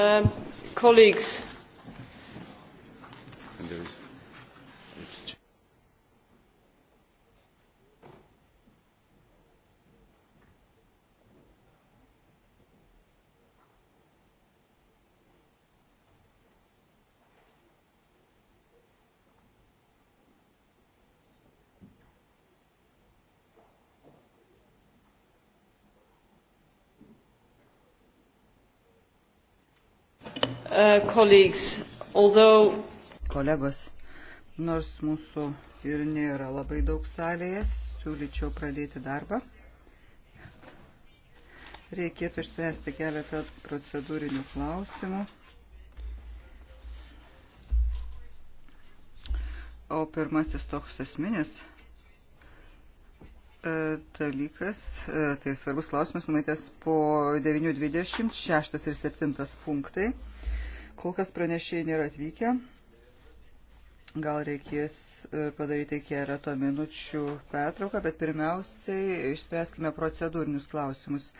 Um, colleagues Uh, although... Kolegos, nors mūsų ir nėra labai daug salėje, siūlyčiau pradėti darbą. Reikėtų išspręsti keletą procedūrinių klausimų. O pirmasis toks esminis e, dalykas, e, tai svarbus klausimas, numatytas po 9.20, 6 ir 7 punktai. Kol kas pranešėjai nėra atvykę. Gal reikės e, padaryti keletą minučių pertrauką, bet pirmiausiai išspręskime procedūrinius klausimus.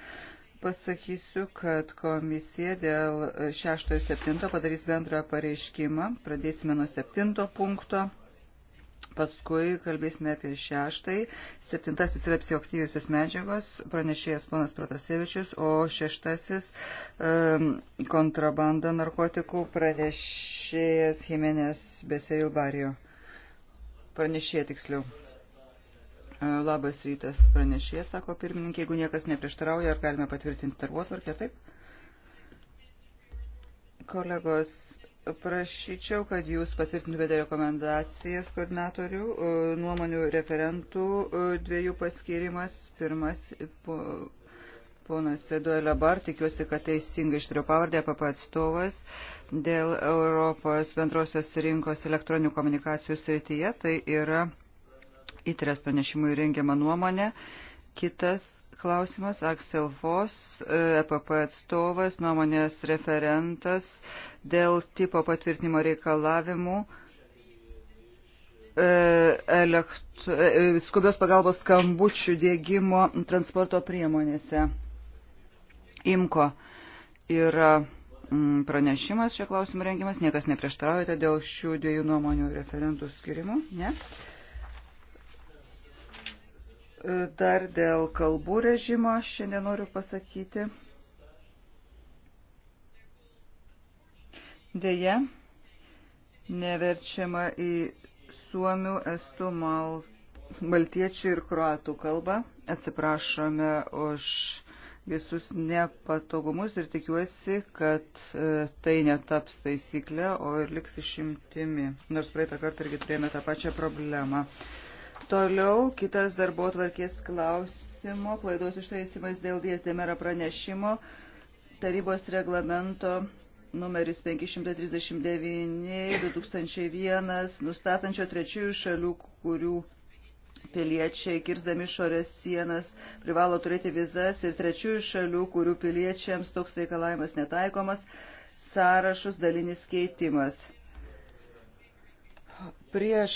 Pasakysiu, kad komisija dėl 6 ir 7 padarys bendrą pareiškimą. Pradėsime nuo 7 punkto. Paskui kalbėsime apie šeštai. Septintasis yra psichoktyviusios medžiagos, pranešėjas ponas Protasevičius, o šeštasis um, kontrabanda narkotikų pranešėjas Jimenės Beserilbario. Pranešėja tiksliau. E, labas rytas pranešėja, sako pirmininkė, jeigu niekas neprieštarauja, ar galime patvirtinti darbo tvarkę, taip? Kolegos, prašyčiau, kad jūs patvirtintumėte rekomendacijas koordinatorių, e, nuomonių referentų e, dviejų paskirimas. Pirmas, po, ponas Eduelio Bar, tikiuosi, kad teisingai ištariu pavardę, PP atstovas dėl Europos bendrosios rinkos elektroninių komunikacijų srityje. Tai yra įtrės pranešimui rengiama nuomonė. Kitas klausimas. Aksel Vos, EPP e atstovas, nuomonės referentas dėl tipo patvirtinimo reikalavimų e, elekt... E, skubios pagalbos skambučių dėgymo transporto priemonėse. Imko yra mm, pranešimas šio klausimų rengimas, niekas neprieštaraujate dėl šių dviejų nuomonių referentų skirimų, ne? Dar dėl kalbų režimo šiandien noriu pasakyti. Deja, neverčiama į suomių, estų, mal, maltiečių ir kroatų kalbą. Atsiprašome už visus nepatogumus ir tikiuosi, kad e, tai netaps taisyklė, o ir liks išimtimi. Nors praeitą kartą irgi turėjome tą pačią problemą. Toliau kitas darbo tvarkės klausimo, klaidos ištaisimas dėl dėsdėmera pranešimo, tarybos reglamento numeris 539-2001, nustatančio trečiųjų šalių, kurių piliečiai, kirzdami šorės sienas, privalo turėti vizas ir trečiųjų šalių, kurių piliečiams toks reikalavimas netaikomas, sąrašus dalinis keitimas. Prieš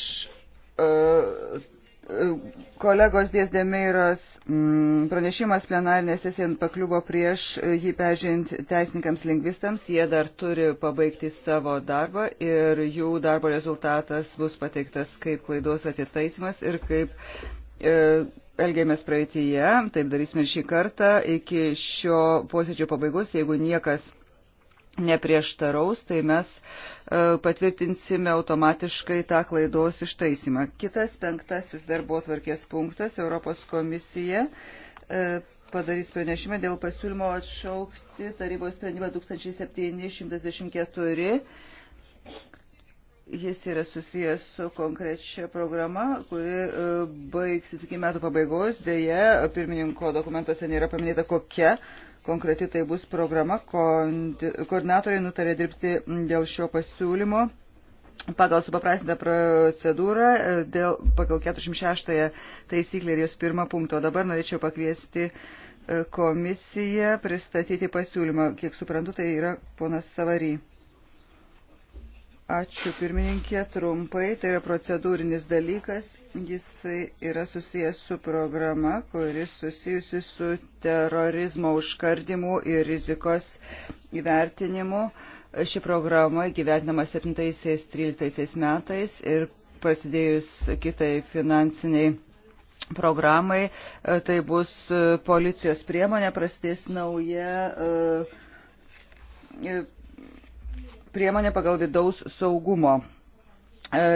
uh, Kolegos Dėsdemeiros mm, pranešimas plenarinė sesija pakliuvo prieš jį pežint teisininkams lingvistams. Jie dar turi pabaigti savo darbą ir jų darbo rezultatas bus pateiktas kaip klaidos atitaisimas ir kaip e, elgėmės praeitįje. Taip darysime šį kartą iki šio posėdžio pabaigos, jeigu niekas neprieštaraus, tai mes e, patvirtinsime automatiškai tą klaidos ištaisimą. Kitas penktasis darbo tvarkės punktas Europos komisija e, padarys pranešimą dėl pasiūlymo atšaukti tarybos sprendimą 2724. Jis yra susijęs su konkrečia programa, kuri e, baigsis iki metų pabaigos. Deja, pirmininko dokumentuose nėra paminėta kokia konkreti tai bus programa. Koordinatoriai nutarė dirbti dėl šio pasiūlymo pagal supaprastintą procedūrą, dėl, pagal 46 taisyklę ir jos pirmą punktą. Dabar norėčiau pakviesti e, komisiją pristatyti pasiūlymą. Kiek suprantu, tai yra ponas Savary. Ačiū pirmininkė, trumpai, tai yra procedūrinis dalykas, jisai yra susijęs su programa, kuris susijusi su terorizmo užkardimu ir rizikos įvertinimu. Ši programa gyvenama 7-13 metais ir prasidėjus kitai finansiniai programai, e, tai bus e, policijos priemonė, prasidės nauja. Uh, priemonė pagal vidaus saugumo e,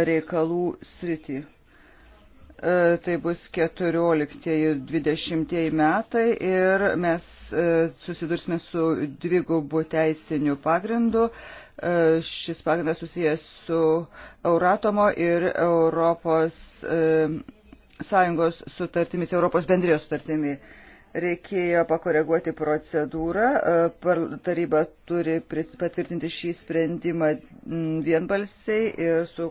reikalų sritį. E, tai bus 14-20 metai ir mes e, susidursime su dvigubu teisiniu pagrindu. Šis pagrindas susijęs su Euratomo ir Europos Sąjungos sutartimis, Europos bendrijos sutartimis reikėjo pakoreguoti procedūrą. E, taryba turi patvirtinti šį sprendimą vienbalsiai ir su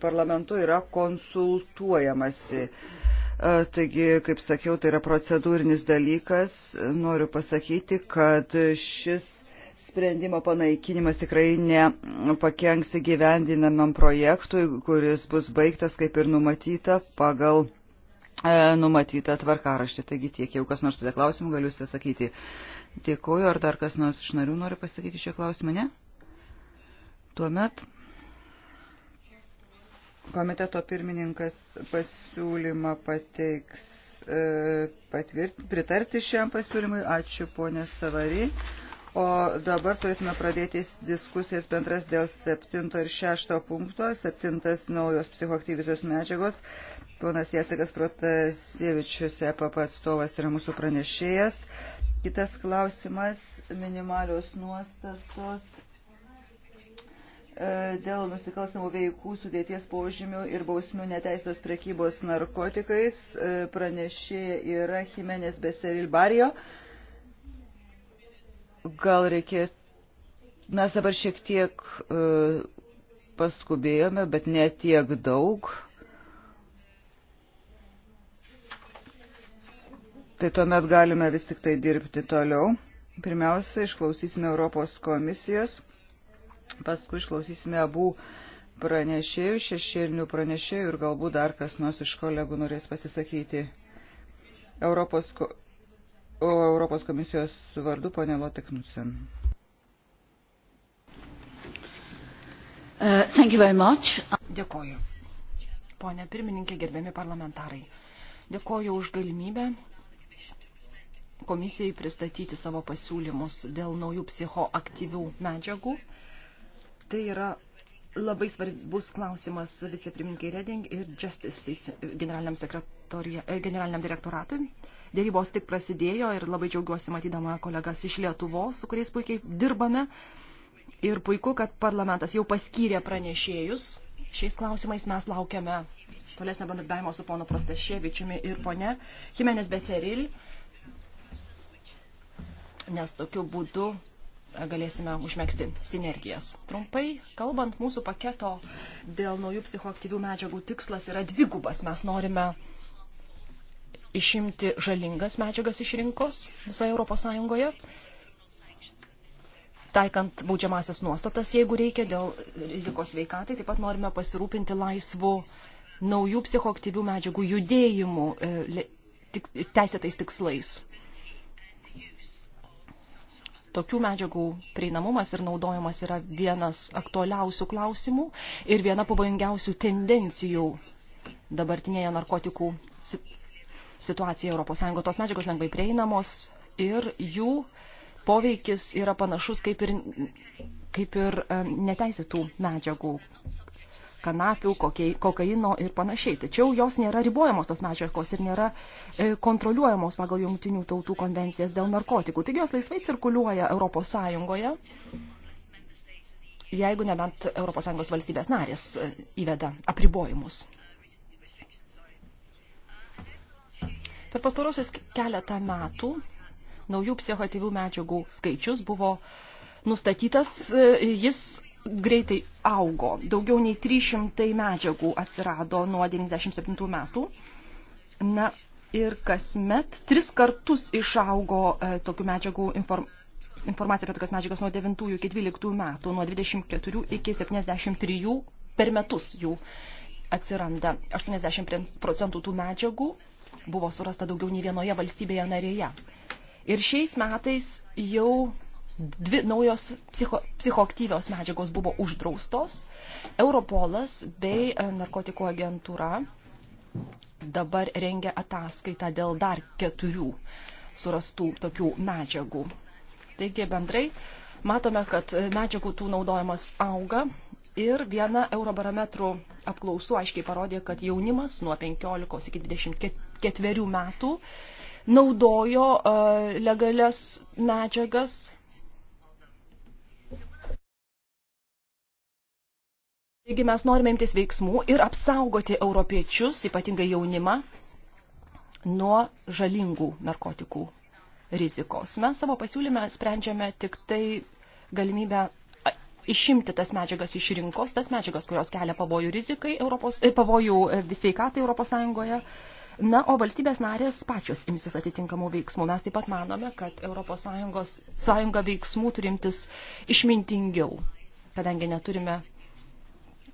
parlamentu yra konsultuojamasi. E, taigi, kaip sakiau, tai yra procedūrinis dalykas. Noriu pasakyti, kad šis sprendimo panaikinimas tikrai nepakenks įgyvendinamam projektui, kuris bus baigtas kaip ir numatyta pagal E, numatytą tvarkaraštį. Taigi tiek, jeigu kas nors turite klausimų, galiu jūs atsakyti. Dėkuoju, ar dar kas nors iš narių nori pasakyti šio klausimą, ne? Tuomet komiteto pirmininkas pasiūlymą pateiks e, patvirtinti, pritarti šiam pasiūlymui. Ačiū, ponė Savary. O dabar turėtume pradėti diskusijas bendras dėl 7 ir 6 punkto. 7 naujos psichoaktyvisios medžiagos Ponas Jasekas Protasievičius, EPP atstovas, yra mūsų pranešėjas. Kitas klausimas - minimalios nuostatos e, dėl nusikalstamų veikų sudėties požymių ir bausmių neteisėtos prekybos narkotikais e, pranešė yra Jimenez Beseril Barijo. Gal reikėtų. Mes dabar šiek tiek e, paskubėjome, bet ne tiek daug. tai tuomet galime vis tik tai dirbti toliau. Pirmiausia, išklausysime Europos komisijos, paskui išklausysime abu pranešėjų, šešėlinių pranešėjų ir galbūt dar kas nors iš kolegų norės pasisakyti. Europos, ko, Europos komisijos vardu ponė Lotte Knudsen. Uh, thank you very much. Dėkoju. Pone pirmininkė, gerbiami parlamentarai. Dėkoju už galimybę komisijai pristatyti savo pasiūlymus dėl naujų psichoaktyvių medžiagų. Tai yra labai svarbus klausimas vicepirmininkai Reding ir Justice teisi, generaliniam, e, generaliniam direktoratui. Dėrybos tik prasidėjo ir labai džiaugiuosi matydama kolegas iš Lietuvos, su kuriais puikiai dirbame. Ir puiku, kad parlamentas jau paskyrė pranešėjus. Šiais klausimais mes laukiame tolesnio bendradarbiavimo su ponu Prostaševičiumi ir pone Jimenez Beseril. Uh, nes tokiu būdu e, galėsime užmėgsti sinergijas. Trumpai, kalbant, mūsų paketo dėl naujų psichoaktyvių medžiagų tikslas yra dvigubas. Mes norime išimti žalingas medžiagas iš rinkos visoje Europos Sąjungoje, taikant baudžiamasias nuostatas, jeigu reikia, dėl rizikos veikatai. Taip pat norime pasirūpinti laisvų naujų psichoaktyvių medžiagų judėjimų e, teisėtais tikslais tokių medžiagų prieinamumas ir naudojimas yra vienas aktualiausių klausimų ir viena pavojingiausių tendencijų dabartinėje narkotikų situacijoje Europos Sąjungo. Tos medžiagos lengvai prieinamos ir jų poveikis yra panašus kaip ir, kaip ir e, neteisėtų medžiagų kanapių, kokaino ir panašiai. Tačiau jos nėra ribojamos tos medžiagos ir nėra e, kontroliuojamos pagal jungtinių tautų konvencijas dėl narkotikų. Taigi jos laisvai cirkuliuoja Europos Sąjungoje, jeigu nebent Europos Sąjungos valstybės narės e, įveda apribojimus. Per pastarosius keletą metų naujų psichoaktyvių medžiagų skaičius buvo nustatytas, e, jis greitai augo. Daugiau nei 300 medžiagų atsirado nuo 97 metų. Na ir kasmet tris kartus išaugo e, tokių medžiagų inform, informacija apie tokias medžiagas nuo 9 iki 12 metų, nuo 24 iki 73 per metus jų atsiranda. 80 procentų tų medžiagų buvo surasta daugiau nei vienoje valstybėje narėje. Ir šiais metais jau dvi naujos psicho, psichoaktyvios medžiagos buvo uždraustos. Europolas bei e, narkotikų agentūra dabar rengia ataskaitą dėl dar keturių surastų tokių medžiagų. Taigi bendrai matome, kad e, medžiagų tų naudojimas auga ir viena eurobarometrų apklausų aiškiai parodė, kad jaunimas nuo 15 iki 24 metų naudojo e, legalias medžiagas Taigi mes norime imtis veiksmų ir apsaugoti europiečius, ypatingai jaunimą, nuo žalingų narkotikų rizikos. Mes savo pasiūlyme sprendžiame tik tai galimybę išimti tas medžiagas iš rinkos, tas medžiagas, kurios kelia pavojų rizikai, Europos, e, pavojų e, sveikatai Europos Sąjungoje. Na, o valstybės narės pačios imsis atitinkamų veiksmų. Mes taip pat manome, kad Europos Sąjungos, Sąjunga veiksmų turimtis išmintingiau, kadangi neturime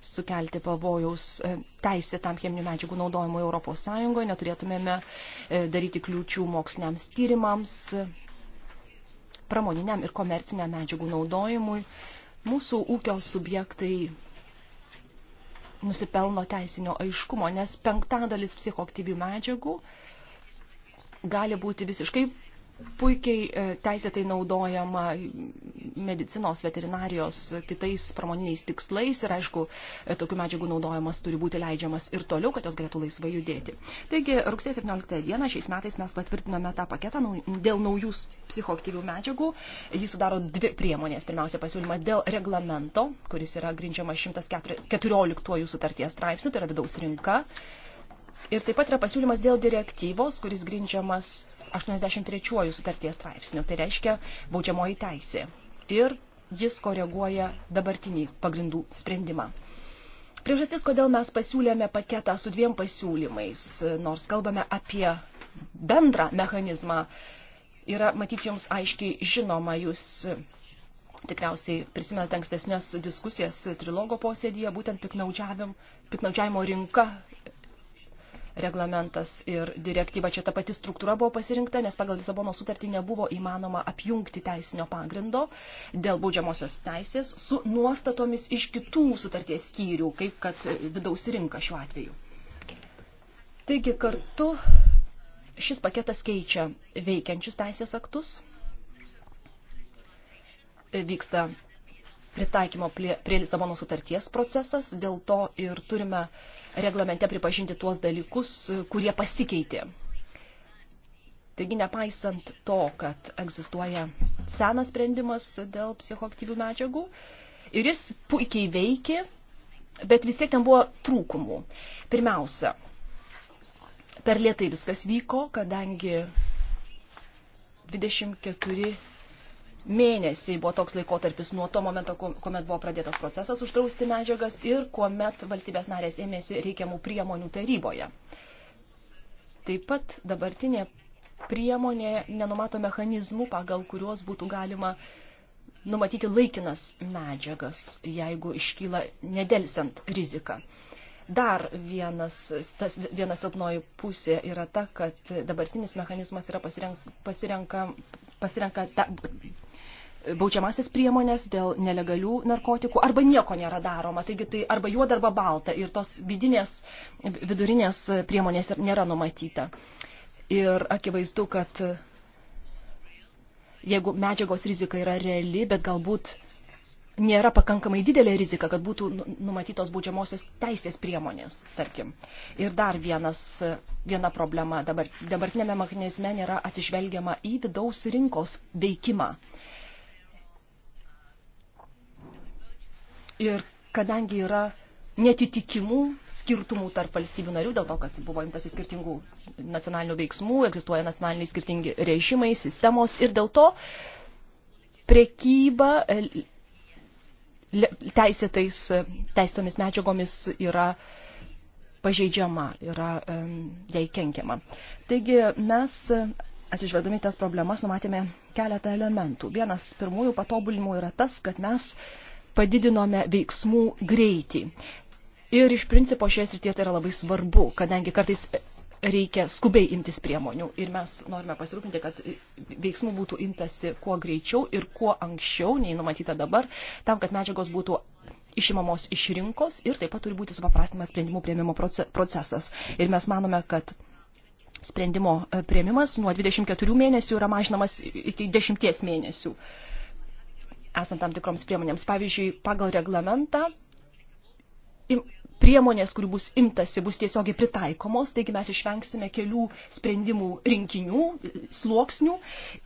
sukelti pavojaus e, teisė tam cheminių medžiagų naudojimui Europos Sąjungoje, neturėtumėme e, daryti kliūčių moksliniams tyrimams, pramoniniam ir komerciniam medžiagų naudojimui. Mūsų ūkio subjektai nusipelno teisinio aiškumo, nes penktadalis psichoaktyvių medžiagų gali būti visiškai puikiai e, teisėtai naudojama medicinos, veterinarijos, kitais pramoniniais tikslais ir, aišku, e, tokių medžiagų naudojimas turi būti leidžiamas ir toliau, kad jos galėtų laisvai judėti. Taigi, rugsėjo 17 dieną šiais metais mes patvirtinome tą paketą dėl naujų psichoaktyvių medžiagų. Jį sudaro dvi priemonės. Pirmiausia, pasiūlymas dėl reglamento, kuris yra grindžiamas 114 sutarties straipsnių, tai yra vidaus rinka. Ir taip pat yra pasiūlymas dėl direktyvos, kuris grindžiamas 83 sutarties straipsnių, tai reiškia baudžiamoji teisė. Ir jis koreguoja dabartinį pagrindų sprendimą. Priežastis, kodėl mes pasiūlėme paketą su dviem pasiūlymais, nors kalbame apie bendrą mechanizmą, yra, matyt, jums aiškiai žinoma, jūs tikriausiai prisimenate ankstesnės diskusijas trilogo posėdėje, būtent piknaudžiavimo rinka reglamentas ir direktyva. Čia ta pati struktūra buvo pasirinkta, nes pagal Lisabono sutartį nebuvo įmanoma apjungti teisinio pagrindo dėl baudžiamosios teisės su nuostatomis iš kitų sutarties skyrių, kaip kad vidaus rinka šiuo atveju. Taigi kartu šis paketas keičia veikiančius teisės aktus, vyksta pritaikymo prie, prie Lisabono sutarties procesas, dėl to ir turime reglamente pripažinti tuos dalykus, kurie pasikeitė. Taigi, nepaisant to, kad egzistuoja senas sprendimas dėl psichoaktyvių medžiagų ir jis puikiai veikė, bet vis tiek ten buvo trūkumų. Pirmiausia, per lietai viskas vyko, kadangi 24 mėnesį buvo toks laikotarpis nuo to momento, kuomet buvo pradėtas procesas uždrausti medžiagas ir kuomet valstybės narės ėmėsi reikiamų priemonių taryboje. Taip pat dabartinė priemonė nenumato mechanizmų, pagal kuriuos būtų galima numatyti laikinas medžiagas, jeigu iškyla nedelsiant riziką. Dar vienas, tas, vienas silpnoji pusė yra ta, kad dabartinis mechanizmas yra pasirenk, pasirenka, pasirenka ta, baudžiamasis priemonės dėl nelegalių narkotikų arba nieko nėra daroma. Taigi tai arba juoda arba balta ir tos vidinės, vidurinės priemonės nėra numatyta. Ir akivaizdu, kad jeigu medžiagos rizika yra reali, bet galbūt nėra pakankamai didelė rizika, kad būtų nu, numatytos baudžiamosios teisės priemonės, tarkim. Ir dar vienas, viena problema. Dabar, dabartinėme mechanizme nėra atsižvelgiama į vidaus rinkos veikimą. Ir kadangi yra netitikimų skirtumų tarp valstybių narių, dėl to, kad buvo imtasi skirtingų nacionalinių veiksmų, egzistuoja nacionaliniai skirtingi režimai, sistemos ir dėl to prekyba e, teisėtais, e, teisėtomis medžiagomis yra pažeidžiama, yra e, jai kenkiama. Taigi mes atsižvelgdami tas problemas numatėme keletą elementų. Vienas pirmųjų patobulimų yra tas, kad mes uh, padidinome veiksmų greitį. Ir iš principo šioje srityje tai yra labai svarbu, kadangi kartais reikia skubiai imtis priemonių ir mes norime pasirūpinti, kad veiksmų būtų imtasi kuo greičiau ir kuo anksčiau, nei numatyta dabar, tam, kad medžiagos būtų išimamos iš rinkos ir taip pat turi būti supaprastimas sprendimų prieimimo procesas. Ir mes manome, kad sprendimo e, prieimimas nuo 24 mėnesių yra mažinamas iki 10 mėnesių. Uh, esant tam tikroms priemonėms. Pavyzdžiui, pagal reglamentą priemonės, kurių bus imtasi, bus tiesiogiai pritaikomos, taigi mes išvengsime kelių sprendimų rinkinių, sluoksnių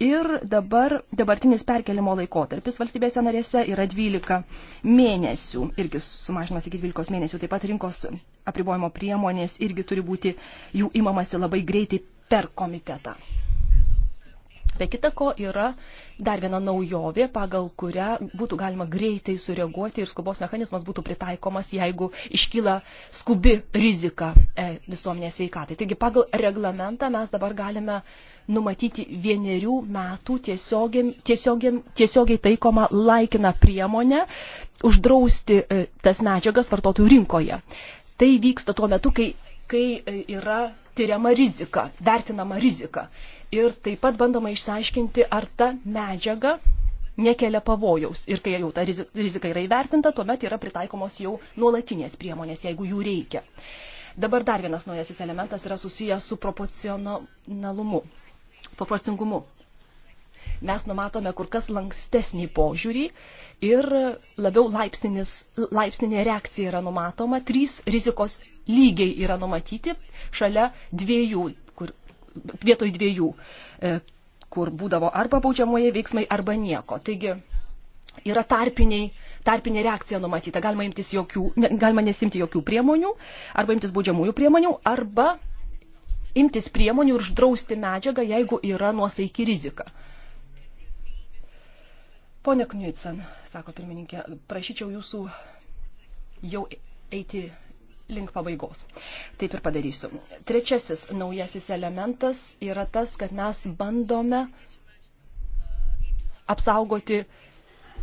ir dabar dabartinis perkelimo laikotarpis valstybėse narėse yra 12 mėnesių, irgi sumažinas iki 12 mėnesių, taip pat rinkos apribojimo priemonės irgi turi būti jų imamasi labai greitai per komitetą. Be kita ko yra dar viena naujovė, pagal kurią būtų galima greitai sureaguoti ir skubos mechanizmas būtų pritaikomas, jeigu iškyla skubi rizika e, visuomenės veikatai. Taigi pagal reglamentą mes dabar galime numatyti vienerių metų tiesiogiai, tiesiogiai, tiesiogiai taikoma laikina priemonė uždrausti e, tas medžiagas vartotojų rinkoje. Tai vyksta tuo metu, kai, kai e, yra tyriama rizika, vertinama rizika ir taip pat bandoma išsiaiškinti, ar ta medžiaga nekelia pavojaus. Ir kai jau ta rizika yra įvertinta, tuomet yra pritaikomos jau nuolatinės priemonės, jeigu jų reikia. Dabar dar vienas naujasis elementas yra susijęs su proporcionalumu, proporcingumu. Mes numatome kur kas lankstesnį požiūrį ir labiau laipsninė reakcija yra numatoma. Trys rizikos lygiai yra numatyti šalia dviejų vietoj dviejų, e, kur būdavo arba baudžiamoje veiksmai, arba nieko. Taigi yra tarpiniai, tarpinė reakcija numatyta. Galima, jokių, galima nesimti jokių priemonių, arba imtis baudžiamųjų priemonių, arba imtis priemonių ir uždrausti medžiagą, jeigu yra nuosaiki rizika. Pone Kniucen, sako pirmininkė, prašyčiau jūsų jau eiti link pabaigos. Taip ir padarysiu. Trečiasis naujasis elementas yra tas, kad mes bandome apsaugoti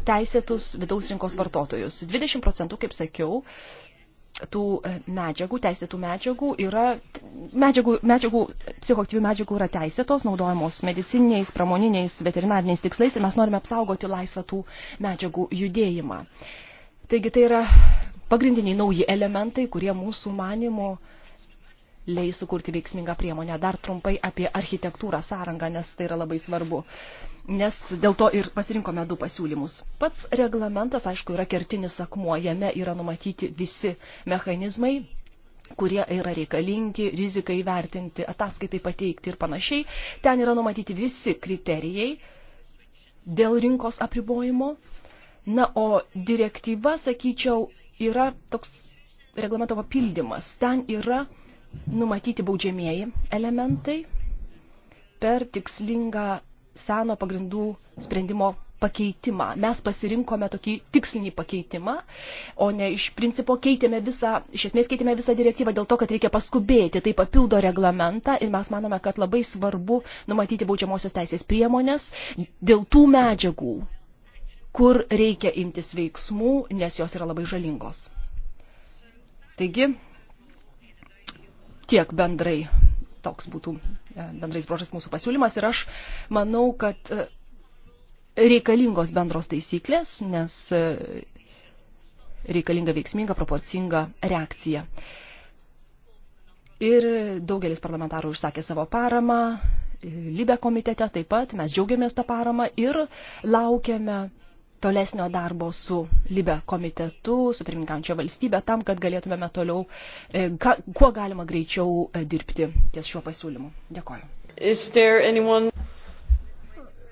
teisėtus vidaus rinkos vartotojus. 20 procentų, kaip sakiau, tų e, medžiagų, teisėtų medžiagų yra, medžiagų, medžiagų, psichoktyvių medžiagų yra teisėtos, naudojamos medicininiais, pramoniniais, veterinariniais tikslais ir mes norime apsaugoti laisvą tų medžiagų judėjimą. Taigi tai yra pagrindiniai nauji elementai, kurie mūsų manimo leis sukurti veiksmingą priemonę. Dar trumpai apie architektūrą sąrangą, nes tai yra labai svarbu. Nes dėl to ir pasirinkome du pasiūlymus. Pats reglamentas, aišku, yra kertinis akmuo, jame yra numatyti visi mechanizmai, kurie yra reikalingi, rizikai vertinti, ataskaitai pateikti ir panašiai. Ten yra numatyti visi kriterijai dėl rinkos apribojimo. Na, o direktyva, sakyčiau, yra toks reglamento papildymas. Ten yra numatyti baudžiamieji elementai per tikslingą seno pagrindų sprendimo pakeitimą. Mes pasirinkome tokį tikslinį pakeitimą, o ne iš principo keitėme visą, iš esmės keitėme visą direktyvą dėl to, kad reikia paskubėti, tai papildo reglamentą ir mes manome, kad labai svarbu numatyti baudžiamosios teisės priemonės dėl tų medžiagų, kur reikia imtis veiksmų, nes jos yra labai žalingos. Taigi, tiek bendrai toks būtų e, bendrais brožas mūsų pasiūlymas ir aš manau, kad e, reikalingos bendros taisyklės, nes e, reikalinga veiksminga, proporcinga reakcija. Ir daugelis parlamentarų užsakė savo paramą, Libe komitete taip pat mes džiaugiamės tą paramą ir laukiame tolesnio darbo su Libe komitetu, su pirmininkančia valstybe, tam, kad galėtumėme toliau, ka, e, kuo galima greičiau e, dirbti ties šiuo pasiūlymu. Dėkoju. Anyone...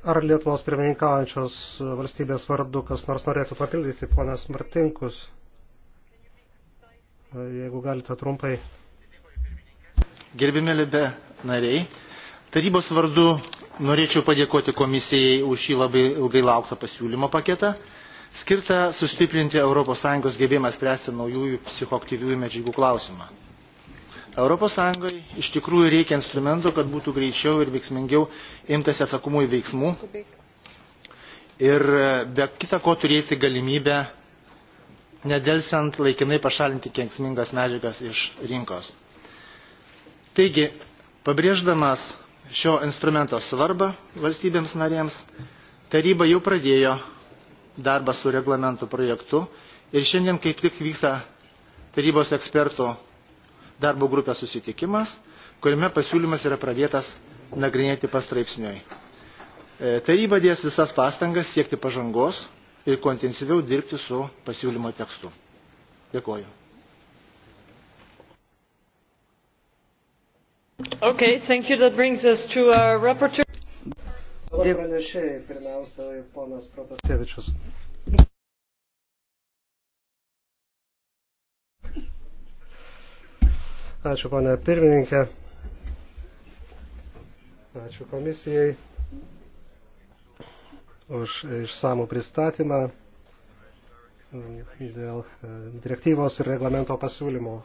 Ar Lietuvos pirmininkaujančios valstybės vardu kas nors norėtų papildyti, ponas Martinkus? E, jeigu galite trumpai. Gerbimi Libe nariai, tarybos vardu Norėčiau padėkoti komisijai už šį labai ilgai lauktą pasiūlymo paketą, skirtą sustiprinti ES gebėjimą spręsti naujųjų psichoktyviųjų medžiagų klausimą. ES iš tikrųjų reikia instrumentų, kad būtų greičiau ir veiksmingiau imtasi atsakomųjų veiksmų ir be kita ko turėti galimybę nedelsiant laikinai pašalinti kenksmingas medžiagas iš rinkos. Taigi, pabrėždamas šio instrumento svarbą valstybėms narėms, taryba jau pradėjo darbą su reglamentų projektu ir šiandien kaip tik vyksta tarybos ekspertų darbo grupės susitikimas, kuriame pasiūlymas yra pradėtas nagrinėti pastraipsniui. E, taryba dės visas pastangas siekti pažangos ir kuo intensyviau dirbti su pasiūlymo tekstu. Dėkuoju. Okay, thank you. That brings us to our rapporteur. Pranešėjai, pirmiausia, ponas Protasievičius. Ačiū, ponė pirmininkė. Ačiū komisijai už išsamų pristatymą dėl e, direktyvos ir reglamento pasiūlymo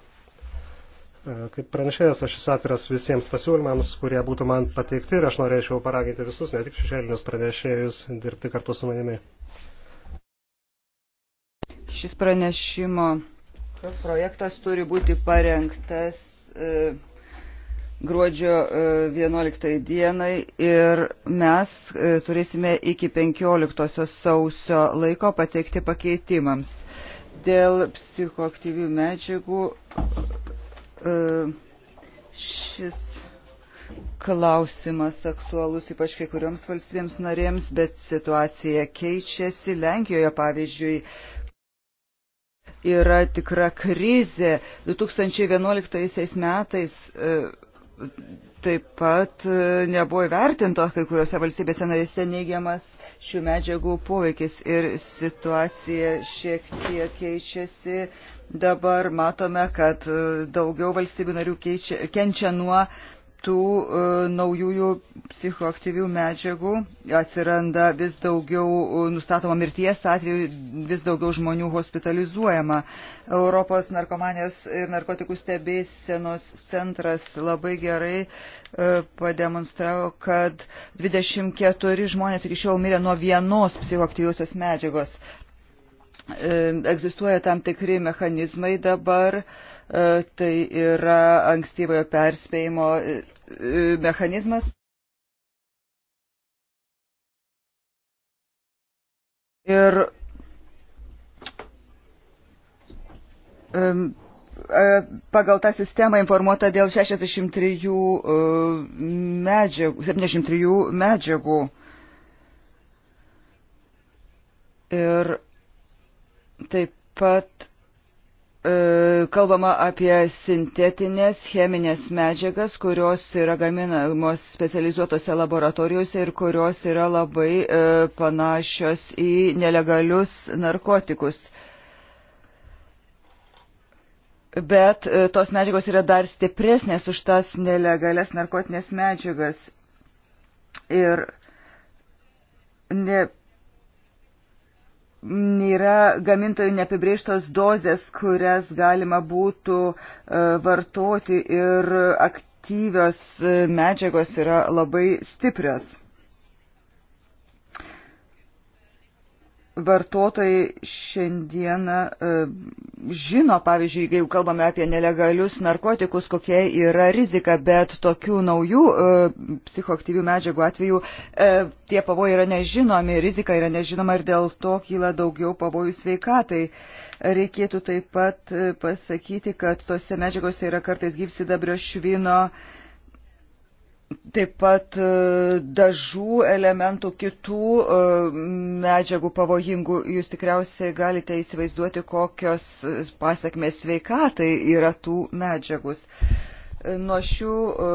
E, kaip pranešėjas, aš esu atviras visiems pasiūlymams, kurie būtų man pateikti ir aš norėčiau paraginti visus, ne tik šešėlinius pranešėjus, dirbti kartu su manimi. Šis pranešimo projektas turi būti parengtas e, gruodžio 11 e, dienai ir mes turėsime iki 15 sausio laiko pateikti pakeitimams. Dėl psichoaktyvių medžiagų E, šis klausimas aktualus ypač kai kurioms valstybėms narėms, bet situacija keičiasi. Lenkijoje, pavyzdžiui, yra tikra krizė. 2011 metais e, taip pat e, nebuvo įvertinta kai kuriuose valstybėse narėse neigiamas šių medžiagų poveikis ir situacija šiek tiek keičiasi. Dabar matome, kad e, daugiau valstybių narių keičia, kenčia nuo tų e, naujųjų psichoaktyvių medžiagų atsiranda vis daugiau e, nustatoma mirties atveju, vis daugiau žmonių hospitalizuojama. Europos narkomanijos ir narkotikų stebėsenos centras labai gerai e, pademonstravo, kad 24 žmonės iki šiol mirė nuo vienos psichoaktyviosios medžiagos egzistuoja tam tikri mechanizmai dabar, e, tai yra ankstyvojo perspėjimo e, e, mechanizmas. Ir pagal tą sistemą informuota dėl 63 medžiagų, 73 medžiagų. Ir Taip pat e, kalbama apie sintetinės cheminės medžiagas, kurios yra gaminamos specializuotose laboratorijose ir kurios yra labai e, panašios į nelegalius narkotikus. Bet e, tos medžiagos yra dar stipresnės už tas nelegalias narkotinės medžiagas. Ir ne, yra gamintojų neapibrieštos dozės, kurias galima būtų e, vartoti ir aktyvios e, medžiagos yra labai stiprios. vartotojai šiandieną e, žino, pavyzdžiui, jeigu kalbame apie nelegalius narkotikus, kokia yra rizika, bet tokių naujų e, psichoktyvių medžiagų atveju e, tie pavojai yra nežinomi, rizika yra nežinoma ir dėl to kyla daugiau pavojų sveikatai. Reikėtų taip pat pasakyti, kad tose medžiagose yra kartais gyvsidabrio švino, taip pat e, dažų elementų, kitų e, medžiagų pavojingų. Jūs tikriausiai galite įsivaizduoti, kokios e, pasakmės sveikatai yra tų medžiagus. Nuo šių e,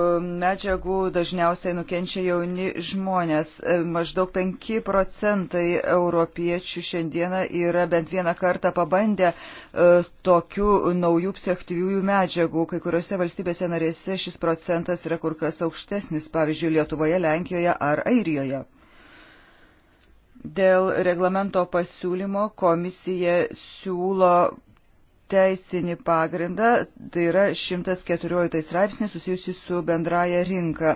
medžiagų dažniausiai nukenčia jauni žmonės. E, maždaug 5 procentai europiečių šiandieną yra bent vieną kartą pabandę e, tokių naujų psichaktyviųjų medžiagų. Kai kuriuose valstybėse narėse šis procentas yra kur kas aukštesnis, pavyzdžiui, Lietuvoje, Lenkijoje ar Airijoje. Dėl reglamento pasiūlymo komisija siūlo teisinį pagrindą, tai yra 114 straipsnį susijusi su bendraja rinka.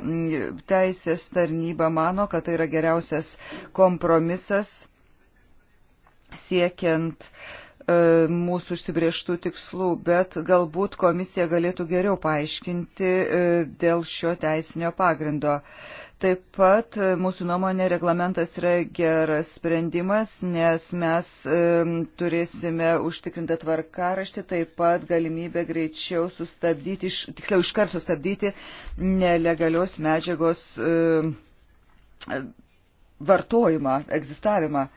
Teisės tarnyba mano, kad tai yra geriausias kompromisas siekiant uh, E, mūsų užsibrieštų tikslų, bet galbūt komisija galėtų geriau paaiškinti e, dėl šio teisinio pagrindo. Taip pat e, mūsų nuomonė reglamentas yra geras sprendimas, nes mes turėsime užtikrintą tvarkaraštį, taip pat galimybę greičiau sustabdyti, tiksliau iškart sustabdyti nelegalios medžiagos vartojimą, egzistavimą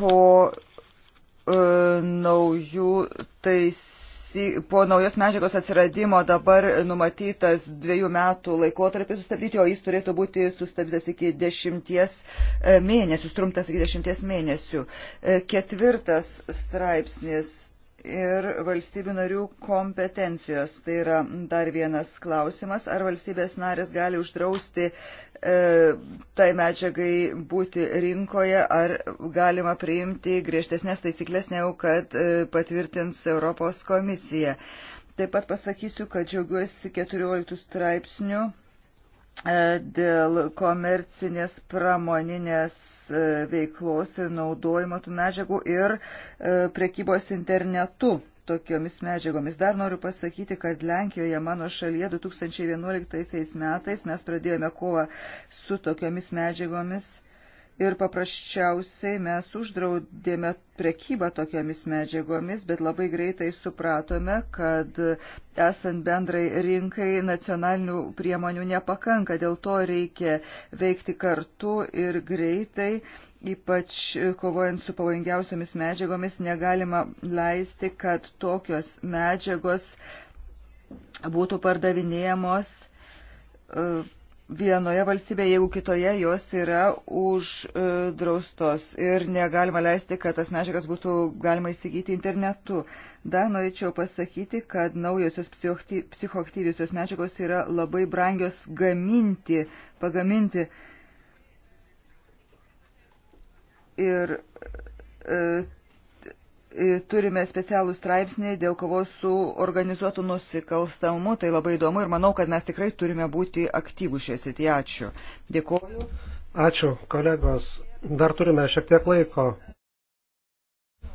po e, naujų taisy, po naujos medžiagos atsiradimo dabar numatytas dviejų metų laikotarpis sustabdyti, o jis turėtų būti sustabdytas iki dešimties e, mėnesių, strumtas iki dešimties mėnesių. E, ketvirtas straipsnis ir valstybių narių kompetencijos. Tai yra dar vienas klausimas, ar valstybės narės gali uždrausti E, tai medžiagai būti rinkoje, ar galima priimti griežtesnės taisyklės, negu kad e, patvirtins Europos komisija. Taip pat pasakysiu, kad džiaugiuosi 14 straipsnių e, dėl komercinės pramoninės veiklos ir naudojimo tų medžiagų ir prekybos internetu tokiomis medžiagomis. Dar noriu pasakyti, kad Lenkijoje mano šalyje 2011 metais mes pradėjome kovą su tokiomis medžiagomis ir paprasčiausiai mes uždraudėme prekybą tokiamis medžiagomis, bet labai greitai supratome, kad esant bendrai rinkai nacionalinių priemonių nepakanka, dėl to reikia veikti kartu ir greitai. Ypač kovojant su pavojingiausiamis medžiagomis negalima leisti, kad tokios medžiagos būtų pardavinėjamos e, vienoje valstybėje, jeigu kitoje jos yra uždraustos e, ir negalima leisti, kad tas medžiagas būtų galima įsigyti internetu. Dar norėčiau pasakyti, kad naujosios psichoaktyviosios medžiagos yra labai brangios gaminti, pagaminti. Ir e, E, turime specialų straipsnį dėl kovos su organizuotu nusikalstamu. Tai labai įdomu ir manau, kad mes tikrai turime būti aktyvų šioje srityje. Ačiū. Dėkuoju. Ačiū, kolegos. Dar turime šiek tiek laiko. E,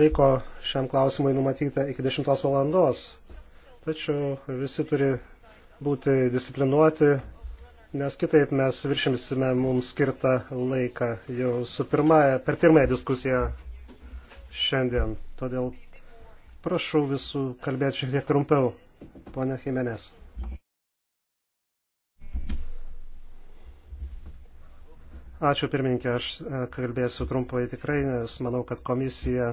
laiko šiam klausimui numatyta iki 10 valandos. Tačiau visi turi būti disciplinuoti, nes kitaip mes viršimsime mums skirtą laiką jau su pirmąją, per pirmąją diskusiją šiandien. Todėl prašau visų kalbėti šiek tiek trumpiau. Pone Jimenez. Ačiū pirmininkė, aš e, kalbėsiu trumpai tikrai, nes manau, kad komisija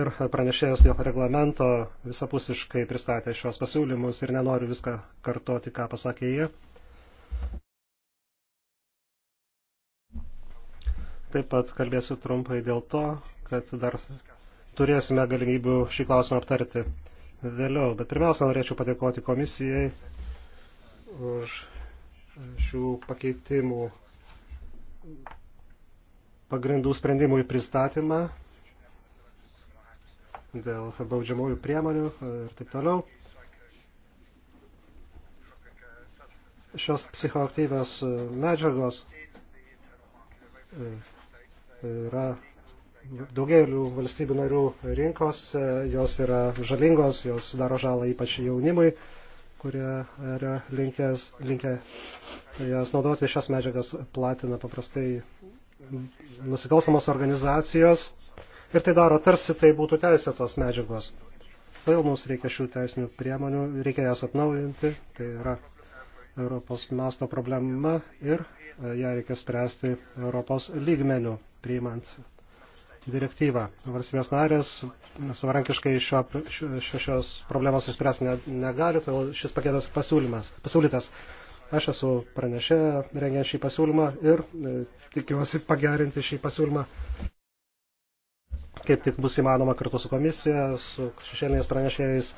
ir pranešėjas dėl reglamento visapusiškai pristatė šios pasiūlymus ir nenoriu viską kartoti, ką pasakė jie. Taip pat kalbėsiu trumpai dėl to, kad dar turėsime galimybių šį klausimą aptarti vėliau. Bet pirmiausia, norėčiau padėkoti komisijai už šių pakeitimų pagrindų sprendimų į pristatymą dėl baudžiamųjų priemonių ir taip toliau. Šios psichoaktyvios medžiagos yra daugelių valstybių narių rinkos, jos yra žalingos, jos daro žalą ypač jaunimui, kurie yra linkęs, linkę jas naudoti. Šias medžiagas platina paprastai nusikalstamos organizacijos ir tai daro tarsi tai būtų teisėtos medžiagos. Todėl mums reikia šių teisinių priemonių, reikia jas atnaujinti, tai yra Europos masto problema ir ją reikia spręsti Europos lygmenių, priimant direktyvą. Varsybės narės savarankiškai šio, šio, šios problemos išspręs ne, negali, todėl šis paketas pasiūlymas, pasiūlytas. Aš esu pranešė, rengiant šį pasiūlymą ir e, tikiuosi pagerinti šį pasiūlymą kaip tik bus įmanoma kartu su komisija, su šešėliniais pranešėjais,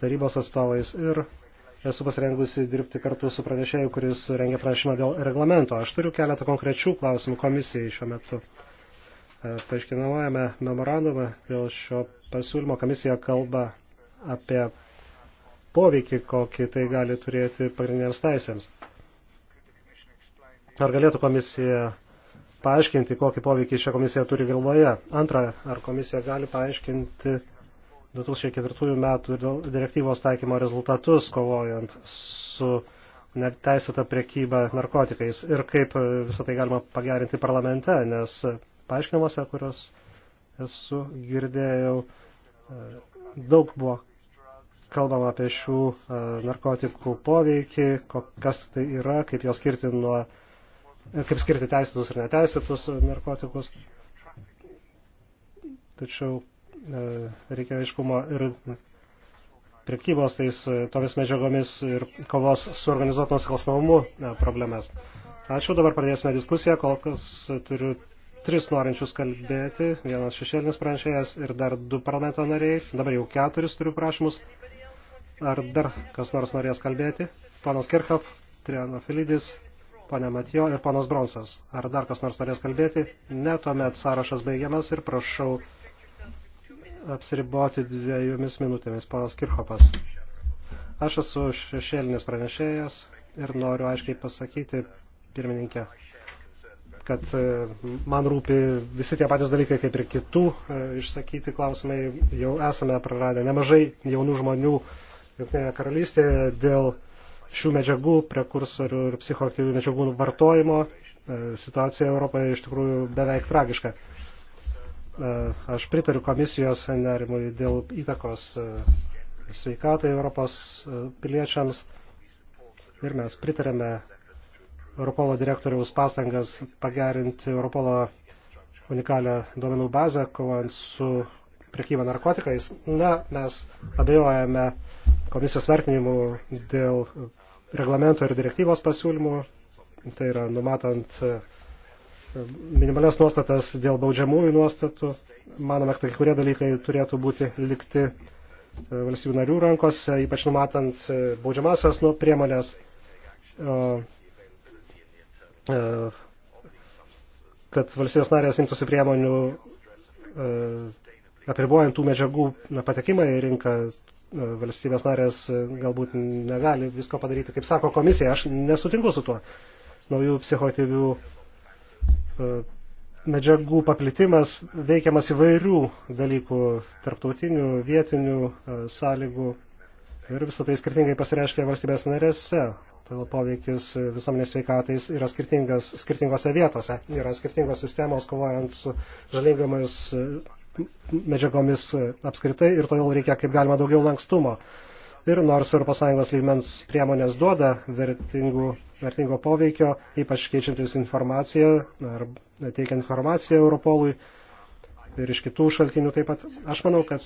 tarybos atstovais ir esu pasirengusi dirbti kartu su pranešėju, kuris rengia pranešimą dėl reglamento. Aš turiu keletą konkrečių klausimų komisijai šiuo metu. E, paaiškinamajame memorandume dėl šio pasiūlymo komisija kalba apie poveikį, kokį tai gali turėti pagrindiniams teisėms. Ar galėtų komisija paaiškinti, kokį poveikį šią komisiją turi galvoje? Antra, ar komisija gali paaiškinti 2004 metų direktyvos taikymo rezultatus kovojant su neteisėta priekyba narkotikais ir kaip visą tai galima pagerinti parlamente, nes paaiškinimuose, kurios esu girdėjau, daug buvo kalbama apie šių e, narkotikų poveikį, kas tai yra, kaip jos skirti nuo, e, kaip skirti teisėtus ir neteisėtus narkotikus. Tačiau E, reikia aiškumo ir prekybos tais e, tomis medžiagomis ir kovos su organizuotų nusikalstamumu e, problemas. Ačiū, dabar pradėsime diskusiją, kol kas turiu tris norinčius kalbėti, vienas šešėlinis pranešėjas ir dar du parlamento nariai, dabar jau keturis turiu prašymus. Ar dar kas nors norės kalbėti? Panas Kirchhoff, Trianofilidis, ponė Matijo ir panas Bronsas. Ar dar kas nors norės kalbėti? Ne, tuomet sąrašas baigiamas ir prašau apsiriboti dviejomis minutėmis, panas Kirchopas. Aš esu šešėlinis pranešėjas ir noriu aiškiai pasakyti, pirmininkė, kad e, man rūpi visi tie patys dalykai, kaip ir kitų e, išsakyti klausimai. Jau esame praradę nemažai jaunų žmonių Junktinėje karalystėje dėl šių medžiagų, prekursorių ir psichoaktyvių medžiagų vartojimo e, situacija Europoje iš tikrųjų beveik tragiška. Aš pritariu komisijos nerimui dėl įtakos e, sveikatai Europos e, piliečiams ir mes pritarėme Europolo direktoriaus pastangas pagerinti Europolo unikalią duomenų bazę, kovant su prekyba narkotikais. Na, mes abejojame komisijos vertinimu dėl reglamento ir direktyvos pasiūlymų, tai yra numatant uh, minimalias nuostatas dėl baudžiamųjų nuostatų. Manome, kad kai kurie dalykai turėtų būti likti e, valstybių narių rankose, ypač numatant e, baudžiamasias nu, priemonės, e, kad valstybės narės imtųsi priemonių apribojant tų medžiagų patekimą į rinką, valstybės narės galbūt negali visko padaryti, kaip sako komisija, aš nesutinku su tuo. Naujų psichotyvių E, medžiagų paplitimas veikiamas įvairių dalykų, tarptautinių, vietinių e, sąlygų ir visą tai skirtingai pasireiškia valstybės narėse. Todėl poveikis visuomenės sveikatais yra skirtingas skirtingose vietose. Yra skirtingos sistemos kovojant su žalingomis e, medžiagomis apskritai ir todėl reikia kaip galima daugiau lankstumo. Ir nors ES lygmens priemonės duoda vertingų vertingo poveikio, ypač keičiantis informaciją ar teikiant informaciją Europolui ir iš kitų šaltinių taip pat. Aš manau, kad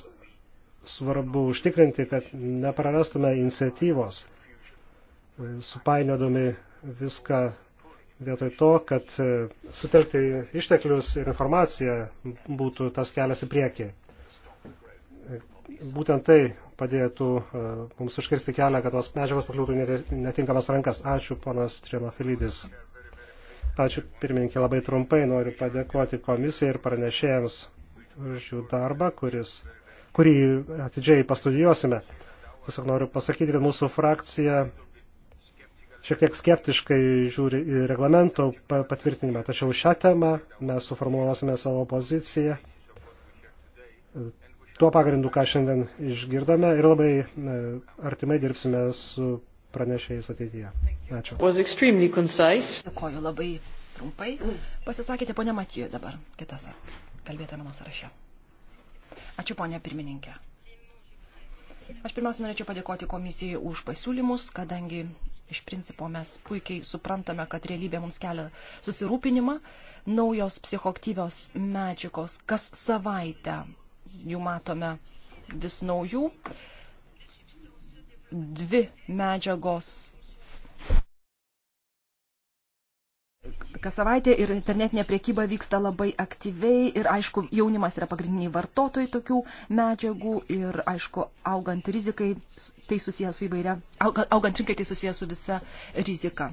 svarbu užtikrinti, kad neprarastume iniciatyvos, e, supainiodami viską vietoj to, kad e, sutelkti išteklius ir informaciją būtų tas kelias į priekį būtent tai padėtų e, mums užkirsti kelią, kad tos medžiagos pakliūtų netinkamas rankas. Ačiū, ponas Trinofilidis. Ačiū, pirmininkė, labai trumpai noriu padėkoti komisijai ir pranešėjams už jų darbą, kuris, kurį atidžiai pastudijuosime. Tiesiog noriu pasakyti, kad mūsų frakcija šiek tiek skeptiškai žiūri į reglamento patvirtinimą, tačiau šią temą mes suformuosime savo poziciją tuo pagrindu, ką šiandien išgirdome ir labai e, artimai dirbsime su pranešėjais ateityje. Ačiū. Dėkoju labai trumpai. Pasisakėte, ponia Matijo, dabar kitas kalbėtoja mano sąraše. Ačiū, ponia pirmininkė. Aš pirmiausia norėčiau padėkoti komisijai už pasiūlymus, kadangi iš principo mes puikiai suprantame, kad realybė mums kelia susirūpinimą. Naujos psichoktyvios medžiagos kas savaitę jų matome vis naujų. Dvi medžiagos kas savaitė ir internetinė priekyba vyksta labai aktyviai ir aišku jaunimas yra pagrindiniai vartotojai tokių medžiagų ir aišku augant rizikai tai susijęs su įvairia, augant rinkai tai susijęs su visa rizika.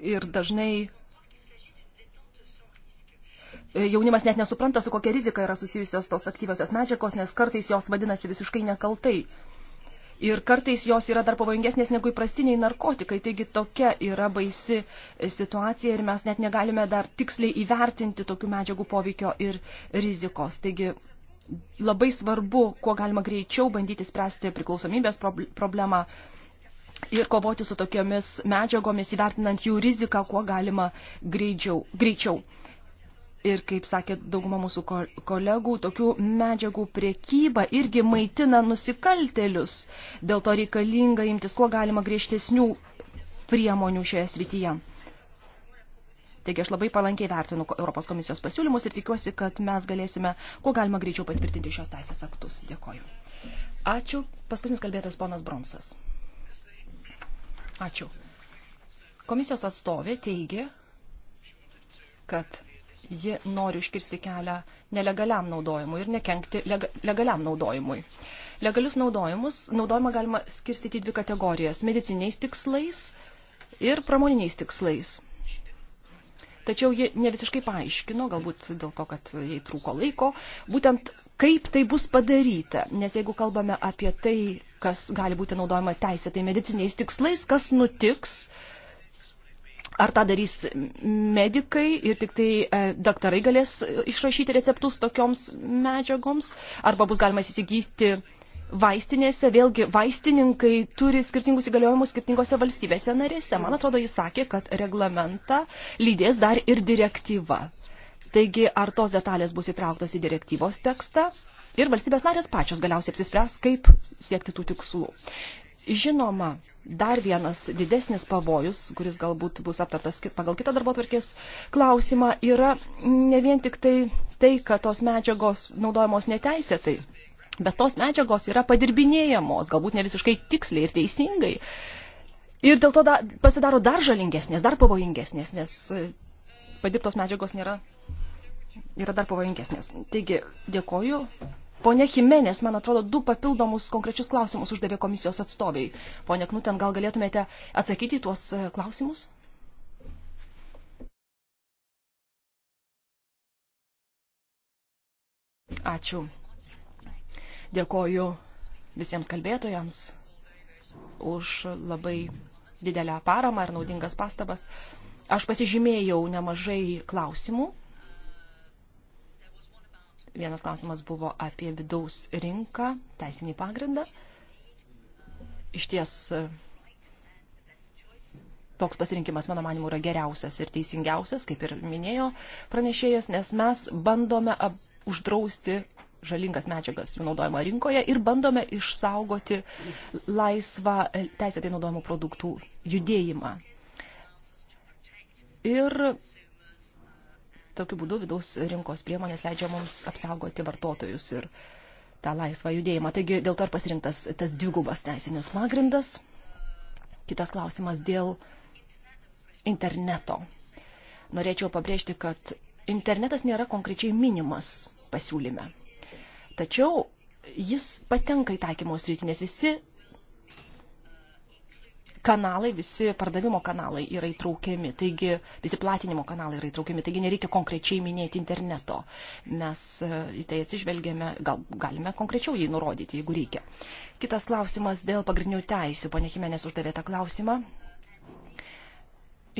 Ir dažnai E, jaunimas net nesupranta, su kokia rizika yra susijusios tos aktyviosios medžiagos, nes kartais jos vadinasi visiškai nekaltai. Ir kartais jos yra dar pavojingesnės negu įprastiniai narkotikai, taigi tokia yra baisi e, situacija ir mes net negalime dar tiksliai įvertinti tokių medžiagų poveikio ir rizikos. Taigi labai svarbu, kuo galima greičiau bandyti spręsti priklausomybės problemą ir kovoti su tokiomis medžiagomis, įvertinant jų riziką, kuo galima greičiau. greičiau. Ir kaip sakė dauguma mūsų kolegų, tokių medžiagų priekyba irgi maitina nusikaltelius. Dėl to reikalinga imtis kuo galima griežtesnių priemonių šioje srityje. Taigi aš labai palankiai vertinu Europos komisijos pasiūlymus ir tikiuosi, kad mes galėsime kuo galima greičiau patvirtinti šios teisės aktus. Dėkoju. Ačiū. Paskutinis kalbėtojas ponas Bronsas. Ačiū. Komisijos atstovė teigia, kad ji nori iškirsti kelią nelegaliam naudojimui ir nekenkti legaliam naudojimui. Legalius naudojimus naudojimą galima skirstyti į dvi kategorijas – mediciniais tikslais ir pramoniniais tikslais. Tačiau ji ne visiškai paaiškino, galbūt dėl to, kad jai trūko laiko, būtent kaip tai bus padaryta. Nes jeigu kalbame apie tai, kas gali būti naudojama teisėtai mediciniais tikslais, kas nutiks, uh, ar tą darys medikai ir tik tai e, daktarai galės e, išrašyti receptus tokioms medžiagoms, arba bus galima įsigyti vaistinėse, vėlgi vaistininkai turi skirtingus įgaliojimus skirtingose valstybėse narėse. Man atrodo, jis sakė, kad reglamentą lydės dar ir direktyva. Taigi, ar tos detalės bus įtrauktos į direktyvos tekstą ir valstybės narės pačios galiausiai apsispręs, kaip siekti tų tikslų. Žinoma, dar vienas didesnis pavojus, kuris galbūt bus aptartas pagal kitą darbo tvarkės klausimą, yra ne vien tik tai, tai kad tos medžiagos naudojamos neteisėtai, bet tos medžiagos yra padirbinėjamos, galbūt ne visiškai tiksliai ir teisingai. Ir dėl to da, pasidaro dar žalingesnės, dar pavojingesnės, nes e, padirbtos medžiagos nėra, yra dar pavojingesnės. Taigi, dėkoju Pone Jimenės, man atrodo, du papildomus konkrečius klausimus uždavė komisijos atstoviai. Pone Knuten, gal galėtumėte atsakyti į tuos e, klausimus? Ačiū. Dėkoju visiems kalbėtojams už labai didelę paramą ir naudingas pastabas. Aš pasižymėjau nemažai klausimų Vienas klausimas buvo apie vidaus rinką, teisinį pagrindą. Iš ties toks pasirinkimas, mano manimu, yra geriausias ir teisingiausias, kaip ir minėjo pranešėjas, nes mes bandome uždrausti žalingas medžiagas jų naudojimą rinkoje ir bandome išsaugoti laisvą teisėtai naudojamų produktų judėjimą. Ir Tokiu būdu vidaus rinkos priemonės leidžia mums apsaugoti vartotojus ir tą laisvą judėjimą. Taigi dėl to ir pasirinktas tas dvigubas teisinės pagrindas. Kitas klausimas dėl interneto. Norėčiau pabrėžti, kad internetas nėra konkrečiai minimas pasiūlyme. Tačiau jis patenka į taikymo sritį, nes visi kanalai, visi pardavimo kanalai yra įtraukiami, taigi visi platinimo kanalai yra įtraukiami, taigi nereikia konkrečiai minėti interneto. Mes e, į tai atsižvelgėme, gal, galime konkrečiau jį nurodyti, jeigu reikia. Kitas klausimas dėl pagrindinių teisių. Pane Jimenės uždavė tą klausimą.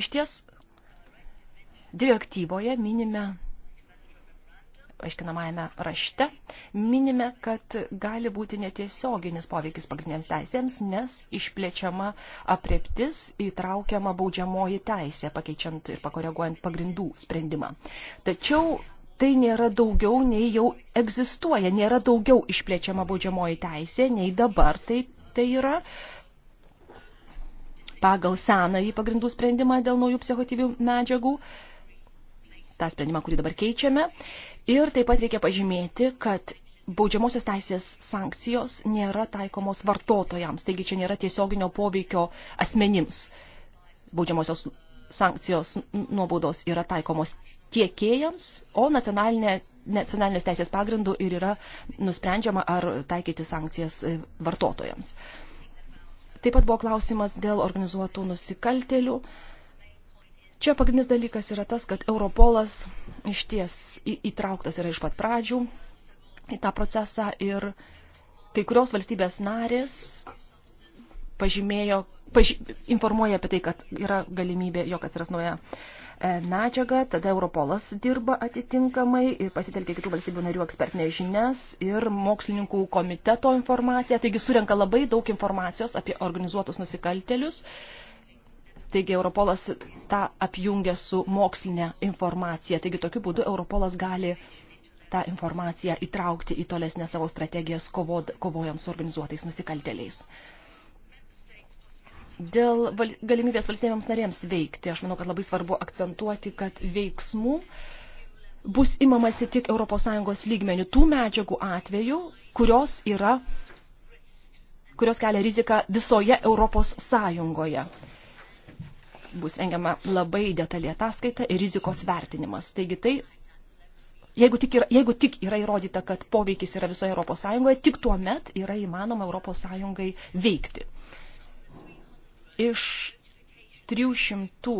Iš ties direktyvoje minime aiškinamajame rašte minime, kad gali būti netiesioginis poveikis pagrindiniams teisėms, nes išplečiama apreptis įtraukiama baudžiamoji teisė, pakeičiant ir pakoreguojant pagrindų sprendimą. Tačiau tai nėra daugiau nei jau egzistuoja, nėra daugiau išplečiama baudžiamoji teisė, nei dabar tai, tai yra pagal senąjį pagrindų sprendimą dėl naujų psichotyvių medžiagų, tą sprendimą, kurį dabar keičiame. Ir taip pat reikia pažymėti, kad baudžiamosios teisės sankcijos nėra taikomos vartotojams, taigi čia nėra tiesioginio poveikio asmenims. Baudžiamosios sankcijos nuobaudos yra taikomos tiekėjams, o nacionalinė, nacionalinės teisės pagrindų ir yra nusprendžiama ar taikyti sankcijas e, vartotojams. Taip pat buvo klausimas dėl organizuotų nusikaltelių. Uh, Čia pagrindinis dalykas yra tas, kad Europolas iš ties įtrauktas yra iš pat pradžių į tą procesą ir kai kurios valstybės narės pažymėjo, paži, informuoja apie tai, kad yra galimybė, jog atsiras nauja e, medžiaga, tada Europolas dirba atitinkamai ir pasitelkia kitų valstybių narių ekspertinės žinias ir mokslininkų komiteto informaciją, taigi surenka labai daug informacijos apie organizuotus nusikaltelius Taigi Europolas tą apjungia su mokslinė informacija. Taigi tokiu būdu Europolas gali tą informaciją įtraukti į tolesnę savo strategijas kovod, kovojant su organizuotais nusikalteliais. Dėl val, galimybės valstybėms narėms veikti, aš manau, kad labai svarbu akcentuoti, kad veiksmų bus imamasi tik ES lygmenių tų medžiagų atveju, kurios yra kurios kelia riziką visoje Europos Sąjungoje bus rengiama labai detalė ataskaita ir rizikos vertinimas. Taigi tai, jeigu tik yra, jeigu tik yra įrodyta, kad poveikis yra visoje Europos Sąjungoje, tik tuo met yra įmanoma Europos Sąjungai veikti. Iš 300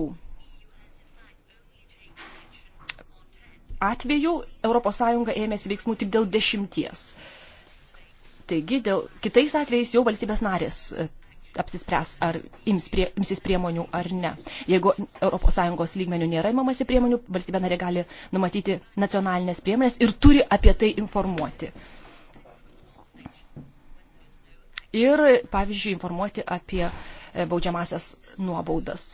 atvejų Europos Sąjunga ėmėsi veiksmų tik dėl dešimties. Taigi, dėl, kitais atvejais jau valstybės narės apsispręs, ar ims prie, imsis priemonių ar ne. Jeigu ES lygmenių nėra imamasi priemonių, valstybė narė gali numatyti nacionalinės priemonės ir turi apie tai informuoti. Ir, pavyzdžiui, informuoti apie e, baudžiamasias nuobaudas.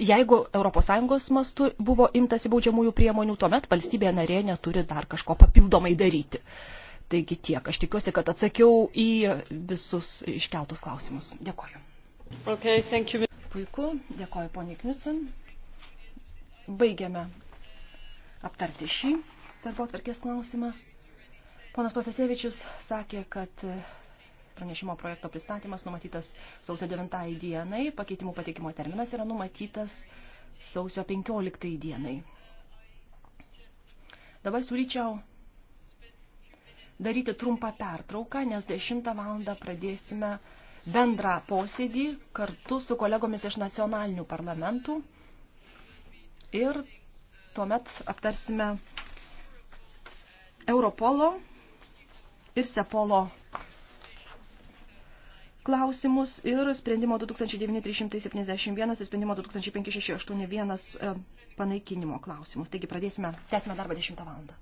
Jeigu ES mastu buvo imtasi baudžiamųjų priemonių, tuomet valstybė narė neturi dar kažko papildomai daryti. Uh, Taigi tiek. Aš tikiuosi, kad atsakiau į visus iškeltus klausimus. Dėkoju. Okay, Puiku. Dėkoju, poniai Kniucin. Baigiame aptarti šį darbo atvarkės klausimą. Ponas Pasasievičius sakė, kad pranešimo projekto pristatymas numatytas sausio 9 dienai, pakeitimų pateikimo terminas yra numatytas sausio 15 dienai. Dabar siūlyčiau daryti trumpą pertrauką, nes 10 val. pradėsime bendrą posėdį kartu su kolegomis iš nacionalinių parlamentų ir tuomet aptarsime Europolo ir Sepolo klausimus ir sprendimo 2971 ir sprendimo 2581 e, panaikinimo klausimus. Taigi pradėsime, tęsime darbą 10 valandą.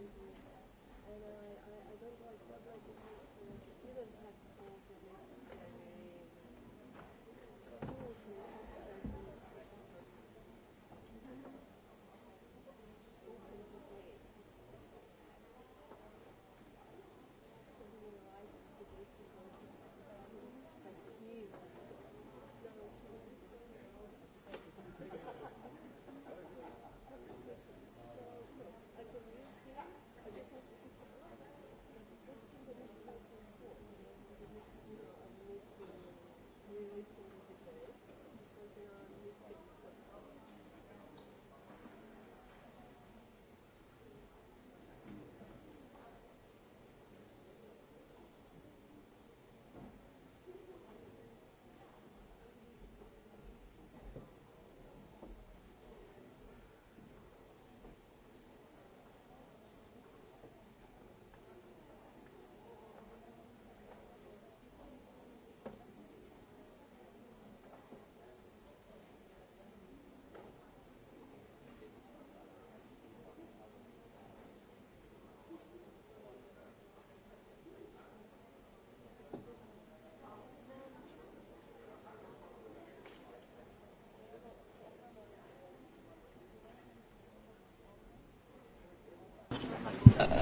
Thank you.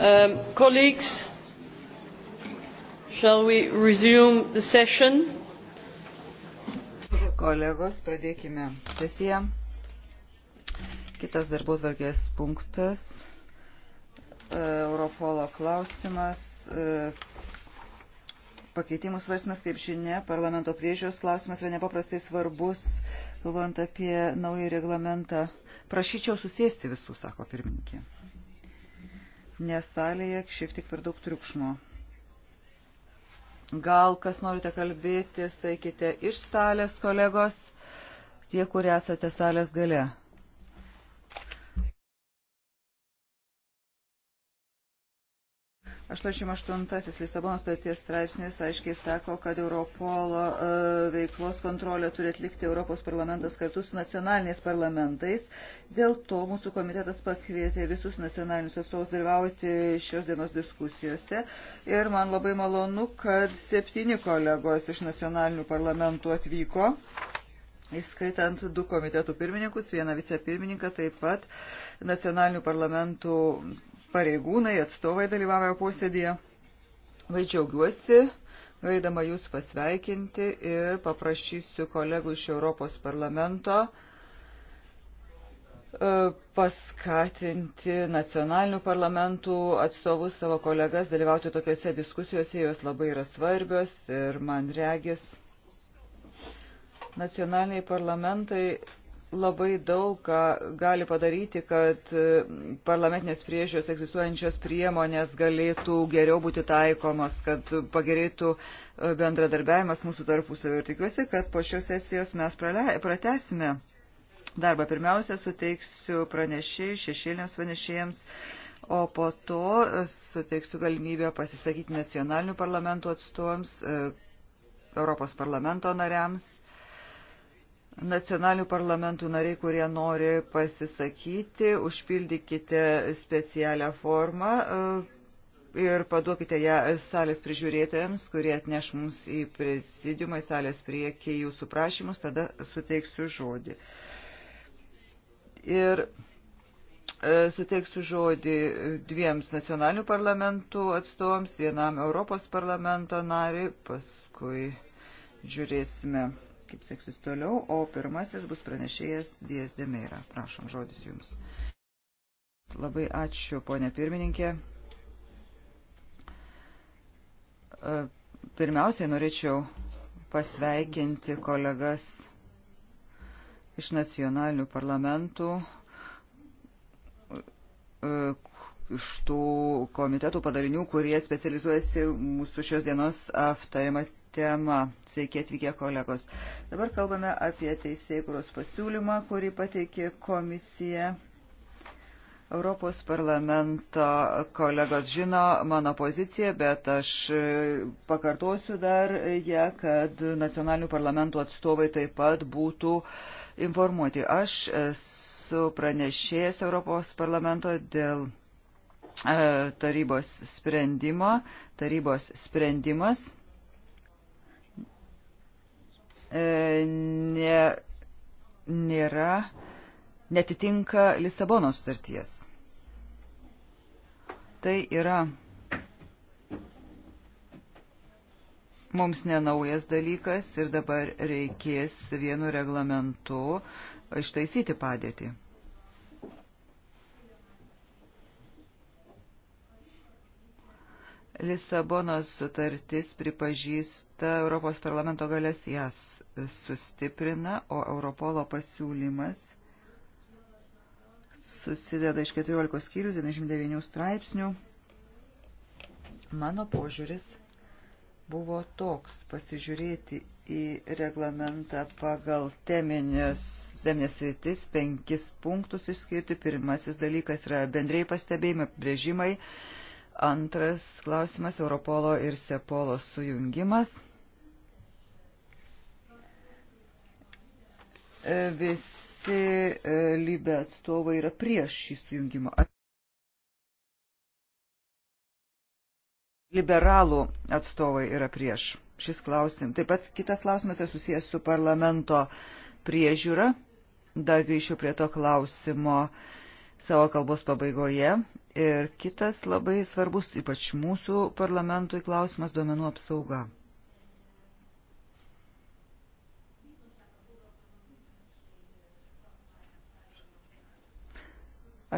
Um, colleagues, shall we resume the session? Kolegos, pradėkime sesiją. Kitas darbų tvarkės punktas. E, Europolo klausimas. E, Pakeitimų svarstymas, kaip žinia, parlamento priežiūros klausimas yra nepaprastai svarbus, galvojant apie naują reglamentą. Prašyčiau susėsti visų, sako pirmininkė nes salėje šiek tiek per daug triukšmo. Gal kas norite kalbėti, saikite iš salės, kolegos, tie, kurie esate salės gale. 88 Lisabono stoties straipsnis aiškiai sako, kad Europolo e, veiklos kontrolę turi atlikti Europos parlamentas kartu su nacionaliniais parlamentais. Dėl to mūsų komitetas pakvietė visus nacionalinius atstovus dalyvauti šios dienos diskusijose. Ir man labai malonu, kad septyni kolegos iš nacionalinių parlamentų atvyko įskaitant du komitetų pirmininkus, vieną vicepirmininką, taip pat nacionalinių parlamentų pareigūnai, atstovai dalyvavę posėdėje. Vai džiaugiuosi, gaidama jūs pasveikinti ir paprašysiu kolegų iš Europos parlamento e, paskatinti nacionalinių parlamentų atstovus savo kolegas dalyvauti tokiuose diskusijose, jos labai yra svarbios ir man regis nacionaliniai parlamentai labai daug ką gali padaryti, kad e, parlamentinės priežios egzistuojančios priemonės galėtų geriau būti taikomas, kad pagerėtų e, bendradarbiavimas mūsų tarpusavio. Ir tikiuosi, kad po šios sesijos mes pratesime darbą. Pirmiausia, suteiksiu pranešėjai, šešėlėms pranešėjams. O po to e, suteiksiu galimybę pasisakyti nacionalinių parlamentų atstovams, Europos parlamento nariams nacionalinių parlamentų nariai, kurie nori pasisakyti, užpildykite specialią formą e, ir paduokite ją salės prižiūrėtojams, kurie atneš mums į prezidiumą, į salės priekį jūsų prašymus, tada suteiksiu žodį. Ir e, suteiksiu žodį dviems nacionalinių parlamentų atstovams, vienam Europos parlamento nariui, paskui žiūrėsime kaip seksis toliau, o pirmasis bus pranešėjas Dijas Demeira. Prašom, žodis jums. Labai ačiū, ponė pirmininkė. E, pirmiausiai norėčiau pasveikinti kolegas iš nacionalinių parlamentų, e, iš tų komitetų padalinių, kurie specializuojasi mūsų šios dienos aptarimą tema. Sveiki atvykę kolegos. Dabar kalbame apie teisėkuros pasiūlymą, kurį pateikė komisija. Europos parlamento kolegos žino mano poziciją, bet aš e, pakartosiu dar ją, kad nacionalinių parlamentų atstovai taip pat būtų informuoti. Aš esu pranešėjęs Europos parlamento dėl e, tarybos sprendimo. Tarybos sprendimas E, ne, nėra, netitinka Lisabono sutarties. Tai yra mums nenaujas dalykas ir dabar reikės vienu reglamentu ištaisyti padėtį. Lisabonos sutartis pripažįsta Europos parlamento galės jas sustiprina, o Europolo pasiūlymas susideda iš 14 skyrių, 99 straipsnių. Mano požiūris buvo toks pasižiūrėti į reglamentą pagal teminės, teminės rytis, penkis punktus išskirti. Pirmasis dalykas yra bendrėjai pastebėjimai, brėžimai. brėžimai Antras klausimas - Europolo ir Sepolo sujungimas. E, visi e, Libė atstovai yra prieš šį sujungimą. Liberalų atstovai yra prieš šis klausimas. Taip pat kitas klausimas yra susijęs su parlamento priežiūra. Dar grįšiu prie to klausimo. Uh, savo kalbos pabaigoje. Ir kitas labai svarbus, ypač mūsų parlamentui, klausimas duomenų apsauga.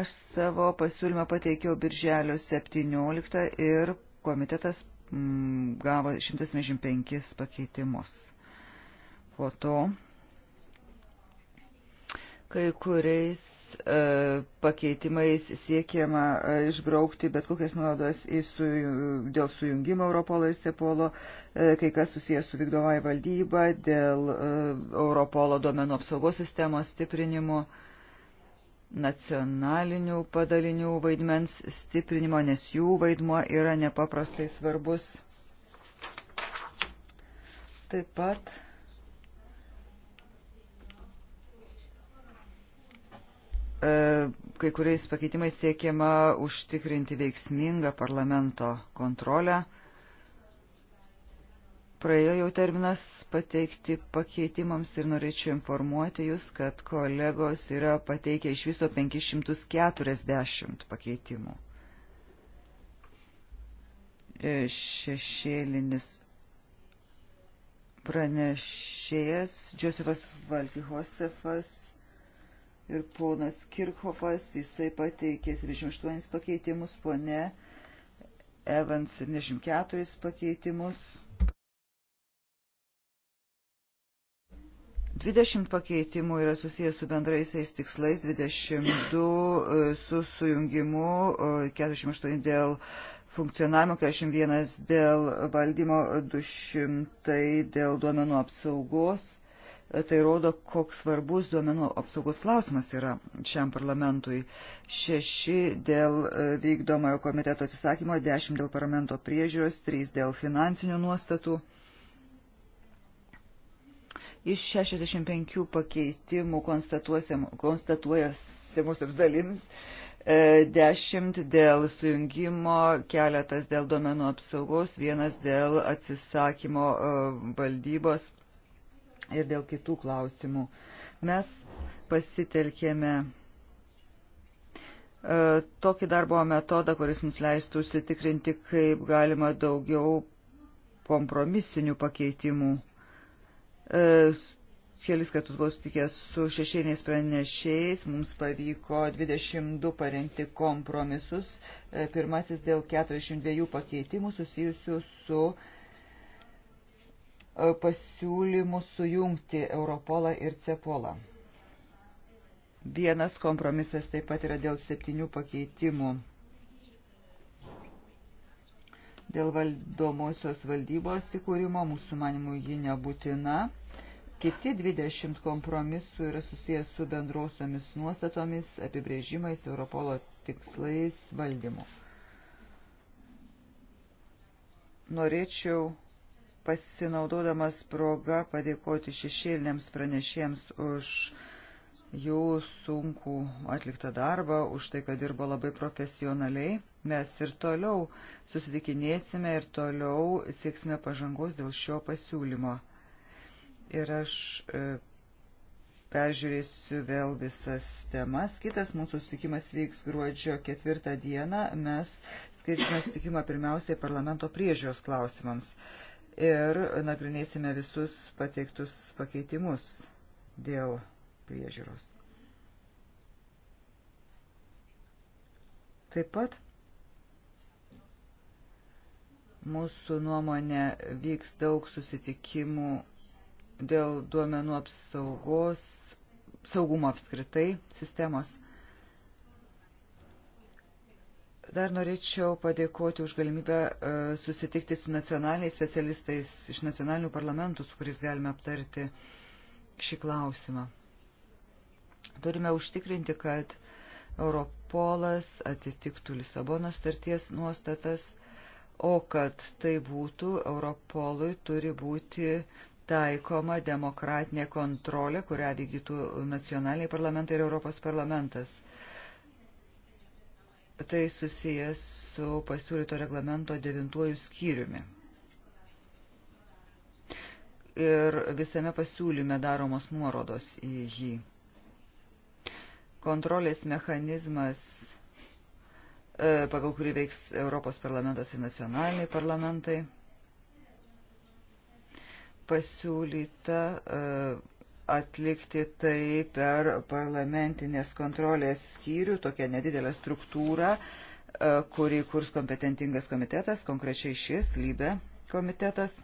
Aš savo pasiūlymą pateikiau birželio 17 ir komitetas mm, gavo 175 pakeitimus. Po to Kai kuriais e, pakeitimais siekiama e, išbraukti bet kokias nuodas su, dėl sujungimo Europolo ir Sepolo, e, kai kas susijęs su vykdomai valdyba, dėl e, Europolo duomenų apsaugos sistemos stiprinimo. E, nacionalinių padalinių vaidmens stiprinimo, nes jų vaidmuo yra nepaprastai svarbus. Taip pat E, kai kuriais pakeitimais siekiama užtikrinti veiksmingą parlamento kontrolę. Praėjo jau terminas pateikti pakeitimams ir norėčiau informuoti Jūs, kad kolegos yra pateikę iš viso 540 pakeitimų. E, šešėlinis pranešėjas Josefas Valkihosefas ir ponas Kirchhoffas, jisai pateikė 78 pakeitimus, ponė Evans 74 pakeitimus. 20 pakeitimų yra susijęs su bendraisiais tikslais, 22 e, su sujungimu, 48 e, dėl funkcionavimo, 41 dėl valdymo, 200 dėl duomenų apsaugos. Tai rodo, koks svarbus duomenų apsaugos klausimas yra šiam parlamentui. Šeši dėl e, vykdomojo komiteto atsisakymo, dešimt dėl parlamento priežiūros, trys dėl finansinių nuostatų. Iš 65 pakeitimų konstatuojamusiams dalims e, dešimt dėl sujungimo, keletas dėl domenų apsaugos, vienas dėl atsisakymo e, valdybos ir dėl kitų klausimų. Mes pasitelkėme e, tokį darbo metodą, kuris mums leistų užsitikrinti, kaip galima daugiau kompromisinių pakeitimų. E, kelis kartus buvau sutikęs su šešėniais pranešėjais, mums pavyko 22 parengti kompromisus. E, pirmasis dėl 42 pakeitimų susijusių su uh, pasiūlymų sujungti Europolą ir Cepolą. Vienas kompromisas taip pat yra dėl septynių pakeitimų. Dėl valdomosios valdybos įkūrimo mūsų manimų ji nebūtina. Kiti 20 kompromisų yra susijęs su bendrosiomis nuostatomis, apibrėžimais, Europolo tikslais, valdymu. Norėčiau pasinaudodamas proga padėkoti šešėliniams pranešėjams už jų sunkų atliktą darbą, už tai, kad dirbo labai profesionaliai. Mes ir toliau susitikinėsime ir toliau sieksime pažangos dėl šio pasiūlymo. Ir aš e, peržiūrėsiu vėl visas temas. Kitas mūsų susitikimas vyks gruodžio ketvirtą dieną. Mes skirtume susitikimą pirmiausiai parlamento priežiūros klausimams ir nagrinėsime visus pateiktus pakeitimus dėl priežiūros. Taip pat mūsų nuomonė vyks daug susitikimų dėl duomenų apsaugos, saugumo apskritai sistemos. Dar norėčiau padėkoti už galimybę e, susitikti su nacionaliniais specialistais iš nacionalinių parlamentų, su kuriais galime aptarti šį klausimą. Turime užtikrinti, kad Europolas atitiktų Lisabono starties nuostatas, o kad tai būtų, Europolui turi būti taikoma demokratinė kontrolė, kurią vykdytų nacionaliniai parlamentai ir Europos parlamentas tai susijęs su pasiūlyto reglamento devintuoju skyriumi. Ir visame pasiūlyme daromos nuorodos į jį. Kontrolės mechanizmas, e, pagal kurį veiks Europos parlamentas ir nacionaliniai parlamentai, pasiūlyta e, atlikti tai per parlamentinės kontrolės skyrių, tokią nedidelę struktūrą, e, kurį kurs kompetentingas komitetas, konkrečiai šis lybė komitetas.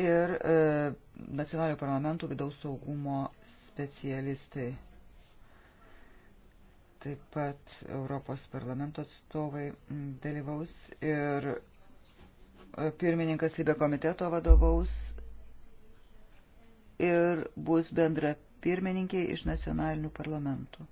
Ir e, nacionalinių parlamentų vidaus saugumo specialistai. Taip pat Europos parlamento atstovai dalyvaus ir e, pirmininkas Libė komiteto vadovaus ir bus bendra pirmininkė iš nacionalinių parlamentų.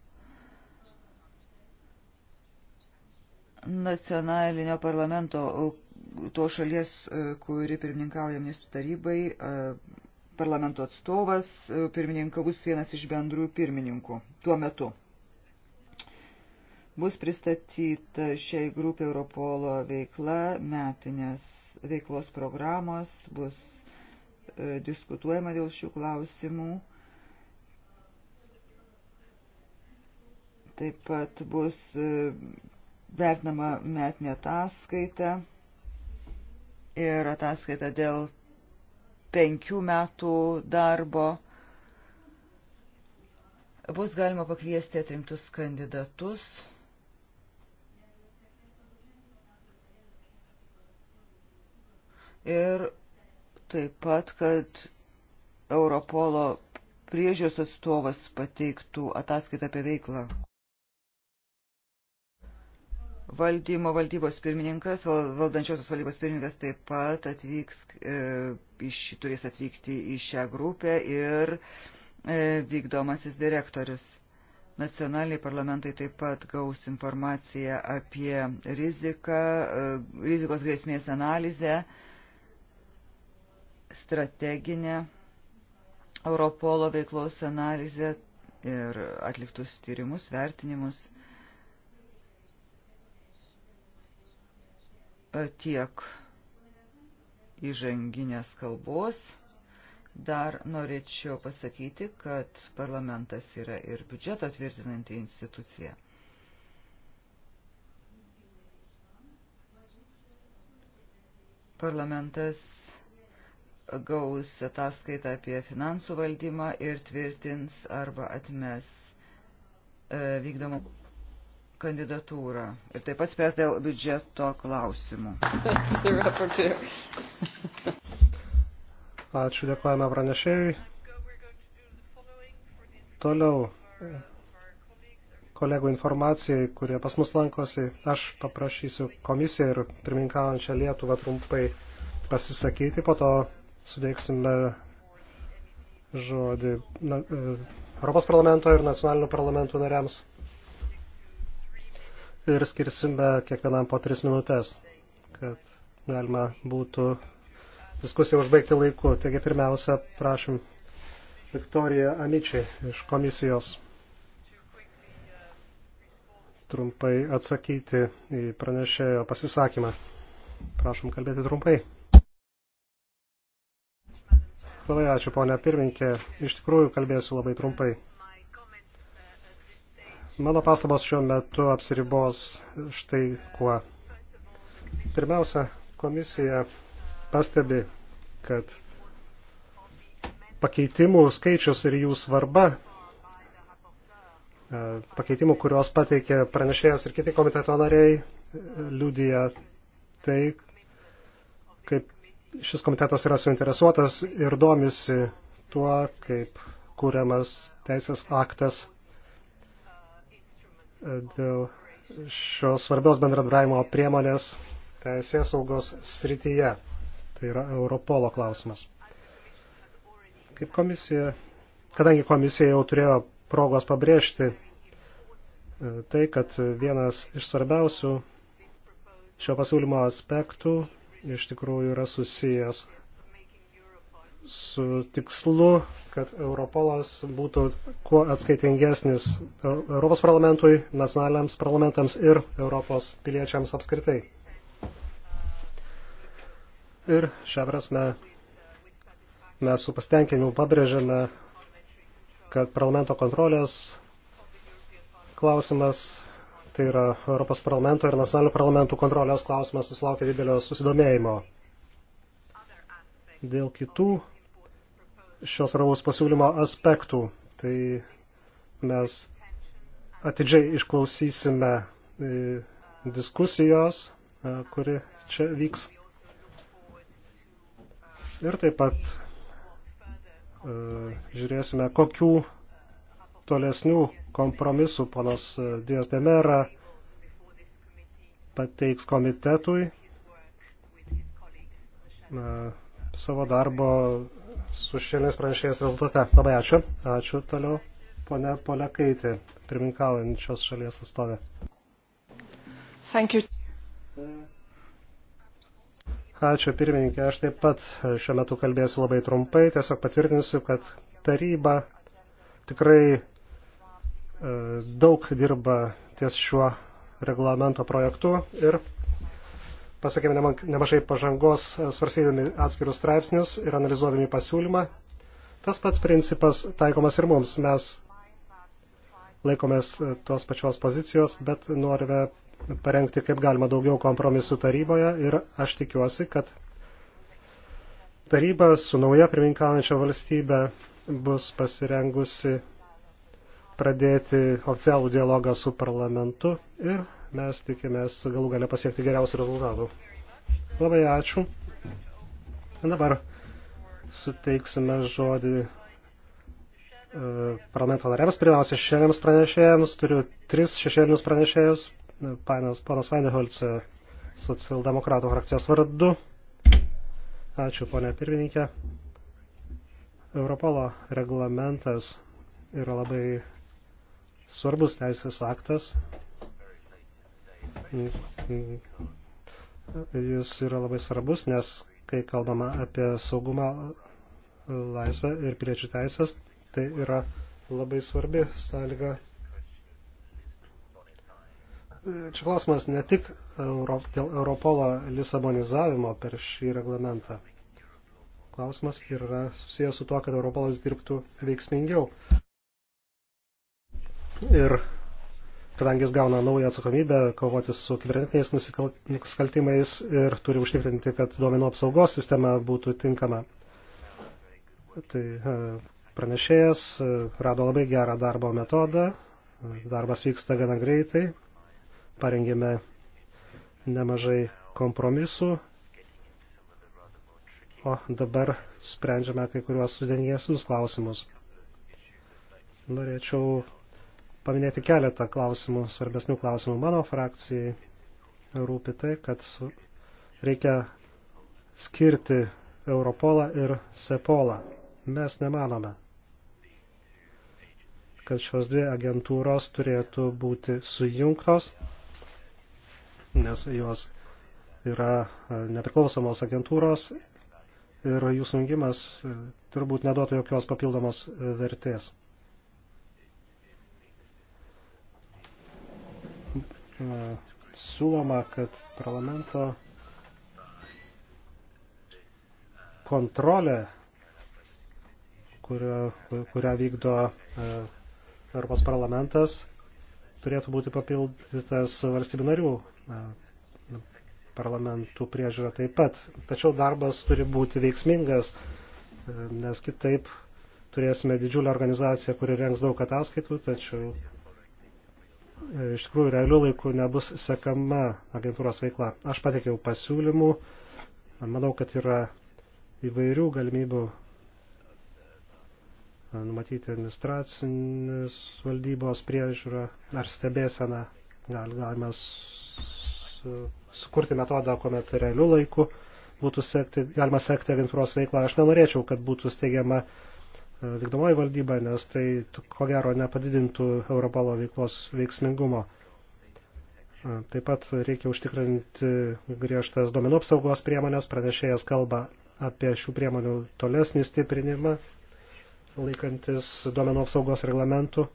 Nacionalinio parlamento e, to šalies, e, kuri pirmininkauja ministrų tarybai, e, parlamento atstovas, pirmininkaus vienas iš bendrųjų pirmininkų tuo metu. Bus pristatyta šiai grupė Europolo veikla, metinės veiklos programos, bus E, diskutuojama dėl šių klausimų. Taip pat bus e, vertinama metinė ataskaita ir ataskaita dėl penkių metų darbo. Bus galima pakviesti atrinktus kandidatus. Ir taip pat, kad Europolo priežios atstovas pateiktų ataskaitą apie veiklą. Valdymo valdybos pirmininkas, valdančiosios valdybos pirmininkas taip pat atvyks, e, turės atvykti į šią grupę ir e, vykdomasis direktorius. Nacionaliniai parlamentai taip pat gaus informaciją apie riziką, e, rizikos grėsmės analizę, strateginę Europolo veiklos analizę ir atliktus tyrimus, vertinimus tiek įžanginės kalbos. Dar norėčiau pasakyti, kad parlamentas yra ir biudžeto tvirtinanti institucija. Parlamentas gaus ataskaitą apie finansų valdymą ir tvirtins arba atmes e, vykdomą kandidatūrą ir taip pat spręs dėl biudžeto klausimų. Ačiū, dėkojame pranešėjui. Toliau e, kolegų informacijai, kurie pas mus lankosi, aš paprašysiu komisiją ir pirmininkaujančią Lietuvą trumpai pasisakyti, po to suteiksime žodį na, e, Europos parlamento ir nacionalinių parlamentų nariams ir skirsime kiekvienam po tris minutės, kad galima būtų diskusiją užbaigti laiku. Taigi pirmiausia, prašom Viktorija Amičiai iš komisijos trumpai atsakyti į pranešėjo pasisakymą. Prašom kalbėti trumpai. Labai ačiū, ponia pirminkė. Iš tikrųjų, kalbėsiu labai trumpai. Mano pastabos šiuo metu apsiribos štai kuo. Pirmiausia, komisija pastebi, kad pakeitimų skaičius ir jų svarba, e, pakeitimų, kuriuos pateikė pranešėjas ir kiti komiteto nariai, liudija tai, kaip šis komitetas yra suinteresuotas ir domisi tuo, kaip kūriamas teisės aktas dėl šios svarbios bendradarbiavimo priemonės teisės saugos srityje. Tai yra Europolo klausimas. Kaip komisija, kadangi komisija jau turėjo progos pabrėžti e, tai, kad vienas iš svarbiausių šio pasiūlymo aspektų iš tikrųjų yra susijęs su tikslu, kad Europolas būtų kuo atskaitingesnis Europos parlamentui, nacionaliams parlamentams ir Europos piliečiams apskritai. Ir šią prasme mes su pasitenkinimu pabrėžiame, kad parlamento kontrolės klausimas tai yra Europos parlamento ir nacionalinių parlamentų kontrolės klausimas susilaukė didelio susidomėjimo. Dėl kitų šios ravaus pasiūlymo aspektų, tai mes atidžiai išklausysime e, diskusijos, e, kuri čia vyks. Ir taip pat e, žiūrėsime, kokių tolesnių kompromisų ponos Dijas Demera pateiks komitetui na, e, savo darbo su šiandienis pranešėjas rezultate. Labai ačiū. Ačiū toliau pone Polekaitė, pirminkaujančios šalies atstovė. Thank you. Ačiū pirmininkė, aš taip pat šiuo metu kalbėsiu labai trumpai, tiesiog patvirtinsiu, kad taryba tikrai daug dirba ties šiuo reglamento projektu ir pasakėme nemažai pažangos e, svarstydami atskirus straipsnius ir analizuodami pasiūlymą. Tas pats principas taikomas ir mums. Mes laikomės e, tos pačios pozicijos, bet norime parengti kaip galima daugiau kompromisų taryboje ir aš tikiuosi, kad taryba su nauja pirminkaujančia valstybe bus pasirengusi pradėti oficialų dialogą su parlamentu ir mes tikimės galų galę pasiekti geriausių rezultatų. Labai ačiū. Dabar suteiksime žodį e, parlamento nariams. Pirmiausia, šešėliams pranešėjams. Turiu tris šešėlinius pranešėjus. E, panas, panas Vaineholce, socialdemokratų frakcijos vardu. Ačiū, ponė pirmininkė. Europolo reglamentas yra labai svarbus teisės aktas. Jis yra labai svarbus, nes kai kalbama apie saugumą, laisvę ir piliečių teisės, tai yra labai svarbi sąlyga. Čia klausimas ne tik Euro, dėl Europolo lisabonizavimo per šį reglamentą. Klausimas yra susijęs su tuo, kad Europolas dirbtų veiksmingiau ir kadangi jis gauna naują atsakomybę kovoti su kibernetiniais nusikaltimais ir turi užtikrinti, kad duomenų apsaugos sistema būtų tinkama. Tai e, pranešėjas e, rado labai gerą darbo metodą, darbas vyksta gana greitai, parengėme nemažai kompromisų, o dabar sprendžiame kai kuriuos sudėtingesnius klausimus. Norėčiau paminėti keletą klausimų, svarbesnių klausimų. Mano frakcijai rūpi tai, kad su, reikia skirti Europolą ir Sepolą. Mes nemanome, kad šios dvi agentūros turėtų būti sujungtos, nes jos yra e, nepriklausomos agentūros ir jų sujungimas e, turbūt neduotų jokios papildomos e, vertės. siūloma, kad parlamento kontrolė, kurio, kurią vykdo e, Europos parlamentas, turėtų būti papildytas valstybių narių e, parlamentų priežiūra taip pat. Tačiau darbas turi būti veiksmingas, e, nes kitaip turėsime didžiulę organizaciją, kuri rengs daug ataskaitų, tačiau E, iš tikrųjų realių laikų nebus sekama agentūros veikla. Aš pateikiau pasiūlymų, manau, kad yra įvairių galimybių e, numatyti administracinius valdybos priežiūrą ar stebėseną. Gal, galime sukurti metodą, kuomet realių laikų būtų sekti, galima sekti agentūros veiklą. Aš nenorėčiau, kad būtų steigiama uh, E, vykdomoji valdyba, nes tai ko gero nepadidintų Europolo veiklos veiksmingumo. E, taip pat reikia užtikrinti griežtas domenų apsaugos priemonės, pranešėjas kalba apie šių priemonių tolesnį stiprinimą, laikantis domenų apsaugos reglamentų,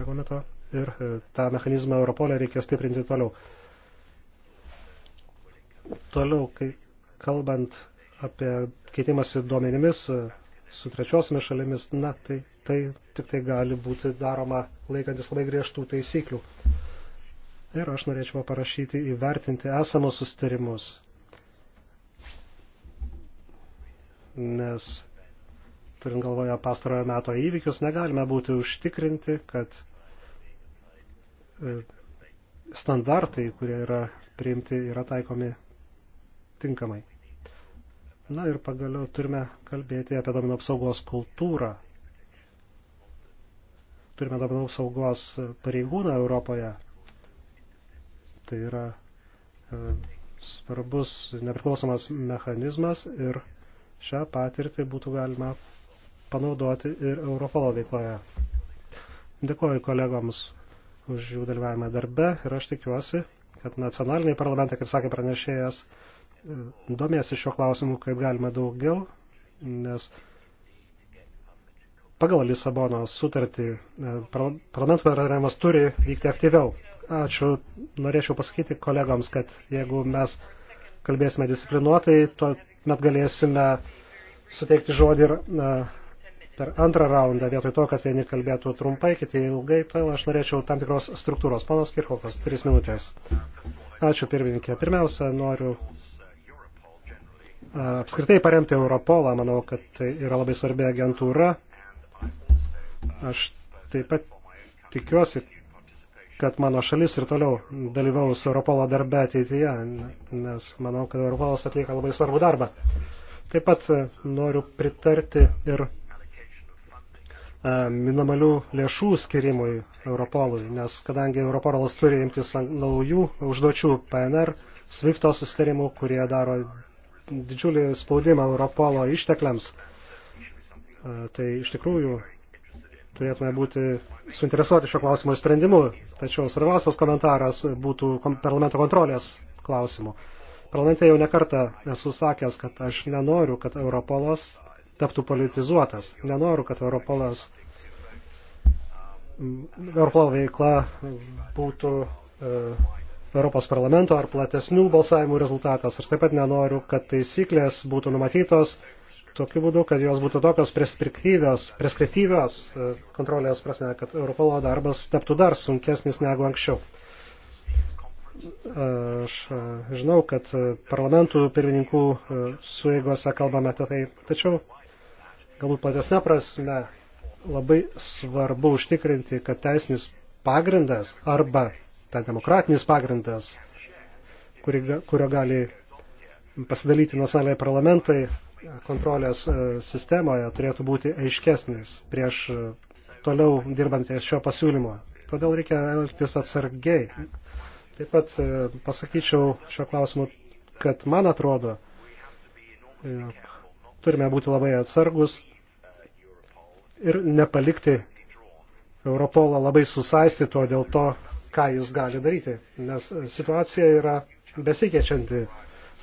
reglamento ir e, tą mechanizmą Europolė reikia stiprinti toliau. Toliau, kai kalbant apie keitimąsi duomenimis, su trečiosiomis šalimis, na, tai, tai tik tai gali būti daroma laikantis labai griežtų taisyklių. Ir aš norėčiau parašyti įvertinti esamos sustarimus. Nes, turint galvoje pastarojo meto įvykius, negalime būti užtikrinti, kad e, standartai, kurie yra priimti, yra taikomi tinkamai. Na ir pagaliau turime kalbėti apie domino apsaugos kultūrą. Turime domino apsaugos pareigūną Europoje. Tai yra e, svarbus nepriklausomas mechanizmas ir šią patirtį būtų galima panaudoti ir Europolo veikloje. Dėkuoju kolegoms už jų dalyvavimą darbe ir aš tikiuosi, kad nacionaliniai parlamentai, kaip sakė pranešėjas, domėsi šio klausimu kaip galima daugiau, nes pagal Lisabono sutartį e, parlamento bendradarbiavimas turi vykti aktyviau. Ačiū, norėčiau pasakyti kolegoms, kad jeigu mes kalbėsime disciplinuotai, tuomet galėsime suteikti žodį ir e, per antrą raundą, vietoj to, kad vieni kalbėtų trumpai, kiti ilgai, tai aš norėčiau tam tikros struktūros. Panas Kirchhoffas, trys minutės. Ačiū pirmininkė. Pirmiausia, noriu apskritai paremti Europolą. Manau, kad tai yra labai svarbi agentūra. Aš taip pat tikiuosi, kad mano šalis ir toliau dalyvaus Europolo darbe ateityje, nes manau, kad Europolas atlieka labai svarbų darbą. Taip pat e, noriu pritarti ir e, minimalių lėšų skirimui Europolui, nes kadangi Europolas turi imtis naujų užduočių PNR, Svifto susitarimų, kurie daro didžiulį spaudimą Europolo ištekliams, e, tai iš tikrųjų turėtume būti suinteresuoti šio klausimo sprendimu. Tačiau svarbiausias komentaras būtų parlamento kontrolės klausimu. Parlamente jau nekartą esu sakęs, kad aš nenoriu, kad Europolas taptų politizuotas. Nenoriu, kad Europolas Europolo veikla būtų uh, Europos parlamento ar platesnių balsavimų rezultatas. Aš taip pat nenoriu, kad taisyklės būtų numatytos tokiu būdu, kad jos būtų tokios preskriptyvios, preskriptyvios e, kontrolės prasme, kad Europolo darbas taptų dar sunkesnis negu anksčiau. Aš e, žinau, kad e, parlamentų pirmininkų suėgose kalbame apie tai, tačiau galbūt platesnė prasme labai svarbu užtikrinti, kad teisinis pagrindas arba tai demokratinis pagrindas, kuri, kurio gali pasidalyti nacionaliai parlamentai kontrolės e, sistemoje turėtų būti aiškesnis prieš e, toliau dirbant ties šio pasiūlymo. Todėl reikia elgtis atsargiai. Taip pat e, pasakyčiau šio klausimu, kad man atrodo, jog turime būti labai atsargus ir nepalikti Europolą labai susaistyto dėl to, ką jis gali daryti, nes situacija yra besikeičianti.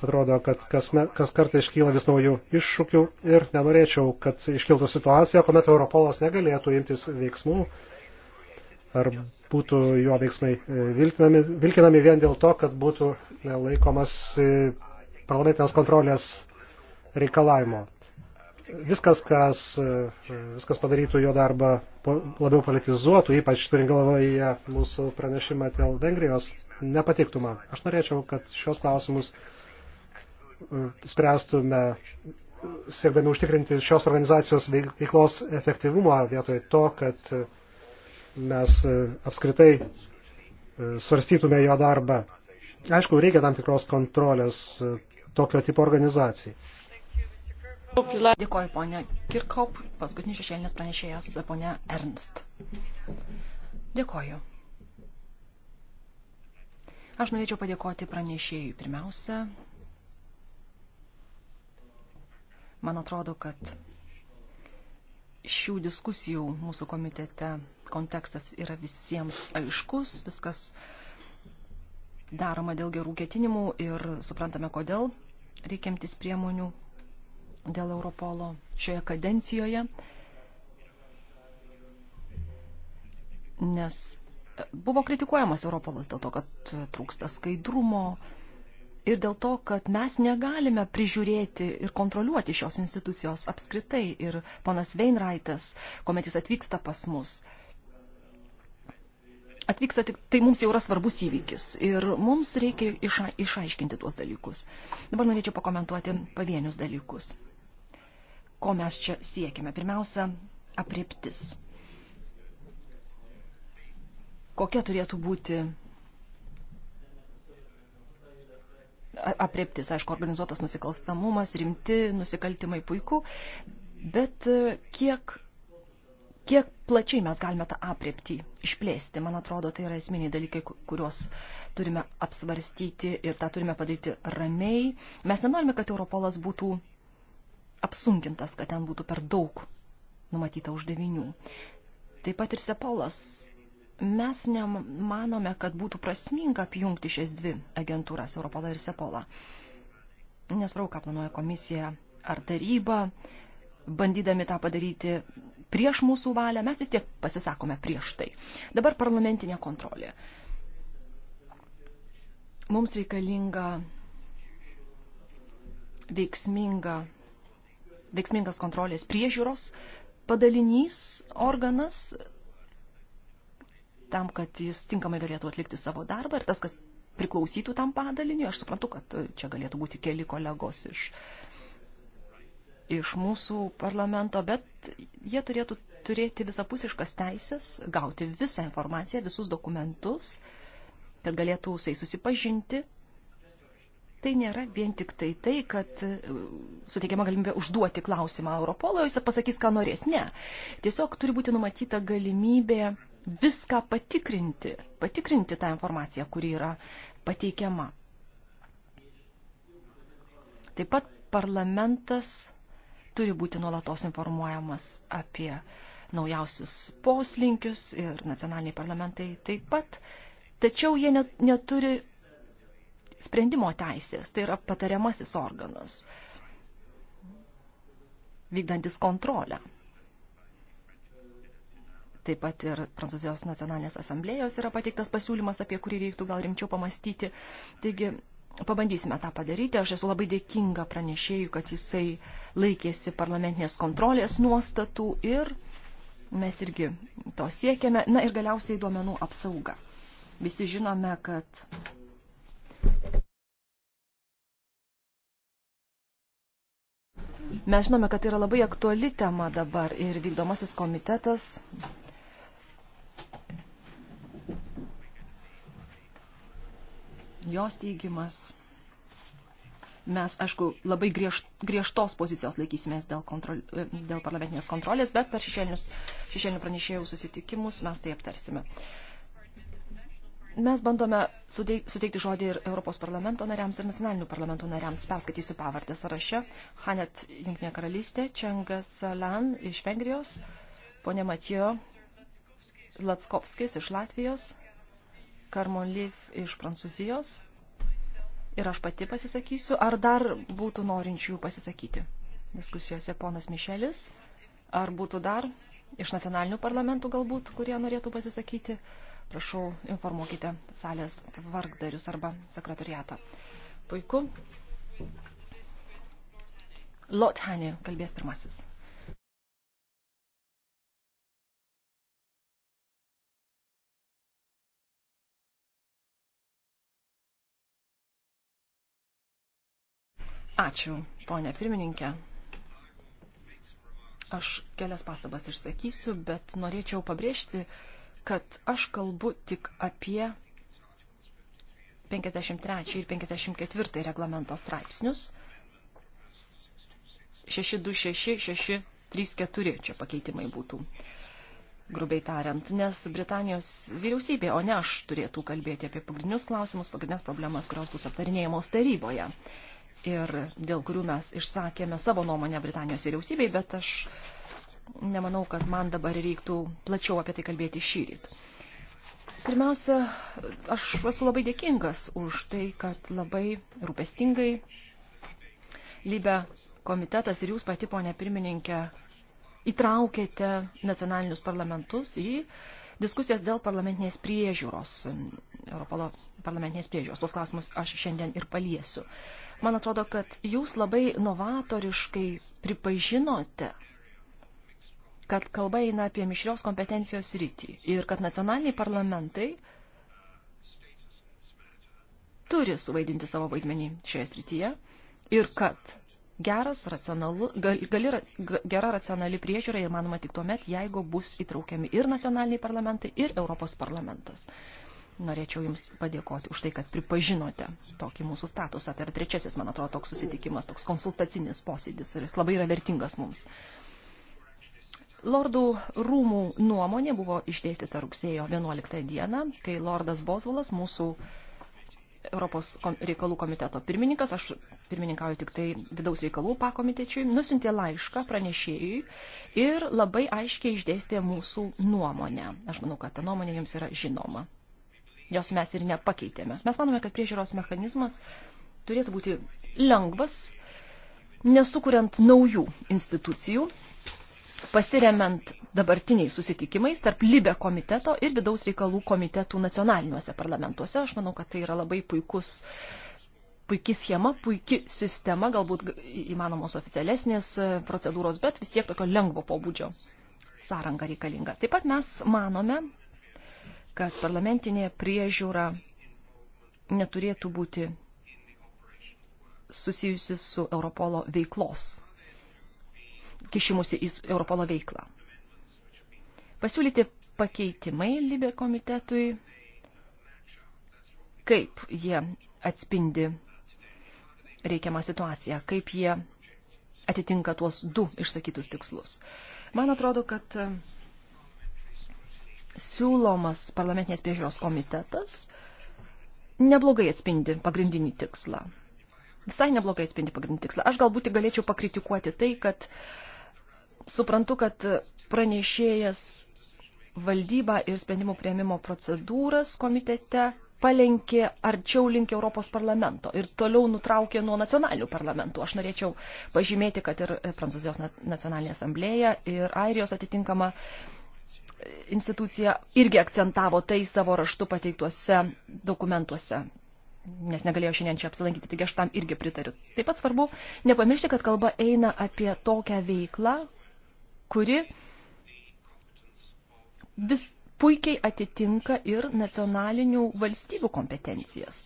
Atrodo, kad kas, me, kas kartą iškyla vis naujų iššūkių ir nenorėčiau, kad iškiltų situacija, kuomet Europolas negalėtų imtis veiksmų ar būtų jo veiksmai e, vilkinami, vilkinami vien dėl to, kad būtų e, laikomas e, parlamentinės kontrolės reikalavimo viskas, kas, viskas padarytų jo darbą labiau politizuotų, ypač turint galvoje mūsų pranešimą dėl Vengrijos, nepatiktų man. Aš norėčiau, kad šios klausimus e, spręstume siekdami užtikrinti šios organizacijos veiklos efektyvumą vietoj to, kad e, mes e, apskritai svarstytume jo darbą. Aišku, reikia tam tikros kontrolės tokio tipo organizacijai. Dėkoju, ponė Kirkhop, paskutinis šešėlinis pranešėjas, ponė Ernst. Dėkoju. Aš norėčiau padėkoti pranešėjui pirmiausia. Man atrodo, kad šių diskusijų mūsų komitete kontekstas yra visiems aiškus, viskas daroma dėl gerų ketinimų ir suprantame, kodėl reikiamtis priemonių dėl Europolo šioje kadencijoje, nes buvo kritikuojamas Europolas dėl to, kad trūksta skaidrumo ir dėl to, kad mes negalime prižiūrėti ir kontroliuoti šios institucijos apskritai. Ir ponas Veinraitas, kuomet jis atvyksta pas mus, atvyksta tik, tai mums jau yra svarbus įvykis ir mums reikia iša, išaiškinti tuos dalykus. Dabar norėčiau pakomentuoti pavienius dalykus ko mes čia siekiame. Pirmiausia, apriptis. Kokia turėtų būti apriptis, aišku, organizuotas nusikalstamumas, rimti nusikaltimai puiku, bet e, kiek, kiek plačiai mes galime tą apriptį išplėsti, man atrodo, tai yra esminiai dalykai, kuriuos turime apsvarstyti ir tą turime padaryti ramiai. Mes nenorime, kad Europolas būtų apsunkintas, kad ten būtų per daug numatyta uždavinių. Taip pat ir Sepolas. Mes nemanome, kad būtų prasminga apjungti šias dvi agentūras, Europolą ir Sepolą. Nesvarbu, ką planuoja komisija ar taryba, bandydami tą padaryti prieš mūsų valią, mes vis tiek pasisakome prieš tai. Dabar parlamentinė kontrolė. Mums reikalinga veiksminga veiksmingas kontrolės priežiūros padalinys, organas, tam, kad jis tinkamai galėtų atlikti savo darbą ir tas, kas priklausytų tam padaliniui. Aš suprantu, kad čia galėtų būti keli kolegos iš, iš mūsų parlamento, bet jie turėtų turėti visapusiškas teisės, gauti visą informaciją, visus dokumentus, kad galėtų su jais susipažinti tai nėra vien tik tai tai, kad e, suteikiama galimybė užduoti klausimą Europolo, jis pasakys, ką norės. Ne. Tiesiog turi būti numatyta galimybė viską patikrinti, patikrinti tą informaciją, kuri yra pateikiama. Taip pat parlamentas turi būti nuolatos informuojamas apie naujausius poslinkius ir nacionaliniai parlamentai taip pat, tačiau jie net, neturi sprendimo teisės, tai yra patariamasis organas, vykdantis kontrolę. Taip pat ir Prancūzijos nacionalinės asamblėjos yra pateiktas pasiūlymas, apie kurį reiktų gal rimčiau pamastyti. Taigi, pabandysime tą padaryti. Aš esu labai dėkinga pranešėjų, kad jisai laikėsi parlamentinės kontrolės nuostatų ir mes irgi to siekiame. Na ir galiausiai duomenų apsauga. Visi žinome, kad Mes žinome, kad tai yra labai aktuali tema dabar ir vykdomasis komitetas jos teigimas. Mes, aišku, labai griež, griežtos pozicijos laikysimės dėl, kontrol, dėl parlamentinės kontrolės, bet per šešėlinių pranešėjų susitikimus mes tai aptarsime. Uh, Mes bandome suteikti žodį ir Europos parlamento nariams ir nacionalinių parlamento nariams. Perskaitysiu pavardę sąraše. Hanet Junktinė karalystė, Čengas Lan iš Vengrijos, ponė Matijo Latskovskis iš Latvijos, Karmon Liv iš Prancūzijos ir aš pati pasisakysiu. Ar dar būtų norinčių pasisakyti diskusijose ponas Mišelis? Ar būtų dar iš nacionalinių parlamentų galbūt, kurie norėtų pasisakyti? Prašau, informuokite salės vargdarius arba sekretariatą. Puiku. Lothani kalbės pirmasis. Ačiū, ponė pirmininkė. Aš kelias pastabas išsakysiu, bet norėčiau pabrėžti, kad aš kalbu tik apie 53 ir 54 reglamento straipsnius. 626, 634 čia pakeitimai būtų, grubiai tariant, nes Britanijos vyriausybė, o ne aš, turėtų kalbėti apie pagrindinius klausimus, pagrindinės problemas, kurios bus aptarinėjamos taryboje ir dėl kurių mes išsakėme savo nuomonę Britanijos vyriausybei, bet aš nemanau, kad man dabar reiktų plačiau apie tai kalbėti šyryt. Pirmiausia, aš esu labai dėkingas už tai, kad labai rūpestingai Libe komitetas ir jūs pati, ponė pirmininkė, įtraukėte nacionalinius parlamentus į diskusijas dėl parlamentinės priežiūros, Europolo parlamentinės priežiūros. Tuos klausimus aš šiandien ir paliesiu. Man atrodo, kad jūs labai novatoriškai pripažinote, kad kalba eina apie mišrios kompetencijos rytį ir kad nacionaliniai parlamentai turi suvaidinti savo vaidmenį šioje srityje ir kad geras, racionalu, gali, gali, gera racionali priežiūra ir manoma tik tuomet, jeigu bus įtraukiami ir nacionaliniai parlamentai, ir Europos parlamentas. Norėčiau Jums padėkoti už tai, kad pripažinote tokį mūsų statusą. Tai yra trečiasis, man atrodo, toks susitikimas, toks konsultacinis posėdis ir jis labai yra vertingas mums. Lordų rūmų nuomonė buvo išdėstyta rugsėjo 11 dieną, kai Lordas Bosvolas, mūsų Europos reikalų komiteto pirmininkas, aš pirmininkauju tik tai vidaus reikalų pakomitečiui, nusintė laišką pranešėjui ir labai aiškiai išdėstė mūsų nuomonę. Aš manau, kad ta nuomonė jums yra žinoma. Jos mes ir nepakeitėme. Mes manome, kad priežiūros mechanizmas turėtų būti lengvas, nesukuriant naujų institucijų, pasiremiant dabartiniais susitikimais tarp Libe komiteto ir vidaus reikalų komitetų nacionaliniuose parlamentuose. Aš manau, kad tai yra labai puikus, puikia schema, puikia sistema, galbūt įmanomos oficialesnės e, procedūros, bet vis tiek tokio lengvo pobūdžio sąranga reikalinga. Taip pat mes manome, kad parlamentinė priežiūra neturėtų būti susijusi su Europolo veiklos kišimusi į Europolo veiklą. Pasiūlyti pakeitimai Libė komitetui, kaip jie atspindi reikiamą situaciją, kaip jie atitinka tuos du išsakytus tikslus. Man atrodo, kad siūlomas parlamentinės priežiūros komitetas neblogai atspindi pagrindinį tikslą. Visai neblogai atspindi pagrindinį tikslą. Aš galbūt galėčiau pakritikuoti tai, kad suprantu, kad pranešėjas valdybą ir sprendimų prieimimo procedūras komitete palenkė arčiau link Europos parlamento ir toliau nutraukė nuo nacionalinių parlamentų. Aš norėčiau pažymėti, kad ir Prancūzijos nacionalinė asamblėja ir Airijos atitinkama institucija irgi akcentavo tai savo raštu pateiktuose dokumentuose, nes negalėjau šiandien čia apsilankyti, taigi aš tam irgi pritariu. Taip pat svarbu nepamiršti, kad kalba eina apie tokią veiklą, kuri vis puikiai atitinka ir nacionalinių valstybių kompetencijas.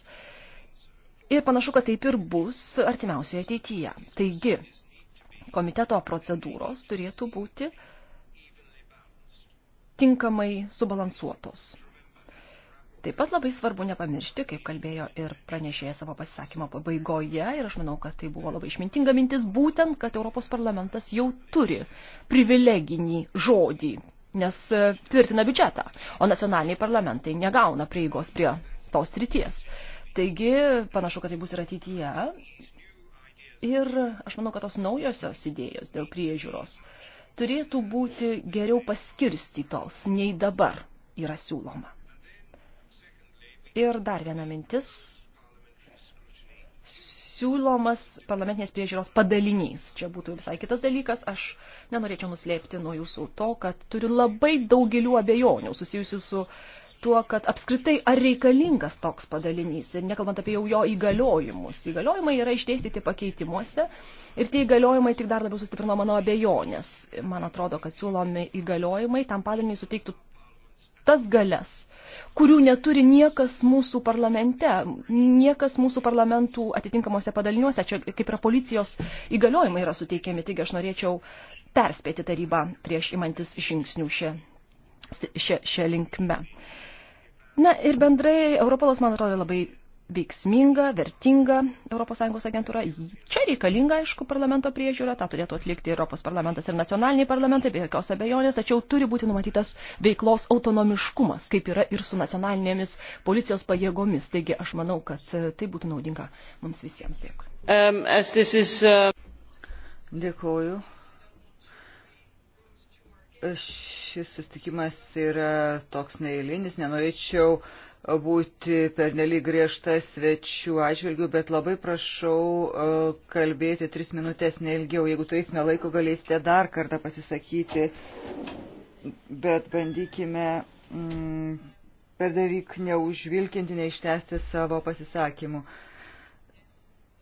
Ir panašu, kad taip ir bus artimiausioje ateityje. Taigi, komiteto procedūros turėtų būti tinkamai subalansuotos. Taip pat labai svarbu nepamiršti, kaip kalbėjo ir pranešėja savo pasisakymo pabaigoje, ir aš manau, kad tai buvo labai išmintinga mintis, būtent, kad Europos parlamentas jau turi privileginį žodį, nes e, tvirtina biudžetą, o nacionaliniai parlamentai negauna prieigos prie tos ryties. Taigi, panašu, kad tai bus ir ateityje. Ir aš manau, kad tos naujosios idėjos dėl priežiūros turėtų būti geriau paskirstytos nei dabar yra siūloma. Ir dar viena mintis. Siūlomas parlamentinės priežiūros padalinys. Čia būtų visai kitas dalykas. Aš nenorėčiau nuslėpti nuo jūsų to, kad turiu labai daugelių abejonių susijusių su tuo, kad apskritai ar reikalingas toks padalinys, ir nekalbant apie jau jo įgaliojimus. Įgaliojimai yra išdėstyti pakeitimuose ir tie įgaliojimai tik dar labiau sustiprino mano abejonės. Man atrodo, kad siūlomi įgaliojimai tam padaliniui suteiktų tas galias, kurių neturi niekas mūsų parlamente, niekas mūsų parlamentų atitinkamuose padaliniuose, čia kaip yra policijos įgaliojimai yra suteikiami, taigi aš norėčiau perspėti tarybą prieš imantis žingsnių šią, šią, šią linkme. Na ir bendrai Europolas, man atrodo, labai veiksminga, vertinga ES agentūra. Čia reikalinga, aišku, parlamento priežiūra, tą turėtų atlikti Europos parlamentas ir nacionaliniai parlamentai, be jokios abejonės, tačiau turi būti numatytas veiklos autonomiškumas, kaip yra ir su nacionalinėmis policijos pajėgomis. Taigi aš manau, kad e, tai būtų naudinga mums visiems. Dėkui. Um, is, uh... Dėkuoju. Šis sustikimas yra toks neįlinis, nenorėčiau uh, būti pernelyg griežta svečių atžvilgių, bet labai prašau e, kalbėti tris minutės neilgiau. Jeigu turėsime laiko, galėsite dar kartą pasisakyti, bet bandykime mm, pernelyg neužvilkinti, neištesti savo pasisakymų.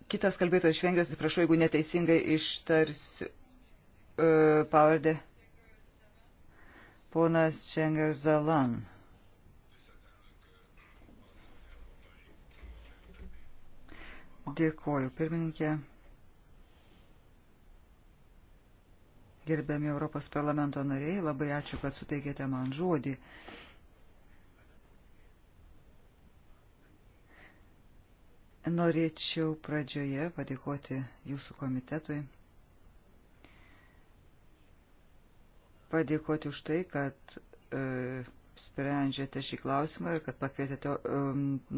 Kitas kalbėtojas iš Vengrijos, atsiprašau, jeigu neteisingai ištarsiu e, pavardę. Ponas Šenger Zalan. Dėkuoju, pirmininkė. Gerbiami Europos parlamento nariai, labai ačiū, kad suteikėte man žodį. Norėčiau pradžioje padėkoti jūsų komitetui. Padėkoti už tai, kad e, sprendžiate šį klausimą ir kad pakvietėte e,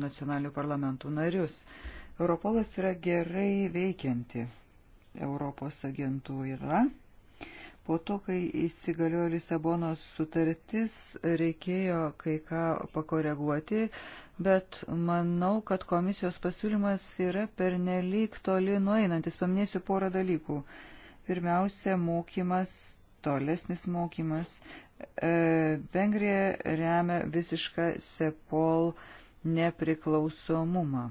nacionalinių parlamentų narius. E, Europolas yra gerai veikianti Europos agentūra. Po to, kai įsigaliojo Lisabonos sutartis, reikėjo kai ką pakoreguoti, bet manau, kad komisijos pasiūlymas yra pernelyg toli nueinantis. Paminėsiu porą dalykų. Pirmiausia, mokymas, tolesnis mokymas. E, Vengrija remia visišką SEPOL nepriklausomumą.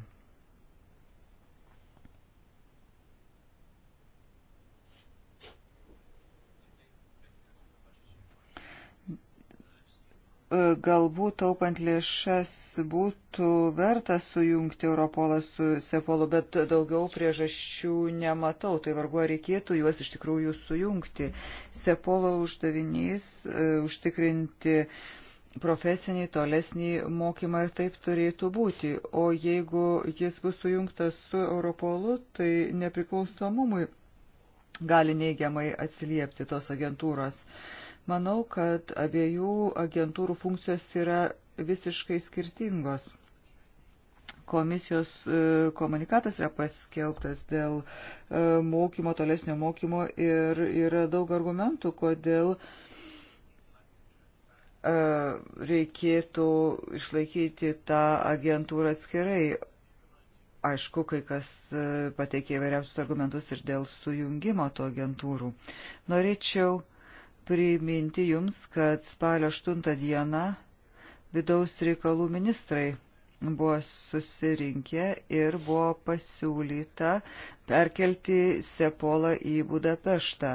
galbūt taupant lėšas būtų verta sujungti Europolą su Sepolu, bet daugiau priežasčių nematau. Tai vargu ar reikėtų juos iš tikrųjų sujungti. Sepolo uždavinys e, užtikrinti profesinį tolesnį mokymą ir taip turėtų būti. O jeigu jis bus sujungtas su Europolu, tai nepriklausomumui gali neigiamai atsiliepti tos agentūros. Uh, Manau, kad abiejų agentūrų funkcijos yra visiškai skirtingos. Komisijos e, komunikatas yra paskelbtas dėl e, mokymo, tolesnio mokymo ir yra daug argumentų, kodėl e, reikėtų išlaikyti tą agentūrą atskirai. Aišku, kai kas pateikė įvairiausius argumentus ir dėl sujungimo tų agentūrų. Norėčiau uh, priminti jums, kad spalio 8 dieną vidaus reikalų ministrai buvo susirinkę ir buvo pasiūlyta perkelti Sepolą į Budapeštą.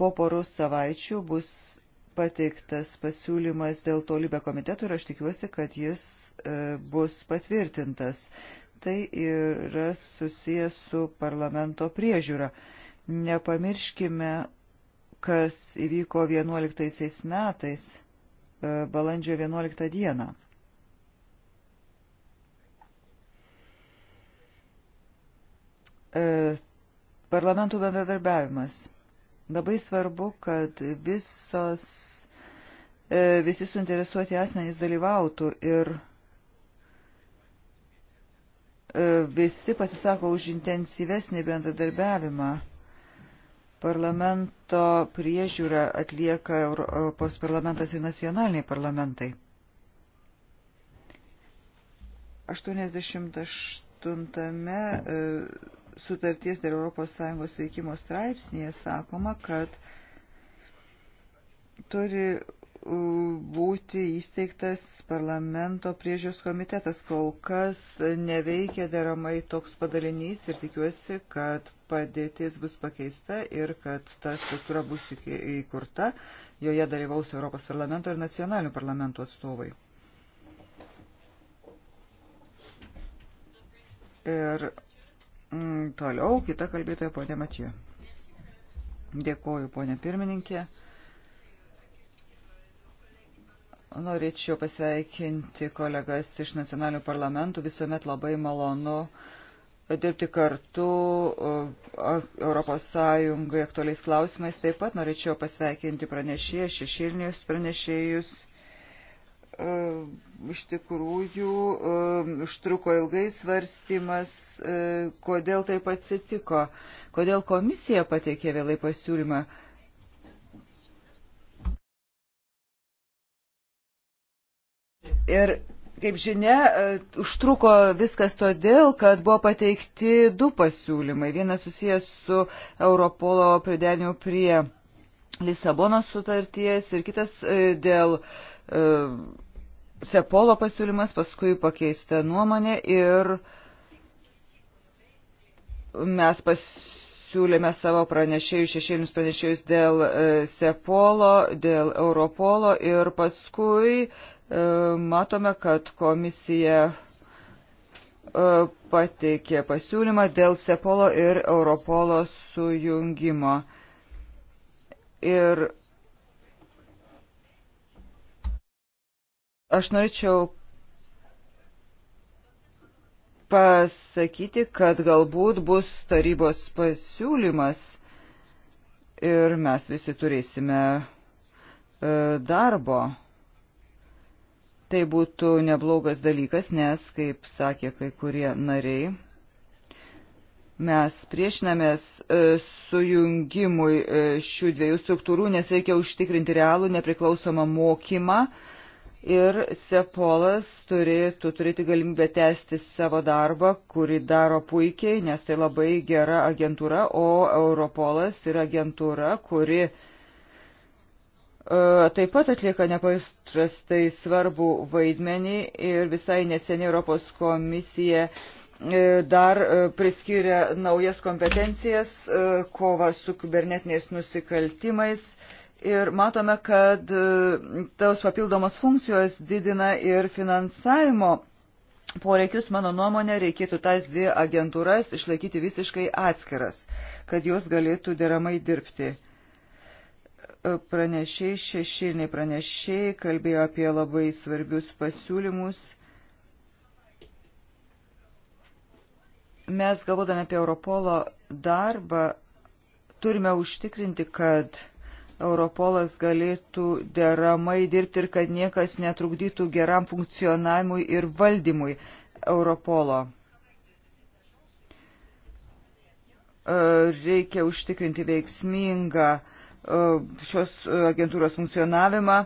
Po poros savaičių bus pateiktas pasiūlymas dėl to lybę komitetų ir aš tikiuosi, kad jis e, bus patvirtintas. Tai yra susijęs su parlamento priežiūra. Nepamirškime kas įvyko 11 metais, e, balandžio 11 dieną. E, parlamentų bendradarbiavimas. Labai svarbu, kad visos, e, visi suinteresuoti asmenys dalyvautų ir visi pasisako už intensyvesnį bendradarbiavimą Parlamento priežiūrą atlieka Europos parlamentas ir nacionaliniai parlamentai. 88 e, sutarties dėl ES veikimo straipsnėje sakoma, kad turi būti įsteigtas parlamento priežiūros komitetas. Kol kas neveikia deramai toks padalinys ir tikiuosi, kad padėtis bus pakeista ir kad ta struktūra bus įkurta. Joje dalyvaus Europos parlamento ir nacionalinių parlamentų atstovai. Ir mm, toliau kita kalbėtoja ponė Matijo. Dėkoju, ponė pirmininkė. Uh, Norėčiau pasveikinti kolegas iš nacionalinių parlamentų. Visuomet labai malonu dirbti kartu Europos Sąjungai aktualiais klausimais. Taip pat norėčiau pasveikinti pranešėjus, šešilnius pranešėjus. Iš tikrųjų, e, užtruko ilgai svarstymas, e, kodėl taip atsitiko, kodėl komisija pateikė vėlai pasiūlymą Ir Kaip žinia, e, užtruko viskas todėl, kad buvo pateikti du pasiūlymai. Vienas susijęs su Europolo pridėnimu prie Lisabonos sutarties ir kitas e, dėl e, Sepolo pasiūlymas, paskui pakeista nuomonė ir mes pasiūlymą siūlėme savo pranešėjus, šešėlinius pranešėjus dėl Sepolo, dėl Europolo ir paskui E, matome, kad komisija e, pateikė pasiūlymą dėl Sepolo ir Europolo sujungimo. Ir aš norėčiau pasakyti, kad galbūt bus tarybos pasiūlymas ir mes visi turėsime e, darbo. Tai būtų neblogas dalykas, nes, kaip sakė kai kurie nariai, mes priešinamės e, sujungimui e, šių dviejų struktūrų, nes reikia užtikrinti realų nepriklausomą mokymą ir Sepolas turėtų turėti galimybę tęsti savo darbą, kurį daro puikiai, nes tai labai gera agentūra, o Europolas yra agentūra, kuri uh, E, taip pat atlieka nepaprastai svarbu vaidmenį ir visai neseniai Europos komisija e, dar e, priskiria naujas kompetencijas kova su kibernetiniais nusikaltimais ir matome, kad tos papildomos funkcijos didina ir finansavimo poreikius, mano nuomonė, reikėtų tas dvi agentūras išlaikyti visiškai atskiras, kad jos galėtų deramai dirbti pranešiai, šešiliniai pranešiai kalbėjo apie labai svarbius pasiūlymus. Mes, galvodami apie Europolo darbą, turime užtikrinti, kad Europolas galėtų deramai dirbti ir kad niekas netrukdytų geram funkcionavimui ir valdymui Europolo. Reikia užtikrinti veiksmingą uh, E, šios agentūros funkcionavimą.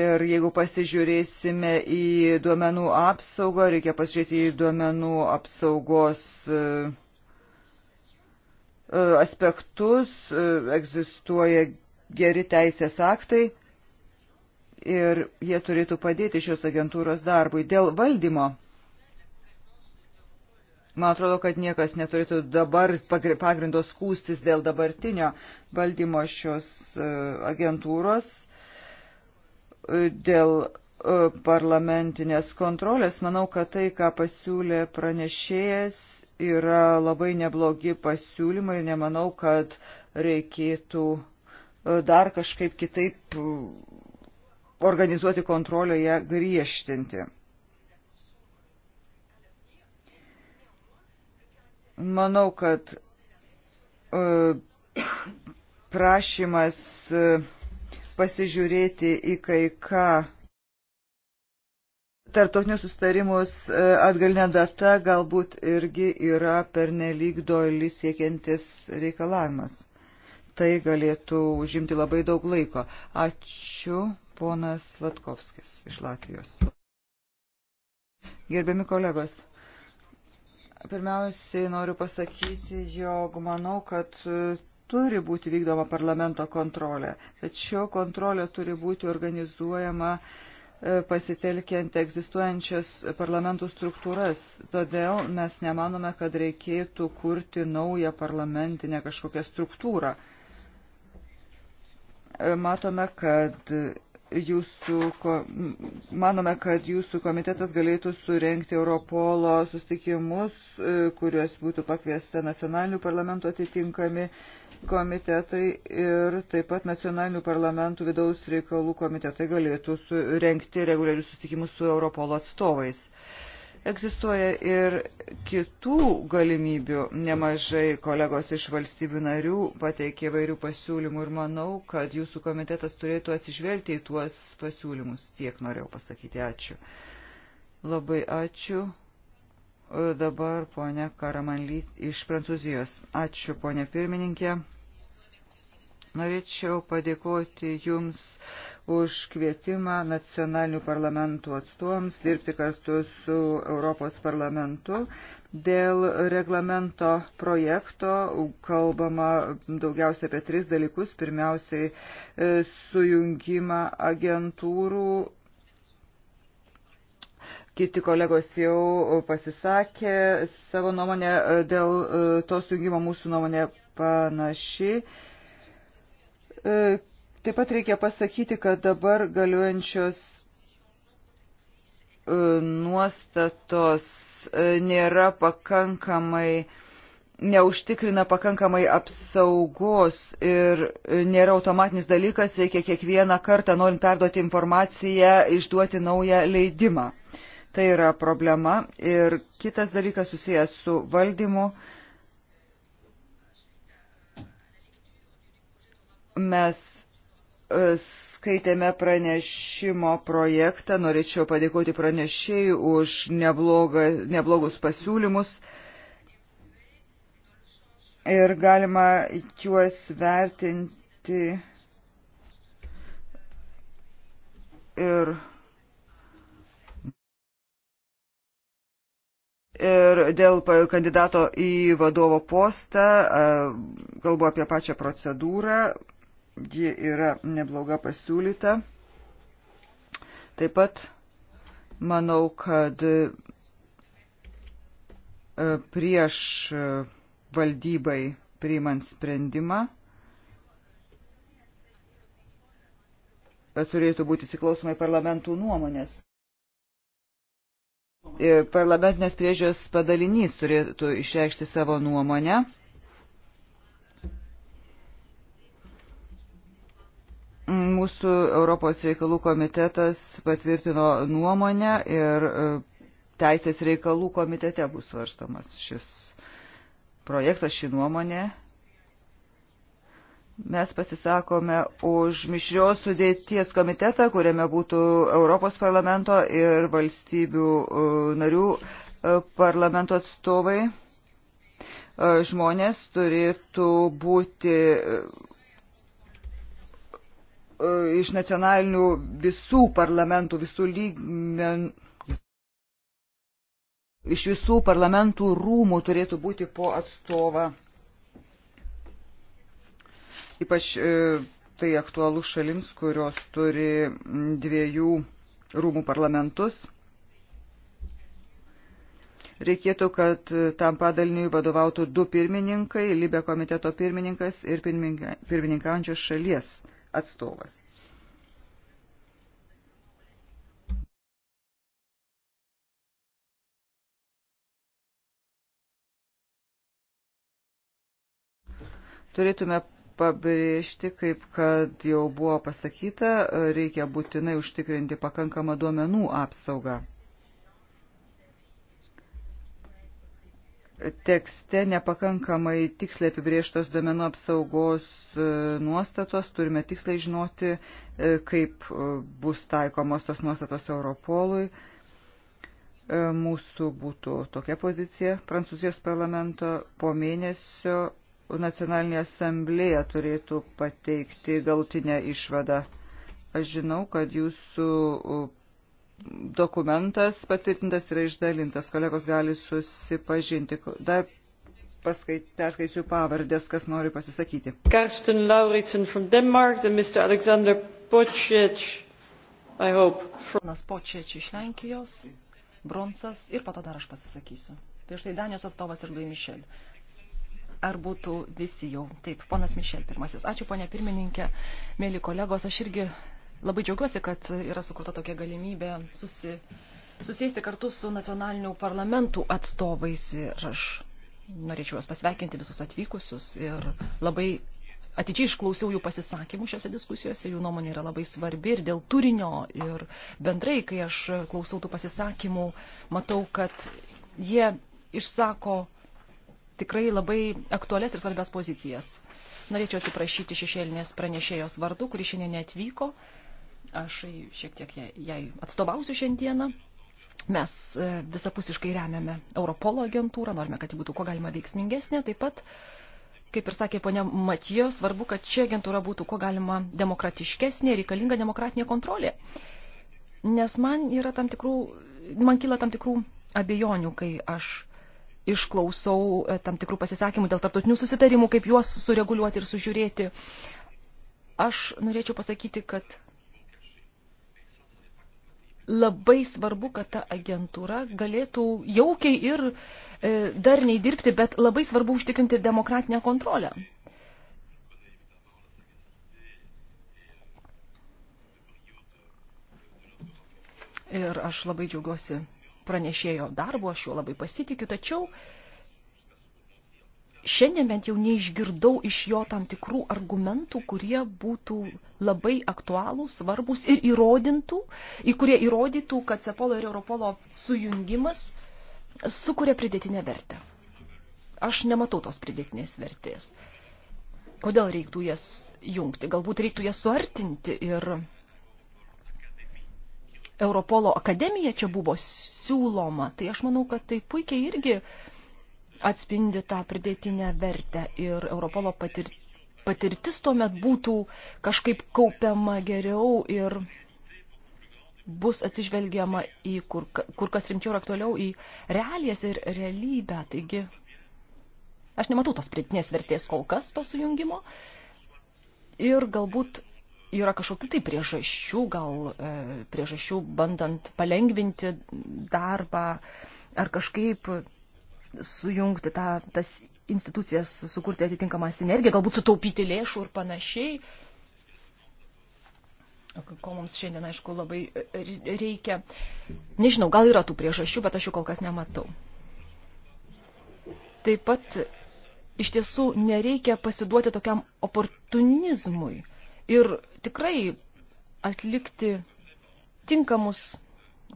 Ir jeigu pasižiūrėsime į duomenų apsaugą, reikia pasižiūrėti į duomenų apsaugos e, e, aspektus, egzistuoja geri teisės aktai ir jie turėtų padėti šios agentūros darbui dėl valdymo Man atrodo, kad niekas neturėtų dabar pagrindo skūstis dėl dabartinio valdymo šios e, agentūros, e, dėl e, parlamentinės kontrolės. Manau, kad tai, ką pasiūlė pranešėjas, yra labai neblogi pasiūlymai ir nemanau, kad reikėtų dar kažkaip kitaip organizuoti kontrolę ją griežtinti. Manau, kad e, prašymas e, pasižiūrėti į kai ką tarptautinius sustarimus e, atgalinė data galbūt irgi yra pernelyg doili siekiantis reikalavimas. Tai galėtų užimti labai daug laiko. Ačiū, ponas Latkovskis iš Latvijos. Gerbiami kolegos. Pirmiausiai noriu pasakyti, jog manau, kad e, turi būti vykdoma parlamento kontrolė, tačiau kontrolė turi būti organizuojama e, pasitelkiant egzistuojančias parlamentų struktūras. Todėl mes nemanome, kad reikėtų kurti naują parlamentinę kažkokią struktūrą. E, matome, kad jūsų, manome, kad jūsų komitetas galėtų surenkti Europolo sustikimus, e, kuriuos būtų pakviesta nacionalinių parlamentų atitinkami komitetai ir taip pat nacionalinių parlamentų vidaus reikalų komitetai galėtų surenkti reguliarius sustikimus su Europolo atstovais. Uh, Egzistuoja ir kitų galimybių. Nemažai kolegos iš valstybių narių pateikė vairių pasiūlymų ir manau, kad jūsų komitetas turėtų atsižvelgti į tuos pasiūlymus. Tiek norėjau pasakyti. Ačiū. Labai ačiū. Dabar ponia Karamanly iš Prancūzijos. Ačiū, ponia pirmininkė. Norėčiau padėkoti jums už kvietimą nacionalinių parlamentų atstovams dirbti kartu su Europos parlamentu. Dėl reglamento projekto kalbama daugiausia apie tris dalykus. Pirmiausiai e, sujungimą agentūrų. Kiti kolegos jau pasisakė savo nuomonę e, dėl e, to sujungimo mūsų nuomonė panaši Taip pat reikia pasakyti, kad dabar galiuojančios e, nuostatos e, nėra pakankamai, neužtikrina pakankamai apsaugos ir nėra automatinis dalykas, reikia kiekvieną kartą, norint perduoti informaciją, išduoti naują leidimą. Tai yra problema. Ir kitas dalykas susijęs su valdymu. Mes skaitėme pranešimo projektą. Norėčiau padėkoti pranešėjui už neblogą, neblogus pasiūlymus. Ir galima juos vertinti ir, ir dėl kandidato į vadovo postą, kalbu apie pačią procedūrą, ji yra nebloga pasiūlyta. Taip pat manau, kad e, prieš e, valdybai priimant sprendimą e, turėtų būti įsiklausomai parlamentų nuomonės. Parlamentinės priežios padalinys turėtų išreikšti savo nuomonę Mūsų Europos reikalų komitetas patvirtino nuomonę ir e, Teisės reikalų komitete bus svarstomas šis projektas, ši nuomonė. Mes pasisakome už mišrios sudėties komitetą, kuriame būtų Europos parlamento ir valstybių e, narių e, parlamento atstovai. Žmonės turėtų būti E, iš nacionalinių visų parlamentų, visų lygmen. Iš visų parlamentų rūmų turėtų būti po atstovą. Ypač e, tai aktualu šalims, kurios turi dviejų rūmų parlamentus. Reikėtų, kad tam padaliniui vadovautų du pirmininkai, Libė komiteto pirmininkas ir pirmininkaujančios šalies atstovas. Turėtume pabrėžti, kaip kad jau buvo pasakyta, reikia būtinai užtikrinti pakankamą duomenų apsaugą. tekste nepakankamai tiksliai apibrieštos duomenų apsaugos e, nuostatos, turime tiksliai žinoti, e, kaip e, bus taikomos tos nuostatos Europolui. Mūsų būtų tokia pozicija. Prancūzijos parlamento po mėnesio nacionalinė asamblėja turėtų pateikti galutinę išvadą. Aš žinau, kad jūsų dokumentas patvirtintas yra išdalintas, kolegos gali susipažinti. Dar paskait, perskaičiu pavardės, kas nori pasisakyti. Karsten Lauritsen from Denmark, then Mr. Alexander Počič, I hope. Ponas from... Počič iš Lenkijos, Bronsas ir po to dar aš pasisakysiu. Prieš tai Danijos atstovas ir Louis Michel. Ar būtų visi jau? Taip, ponas Mišel pirmasis. Ačiū, ponė pirmininkė, mėly kolegos. Aš irgi Labai džiaugiuosi, kad yra sukurta tokia galimybė susi, susėsti kartu su nacionalinių parlamentų atstovais ir aš norėčiau juos pasveikinti visus atvykusius ir labai atidžiai išklausiau jų pasisakymų šiose diskusijose, jų nuomonė yra labai svarbi ir dėl turinio ir bendrai, kai aš klausau tų pasisakymų, matau, kad jie išsako tikrai labai aktualias ir svarbias pozicijas. Norėčiau atsiprašyti šešėlinės pranešėjos vardu, kuri šiandien neatvyko. Aš šiek tiek jai atstovausiu šiandieną. Mes e, visapusiškai remiame Europolo agentūrą, norime, kad ji būtų kuo galima veiksmingesnė. Taip pat, kaip ir sakė ponia Matijo, svarbu, kad ši agentūra būtų kuo galima demokratiškesnė, reikalinga demokratinė kontrolė. Nes man, yra tam tikrų, man kyla tam tikrų abejonių, kai aš išklausau e, tam tikrų pasisakymų dėl tarptautinių susitarimų, kaip juos sureguliuoti ir sužiūrėti. Aš norėčiau pasakyti, kad labai svarbu, kad ta agentūra galėtų jaukiai ir e, darniai dirbti, bet labai svarbu užtikrinti demokratinę kontrolę. Ir aš labai džiaugiuosi pranešėjo darbo, aš juo labai pasitikiu, tačiau e, šiandien bent jau neišgirdau iš jo tam tikrų argumentų, kurie būtų labai aktualūs, svarbus ir įrodintų, į kurie įrodytų, kad Cepolo ir Europolo sujungimas sukuria pridėtinę vertę. Aš nematau tos pridėtinės vertės. Kodėl reiktų jas jungti? Galbūt reiktų jas suartinti ir Europolo akademija čia buvo siūloma. Tai aš manau, kad tai puikiai irgi uh, atspindi tą pridėtinę vertę ir Europolo patir, patirtis tuomet būtų kažkaip kaupiama geriau ir bus atsižvelgiama į kur, kur kas rimčiau ir aktualiau į realijas ir realybę. Taigi aš nematau tos pridėtinės vertės kol kas to sujungimo ir galbūt yra kažkokių tai priežasčių, gal e, priežasčių bandant palengvinti darbą ar kažkaip sujungti tą, tas institucijas, sukurti atitinkamą sinergiją, galbūt sutaupyti lėšų ir panašiai, ko mums šiandien, aišku, labai e, reikia. Nežinau, gal yra tų priežasčių, bet aš jų kol kas nematau. Taip pat iš tiesų nereikia pasiduoti tokiam oportunizmui ir tikrai atlikti tinkamus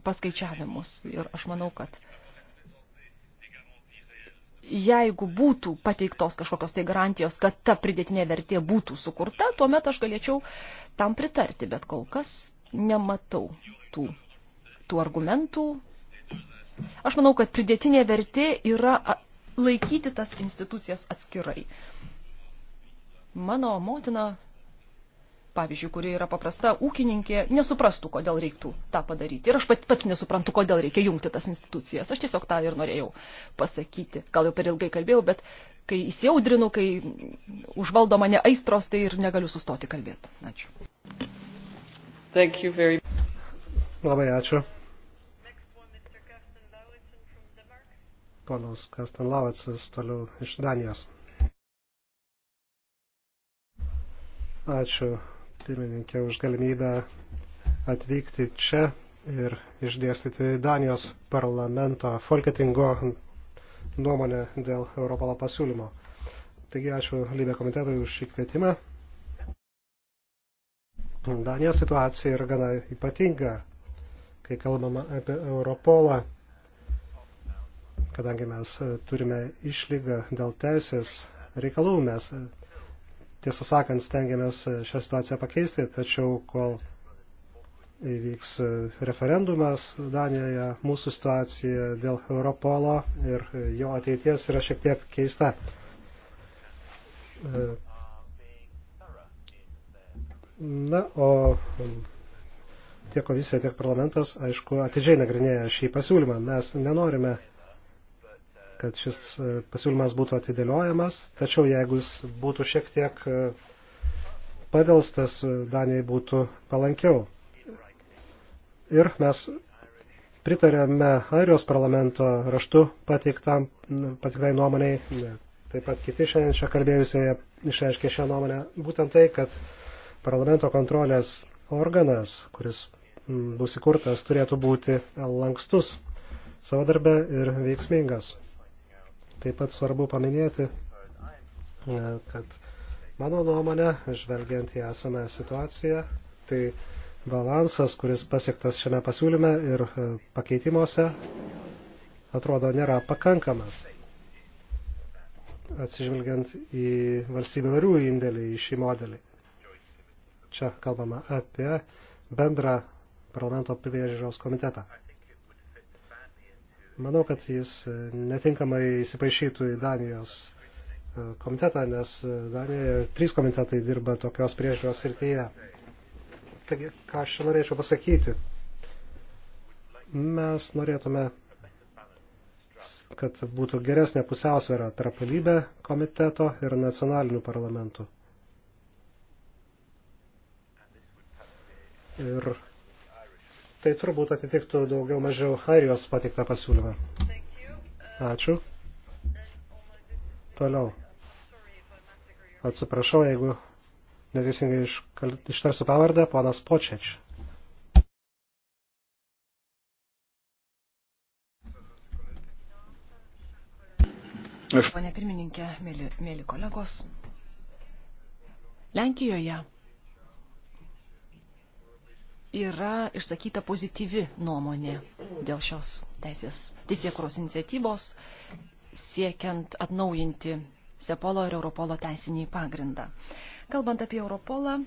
paskaičiavimus. Ir aš manau, kad jeigu būtų pateiktos kažkokios tai garantijos, kad ta pridėtinė vertė būtų sukurta, tuomet aš galėčiau tam pritarti, bet kol kas nematau tų, tų argumentų. Aš manau, kad pridėtinė vertė yra laikyti tas institucijas atskirai. Mano motina pavyzdžiui, kuri yra paprasta ūkininkė, nesuprastų, kodėl reiktų tą padaryti. Ir aš pat, pats nesuprantu, kodėl reikia jungti tas institucijas. Aš tiesiog tą ir norėjau pasakyti. Gal jau per ilgai kalbėjau, bet kai įsiaudrinu, kai užvaldo mane aistros, tai ir negaliu sustoti kalbėti. Ačiū. Very... Labai ačiū. Ponas Kastanlavacas toliau iš Danijos. Ačiū pirmininkė, už galimybę atvykti čia ir išdėstyti Danijos parlamento Folketingo nuomonę dėl Europolo pasiūlymo. Taigi ačiū Lybė komitetui už šį kvietimą. Danijos situacija yra gana ypatinga, kai kalbama apie Europolą, kadangi mes turime išlygą dėl teisės reikalų, mes Tiesą sakant, stengiamės e, šią situaciją pakeisti, tačiau kol įvyks e, referendumas Danijoje, mūsų situacija dėl Europolo ir e, jo ateities yra šiek tiek keista. Na, o tiek komisija, tiek parlamentas, aišku, atidžiai nagrinėja šį pasiūlymą. Mes nenorime kad šis e, pasiūlymas būtų atidėliojamas, tačiau jeigu jis būtų šiek tiek e, padelstas, e, Danijai būtų palankiau. Ir mes pritarėme Airijos parlamento raštu pateiktam, pateiktai nuomoniai, taip pat kiti šiandien čia kalbėjusieji išreiškė šią nuomonę, būtent tai, kad parlamento kontrolės organas, kuris bus įkurtas, turėtų būti lankstus savo darbe ir veiksmingas. Taip pat svarbu paminėti, e, kad mano nuomonė, žvelgiant į esamą situaciją, tai balansas, kuris pasiektas šiame pasiūlyme ir e, pakeitimuose, atrodo nėra pakankamas. Atsižvelgiant į valstybių narių indėlį į šį modelį. Čia kalbama apie bendrą parlamento priežiūros komitetą. Manau, kad jis e, netinkamai įsipaišytų į Danijos e, komitetą, nes e, Danijoje trys komitetai dirba tokios priežiūros srityje. Taigi, ką aš norėčiau pasakyti? Mes norėtume, kad būtų geresnė pusiausvėra tarp lybę komiteto ir nacionalinių parlamentų. Ir Tai turbūt atitiktų daugiau mažiau Airijos patiktą pasiūlymą. Ačiū. Toliau. Atsiprašau, jeigu neteisingai iškal... ištarsiu pavardę, ponas Počeč. Pone pirmininkė, mėly, mėly kolegos, Lenkijoje yra išsakyta pozityvi nuomonė dėl šios teisės teisėkuros iniciatyvos, siekiant atnaujinti Sepolo ir Europolo teisinį pagrindą. Kalbant apie Europolą,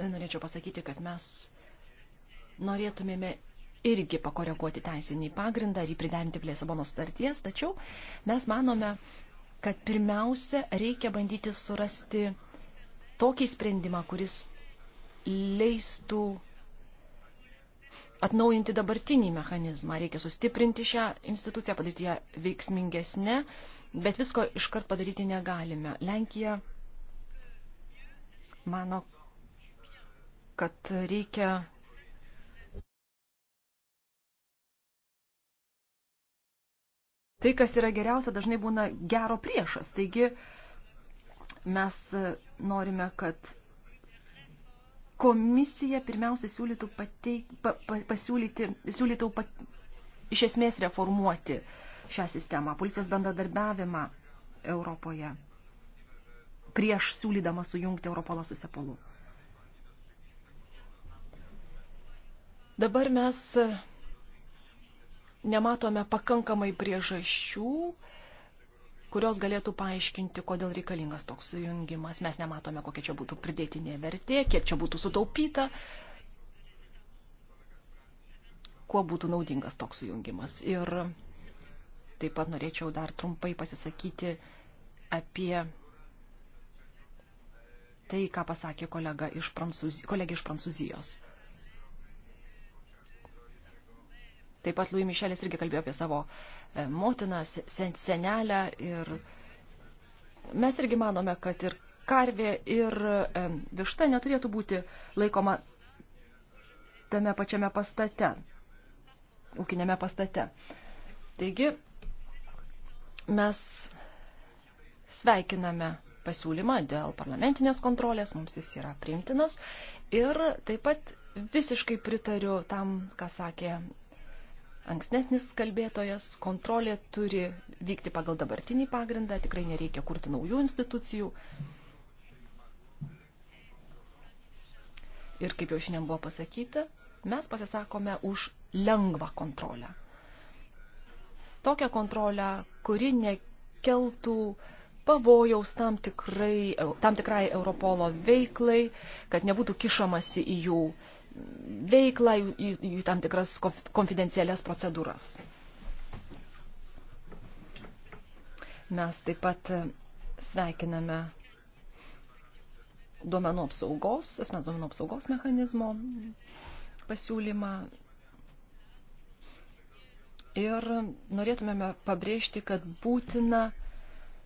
norėčiau pasakyti, kad mes norėtumėme irgi pakoreguoti teisinį pagrindą ir jį priderinti prie Lisabono sutarties, tačiau mes manome, kad pirmiausia reikia bandyti surasti tokį sprendimą, kuris leistų atnaujinti dabartinį mechanizmą. Reikia sustiprinti šią instituciją, padaryti ją veiksmingesnę, bet visko iškart padaryti negalime. Lenkija mano, kad reikia tai, kas yra geriausia, dažnai būna gero priešas. Taigi mes norime, kad komisija pirmiausia siūlytų, pateik, pa, pa, pasiūlyti, siūlytų pa, iš esmės reformuoti šią sistemą, policijos bendradarbiavimą Europoje prieš siūlydama sujungti Europolą su Sepolu. Dabar mes nematome pakankamai priežasčių, kurios galėtų paaiškinti, kodėl reikalingas toks sujungimas. Mes nematome, kokia čia būtų pridėtinė vertė, kiek čia būtų sutaupyta, kuo būtų naudingas toks sujungimas. Ir taip pat norėčiau dar trumpai pasisakyti apie tai, ką pasakė kolega iš Prancūzi... kolegė iš Prancūzijos. Taip pat Louis Michelis irgi kalbėjo apie savo e, motiną, sen, senelę ir mes irgi manome, kad ir karvė ir e, višta neturėtų būti laikoma tame pačiame pastate, ūkinėme pastate. Taigi, mes sveikiname pasiūlymą dėl parlamentinės kontrolės, mums jis yra priimtinas ir taip pat visiškai pritariu tam, ką sakė ankstesnis kalbėtojas, kontrolė turi vykti pagal dabartinį pagrindą, tikrai nereikia kurti naujų institucijų. Ir kaip jau šiandien buvo pasakyta, mes pasisakome už lengvą kontrolę. Tokią kontrolę, kuri nekeltų pavojaus tam, tikrai, tam tikrai Europolo veiklai, kad nebūtų kišamasi į jų veiklą, į, į tam tikras konfidencialias procedūras. Mes taip pat e, sveikiname duomenų apsaugos, asmens duomenų apsaugos mechanizmo pasiūlymą. Ir norėtumėme pabrėžti, kad būtina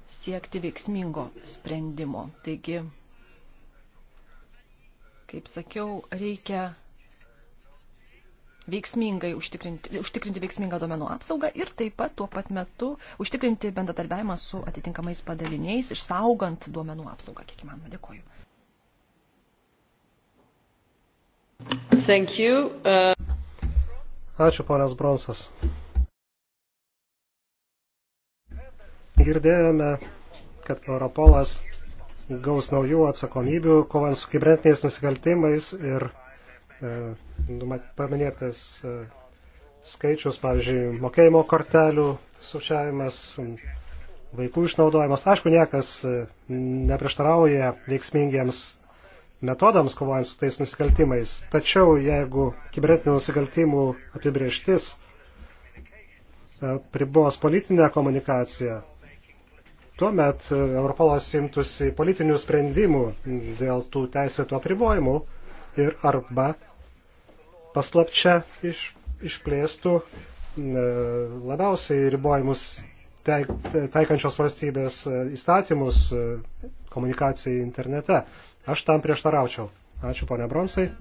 siekti veiksmingo sprendimo. Taigi Kaip sakiau, reikia veiksmingai užtikrinti, užtikrinti veiksmingą domenų apsaugą ir taip pat tuo pat metu užtikrinti bendradarbiavimą su atitinkamais padaliniais, išsaugant duomenų apsaugą, kiek įmanoma. Dėkoju. Thank you. Uh... Ačiū, ponas Bronsas. Girdėjome, kad Europolas gaus naujų atsakomybių, kovant su kibernetiniais nusikaltimais ir e, paminėtas e, skaičius, pavyzdžiui, mokėjimo kortelių sušiavimas, vaikų išnaudojimas. Aišku, niekas e, neprieštarauja veiksmingiems metodams kovojant su tais nusikaltimais. Tačiau jeigu kibernetinių nusikaltimų apibrieštis e, pribos politinę komunikaciją, Tuomet e, Europolas imtųsi politinių sprendimų dėl tų teisėtų apribojimų ir arba paslapčia iš, išplėstų e, labiausiai ribojimus taikančios valstybės e, įstatymus komunikacijai internete. Aš tam prieštaraučiau. Ačiū, ponia Bronsai.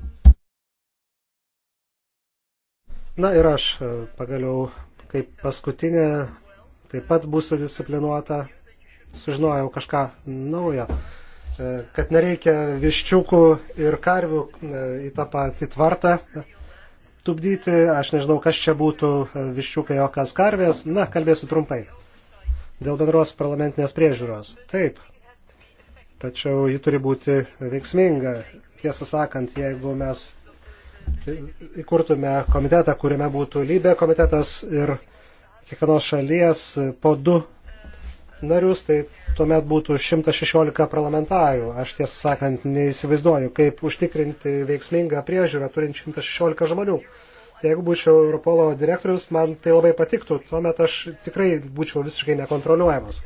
Na ir aš pagaliau, kaip paskutinė, taip pat būsiu disciplinuota sužinojau kažką naujo, e, kad nereikia viščiukų ir karvių e, į tą patį tvartą tupdyti. Aš nežinau, kas čia būtų e, viščiukai, o kas karvės. Na, kalbėsiu trumpai. Dėl bendros parlamentinės priežiūros. Taip. Tačiau ji turi būti veiksminga. Tiesą sakant, jeigu mes įkurtume komitetą, kuriame būtų lybė komitetas ir kiekvienos šalies po du narius, tai tuomet būtų 116 parlamentarių. Aš tiesą sakant neįsivaizduoju, kaip užtikrinti veiksmingą priežiūrą turint 116 žmonių. Jeigu būčiau Europolo direktorius, man tai labai patiktų, tuomet aš tikrai būčiau visiškai nekontroliuojamas.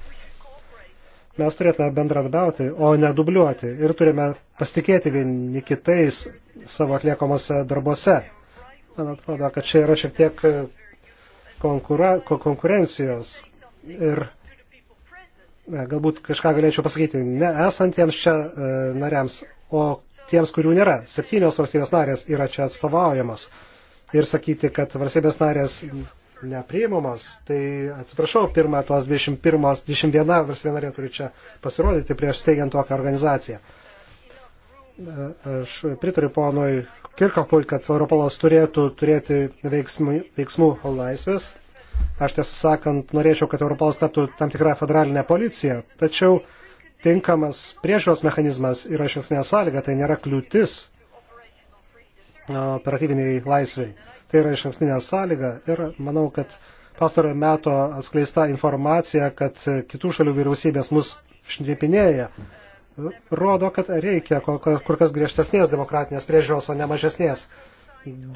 Mes turėtume bendradarbiauti, o ne dubliuoti ir turime pasitikėti vieni kitais savo atliekamose darbose. Man atrodo, kad čia yra šiek tiek konkura, konkurencijos ir galbūt kažką galėčiau pasakyti neesantiems čia e, nariams, o tiems, kurių nėra. Septynios valstybės narės yra čia atstovaujamos. Ir sakyti, kad valstybės narės nepriimamos, tai atsiprašau, pirmą tuos 21, 21 valstybė narė turi čia pasirodyti prieš steigiant tokią organizaciją. Aš pritariu ponui Kirkapui, kad Europolas turėtų turėti veiksmų, veiksmų laisvės, Aš tiesą sakant, norėčiau, kad Europolas taptų tam tikrą federalinę policiją, tačiau tinkamas priežiūros mechanizmas yra iš esmės sąlyga, tai nėra kliūtis operatyviniai laisviai. Tai yra iš ankstinė sąlyga ir manau, kad pastarojo meto atskleista informacija, kad kitų šalių vyriausybės mus šnipinėja, rodo, kad reikia kur kas griežtesnės demokratinės priežiūros, o ne mažesnės.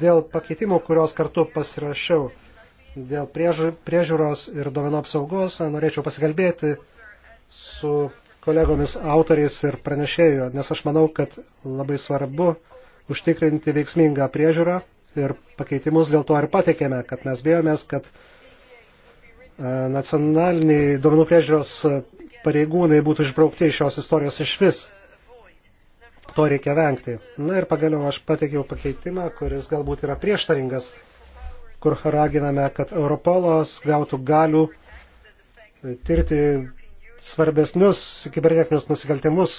Dėl pakeitimų, kurios kartu pasirašiau, dėl priežiūros ir duomenų apsaugos norėčiau pasikalbėti su kolegomis autoriais ir pranešėjų, nes aš manau, kad labai svarbu užtikrinti veiksmingą priežiūrą ir pakeitimus dėl to ir patikėme, kad mes bijomės, kad nacionaliniai duomenų priežiūros pareigūnai būtų išbraukti iš šios istorijos iš vis. To reikia vengti. Na ir pagaliau aš pateikiau pakeitimą, kuris galbūt yra prieštaringas kur raginame, kad Europolas gautų galių tirti svarbesnius kibernetinius nusikaltimus,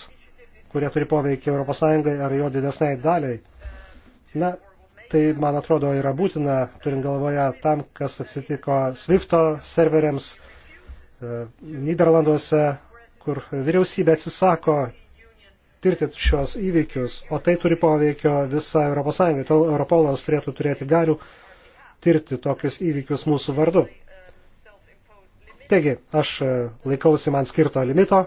kurie turi poveikį ES ar jo didesniai daliai. Na, tai, man atrodo, yra būtina, turint galvoje tam, kas atsitiko Swifto serveriams e, Niderlanduose, kur vyriausybė atsisako tirti šios įvykius, o tai turi poveikio visą ES. Tol Europolas turėtų turėti galių tirti tokius įvykius mūsų vardu. Taigi, aš e, laikausi man skirto limito.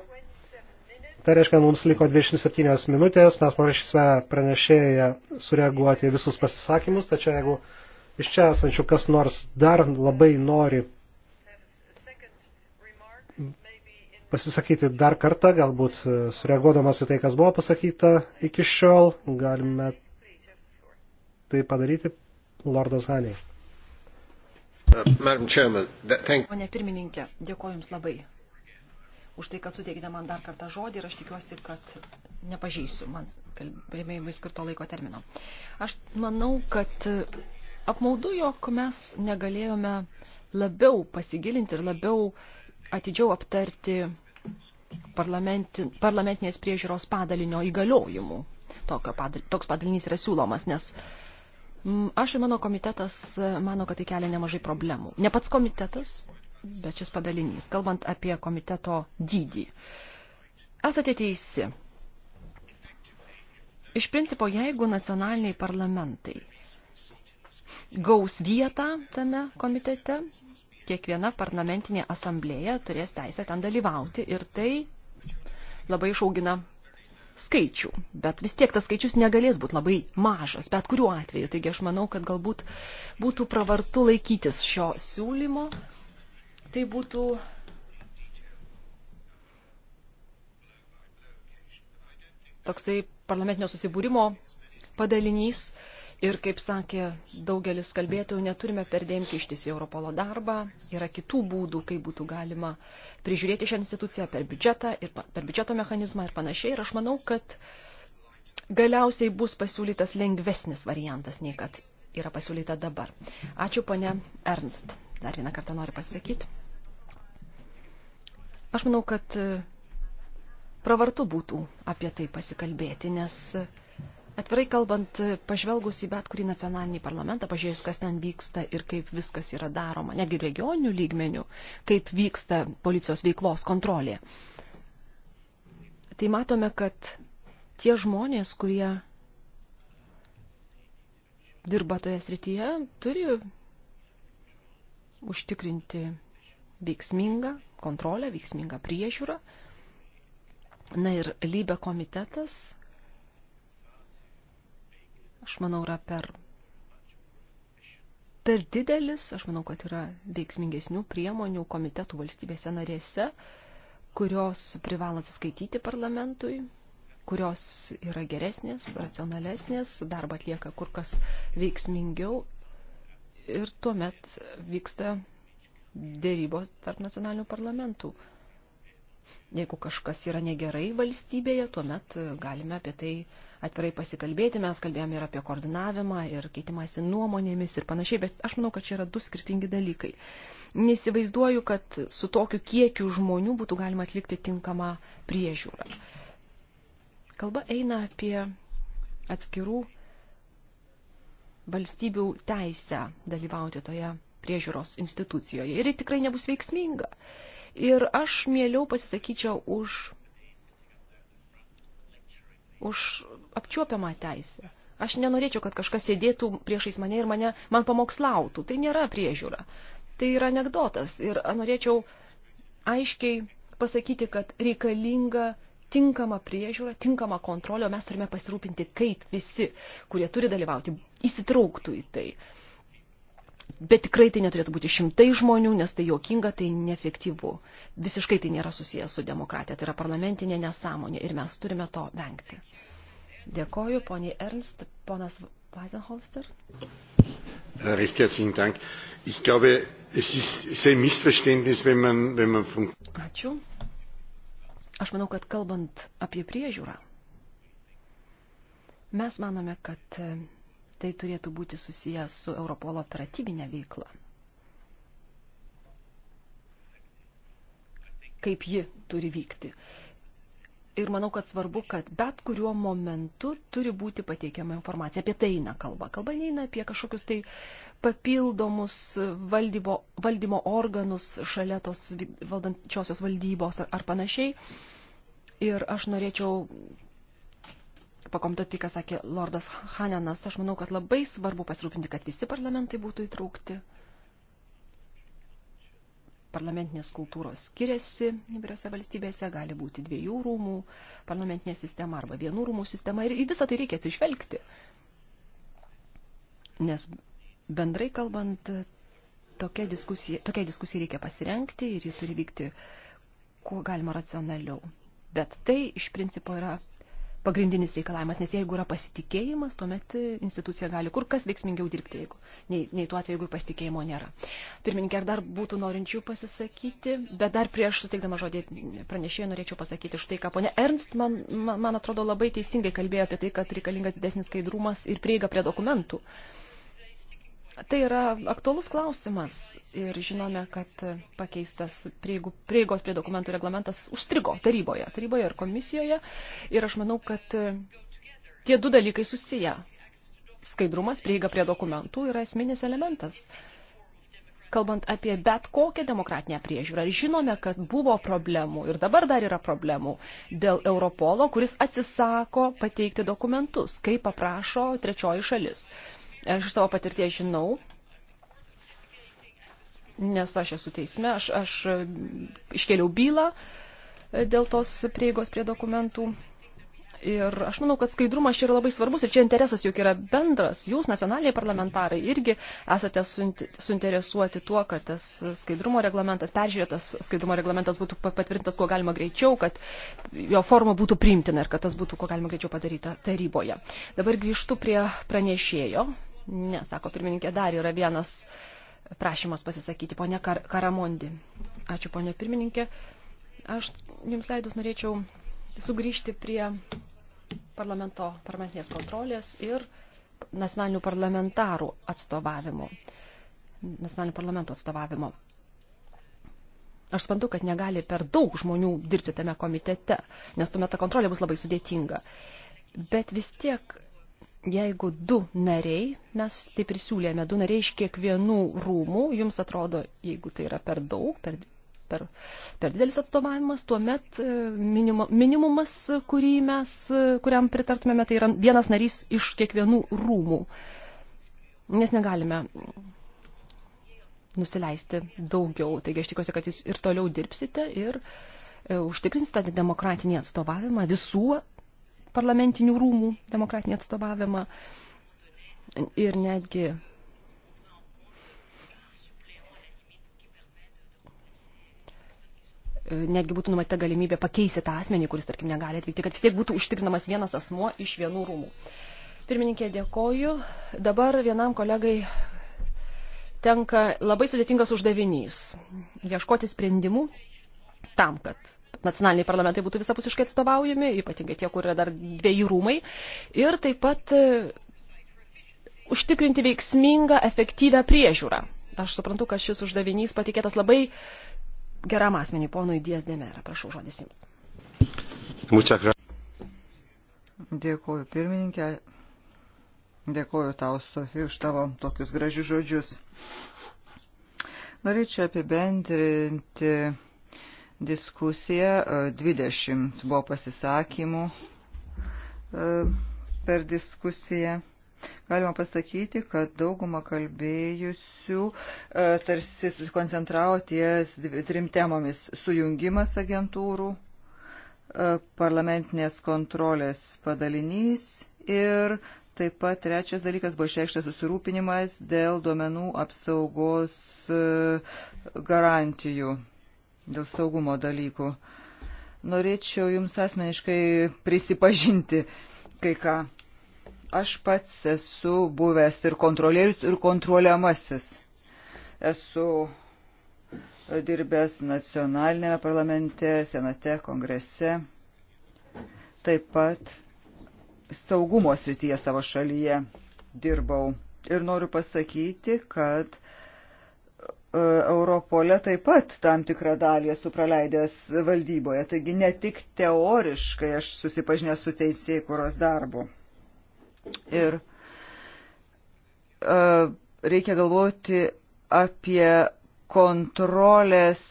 Tai reiškia, mums liko 27 minutės, mes parašysime pranešėją sureaguoti visus pasisakymus, tačiau jeigu iš čia esančių kas nors dar labai nori pasisakyti dar kartą, galbūt e, sureaguodamas į tai, kas buvo pasakyta iki šiol, galime tai padaryti, Lordas Haniai. Uh, Pone pirmininkė, dėkoju Jums labai už tai, kad suteikite man dar kartą žodį ir aš tikiuosi, kad nepažeisiu man kalbėjimui skirto laiko termino. Aš manau, kad apmaudu, jog mes negalėjome labiau pasigilinti ir labiau atidžiau aptarti parlamentinės priežiūros padalinio įgaliojimų. Tokio padal, toks padalinys yra siūlomas, nes Aš ir mano komitetas e, mano, kad tai kelia nemažai problemų. Ne pats komitetas, bet šis padalinys, kalbant apie komiteto dydį. Esate teisi. Iš principo, jeigu nacionaliniai parlamentai gaus vietą tame komitete, kiekviena parlamentinė asamblėja turės teisę ten dalyvauti ir tai labai išaugina skaičių, bet vis tiek tas skaičius negalės būti labai mažas, bet kuriuo atveju. Taigi aš manau, kad galbūt būtų pravartu laikytis šio siūlymo. Tai būtų toksai parlamentinio susibūrimo padalinys. Ir kaip sakė daugelis kalbėtojų, neturime perdėm kištis į Europolo darbą. Yra kitų būdų, kaip būtų galima prižiūrėti šią instituciją per biudžetą ir per biudžeto mechanizmą ir panašiai. Ir aš manau, kad galiausiai bus pasiūlytas lengvesnis variantas, nei kad yra pasiūlyta dabar. Ačiū, ponė Ernst. Dar vieną kartą noriu pasakyti. Aš manau, kad pravartu būtų apie tai pasikalbėti, nes Atvirai kalbant, pažvelgus į bet kurį nacionalinį parlamentą, pažiūrėjus, kas ten vyksta ir kaip viskas yra daroma, netgi regioninių lygmenių, kaip vyksta policijos veiklos kontrolė, tai matome, kad tie žmonės, kurie dirba toje srityje, turi užtikrinti veiksmingą kontrolę, veiksmingą priežiūrą. Na ir lybė komitetas aš manau, yra per, per didelis. Aš manau, kad yra veiksmingesnių priemonių komitetų valstybėse narėse, kurios privalo atsiskaityti parlamentui, kurios yra geresnės, racionalesnės, darbą atlieka kur kas veiksmingiau ir tuomet vyksta dėrybos tarp nacionalinių parlamentų. Jeigu kažkas yra negerai valstybėje, tuomet galime apie tai uh, atvirai pasikalbėti, mes kalbėjome ir apie koordinavimą, ir keitimąsi nuomonėmis ir panašiai, bet aš manau, kad čia yra du skirtingi dalykai. Nesivaizduoju, kad su tokiu kiekiu žmonių būtų galima atlikti tinkamą priežiūrą. Kalba eina apie atskirų valstybių teisę dalyvauti toje priežiūros institucijoje ir tikrai nebus veiksminga. Ir aš mieliau pasisakyčiau už už apčiuopiamą teisę. Aš nenorėčiau, kad kažkas sėdėtų priešais mane ir mane, man pamokslautų. Tai nėra priežiūra. Tai yra anegdotas. Ir norėčiau aiškiai pasakyti, kad reikalinga tinkama priežiūra, tinkama kontrolė, o mes turime pasirūpinti, kaip visi, kurie turi dalyvauti, įsitrauktų į tai. Uh, Bet tikrai tai neturėtų būti šimtai žmonių, nes tai jokinga, tai neefektyvu. Visiškai tai nėra susijęs su demokratija, tai yra parlamentinė nesąmonė ir mes turime to vengti. Dėkoju, poniai Ernst, ponas Weisenholster. Ačiū. Aš manau, kad kalbant apie priežiūrą, mes manome, kad tai turėtų būti susijęs su Europolo operatyvinė veikla. Kaip ji turi vykti. Ir manau, kad svarbu, kad bet kuriuo momentu turi būti pateikiama informacija. Apie tai eina kalba. Kalba neina apie kažkokius tai papildomus valdybo, valdymo organus šalia tos valdančiosios valdybos ar, ar panašiai. Ir aš norėčiau pakomentuoti tai, ką sakė Lordas Hanenas. Aš manau, kad labai svarbu pasirūpinti, kad visi parlamentai būtų įtraukti. Parlamentinės kultūros skiriasi įvairiose valstybėse, gali būti dviejų rūmų parlamentinė sistema arba vienų rūmų sistema ir į visą tai reikia atsižvelgti. Nes bendrai kalbant, tokia diskusija, tokia diskusija reikia pasirengti ir ji turi vykti kuo galima racionaliau. Bet tai iš principo yra pagrindinis reikalavimas, nes jeigu yra pasitikėjimas, tuomet e, institucija gali kur kas veiksmingiau dirbti, jeigu, nei, nei tuo atveju, jeigu pasitikėjimo nėra. Pirmininkė, ar dar būtų norinčių pasisakyti, bet dar prieš suteikdama žodį pranešėjai norėčiau pasakyti štai, ką ponė Ernst, man, man, man atrodo, labai teisingai kalbėjo apie tai, kad reikalingas didesnis skaidrumas ir prieiga prie dokumentų. Uh, Tai yra aktuolus klausimas ir žinome, kad pakeistas prieigos prie dokumentų reglamentas užstrigo taryboje, taryboje ir komisijoje ir aš manau, kad e, tie du dalykai susiję. Skaidrumas, prieiga prie dokumentų yra esminis elementas. Kalbant apie bet kokią demokratinę priežiūrą, žinome, kad buvo problemų ir dabar dar yra problemų dėl Europolo, kuris atsisako pateikti dokumentus, kai paprašo trečioji šalis. Aš iš savo patirties žinau, nes aš esu teisme, aš, aš iškėliau bylą dėl tos prieigos prie dokumentų. Ir aš manau, kad skaidrumas čia yra labai svarbus ir čia interesas juk yra bendras. Jūs, nacionaliniai parlamentarai, irgi esate suinteresuoti tuo, kad tas skaidrumo reglamentas, peržiūrėtas skaidrumo reglamentas būtų patvirtintas kuo galima greičiau, kad jo forma būtų priimtina ir kad tas būtų kuo galima greičiau padaryta taryboje. Dabar grįžtu prie pranešėjo, Ne, sako pirmininkė, dar yra vienas prašymas pasisakyti, ponė Kar Karamondi. Ačiū, ponė pirmininkė. Aš jums leidus norėčiau sugrįžti prie parlamento parlamentinės kontrolės ir nacionalinių parlamentarų atstovavimo. Nacionalinių parlamento atstovavimo. Aš spandu, kad negali per daug žmonių dirbti tame komitete, nes tuomet ta kontrolė bus labai sudėtinga. Bet vis tiek jeigu du nariai, mes tai prisiūlėme du nariai iš kiekvienų rūmų, jums atrodo, jeigu tai yra per daug, per, per, per didelis atstovavimas, tuomet e, minima, minimumas, kurį mes, e, kuriam pritartumėme, tai yra vienas narys iš kiekvienų rūmų. Nes negalime nusileisti daugiau. Taigi aš tikiuosi, kad jūs ir toliau dirbsite ir e, užtikrinsite demokratinį atstovavimą visų parlamentinių rūmų demokratinį atstovavimą ir netgi netgi būtų numatyta galimybė pakeisti tą asmenį, kuris, tarkim, negali atvykti, kad vis tiek būtų užtikrinamas vienas asmuo iš vienų rūmų. Pirmininkė, dėkoju. Dabar vienam kolegai tenka labai sudėtingas uždavinys – ieškoti sprendimų tam, kad nacionaliniai parlamentai būtų visapusiškai atstovaujami, ypatingai tie, kur yra dar dviejų rūmai. Ir taip pat e, užtikrinti veiksmingą, efektyvę priežiūrą. Aš suprantu, kad šis uždavinys patikėtas labai geram asmeniui, ponui Dies Demera. Prašau, žodis jums. Dėkuoju pirmininkė, dėkuoju tau, Sofija, už tavo tokius gražius žodžius. Norėčiau apibendrinti diskusiją, 20 e, buvo pasisakymų e, per diskusiją. Galima pasakyti, kad dauguma kalbėjusių e, tarsi susikoncentravo ties trim temomis - sujungimas agentūrų, parlamentinės kontrolės padalinys ir Taip pat trečias dalykas buvo išreikštas susirūpinimas dėl duomenų apsaugos garantijų dėl saugumo dalykų. Norėčiau Jums asmeniškai prisipažinti kai ką. Aš pats esu buvęs ir kontrolierius, ir kontroliamasis. Esu dirbęs nacionalinėme parlamente, senate, kongrese, taip pat saugumo srityje savo šalyje dirbau. Ir noriu pasakyti, kad E, Europole taip pat tam tikrą dalį esu praleidęs valdyboje, taigi ne tik teoriškai aš susipažinęs su teisėjai kuros darbu. Ir uh, reikia galvoti apie kontrolės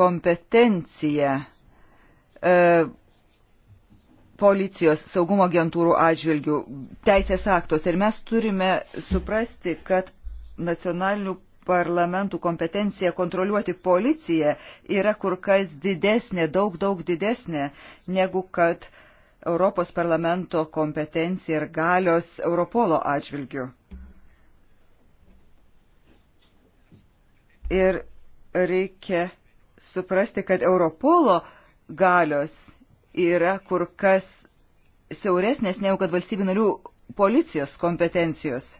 kompetenciją uh, policijos saugumo agentūrų atžvilgių teisės aktos. Ir mes turime suprasti, kad nacionalinių parlamentų kompetencija kontroliuoti policiją yra kur kas didesnė, daug, daug didesnė, negu kad Europos parlamento kompetencija ir galios Europolo atžvilgių. Ir reikia suprasti, kad Europolo galios yra kur kas siauresnės negu kad valstybių narių policijos kompetencijos.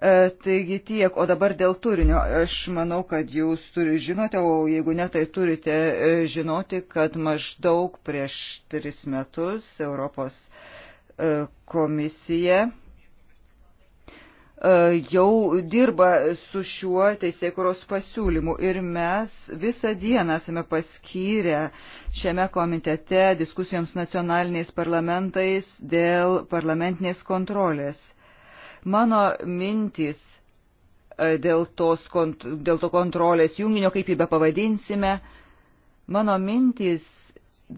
E, taigi tiek, o dabar dėl turinio. Aš manau, kad jūs turi, žinote, o jeigu ne, tai turite e, žinoti, kad maždaug prieš tris metus Europos e, komisija jau dirba su šiuo teisėkuros pasiūlymu ir mes visą dieną esame paskyrę šiame komitete diskusijoms nacionaliniais parlamentais dėl parlamentinės kontrolės Mano mintys e, dėl, tos, dėl to kontrolės junginio, kaip jį be pavadinsime, mano mintys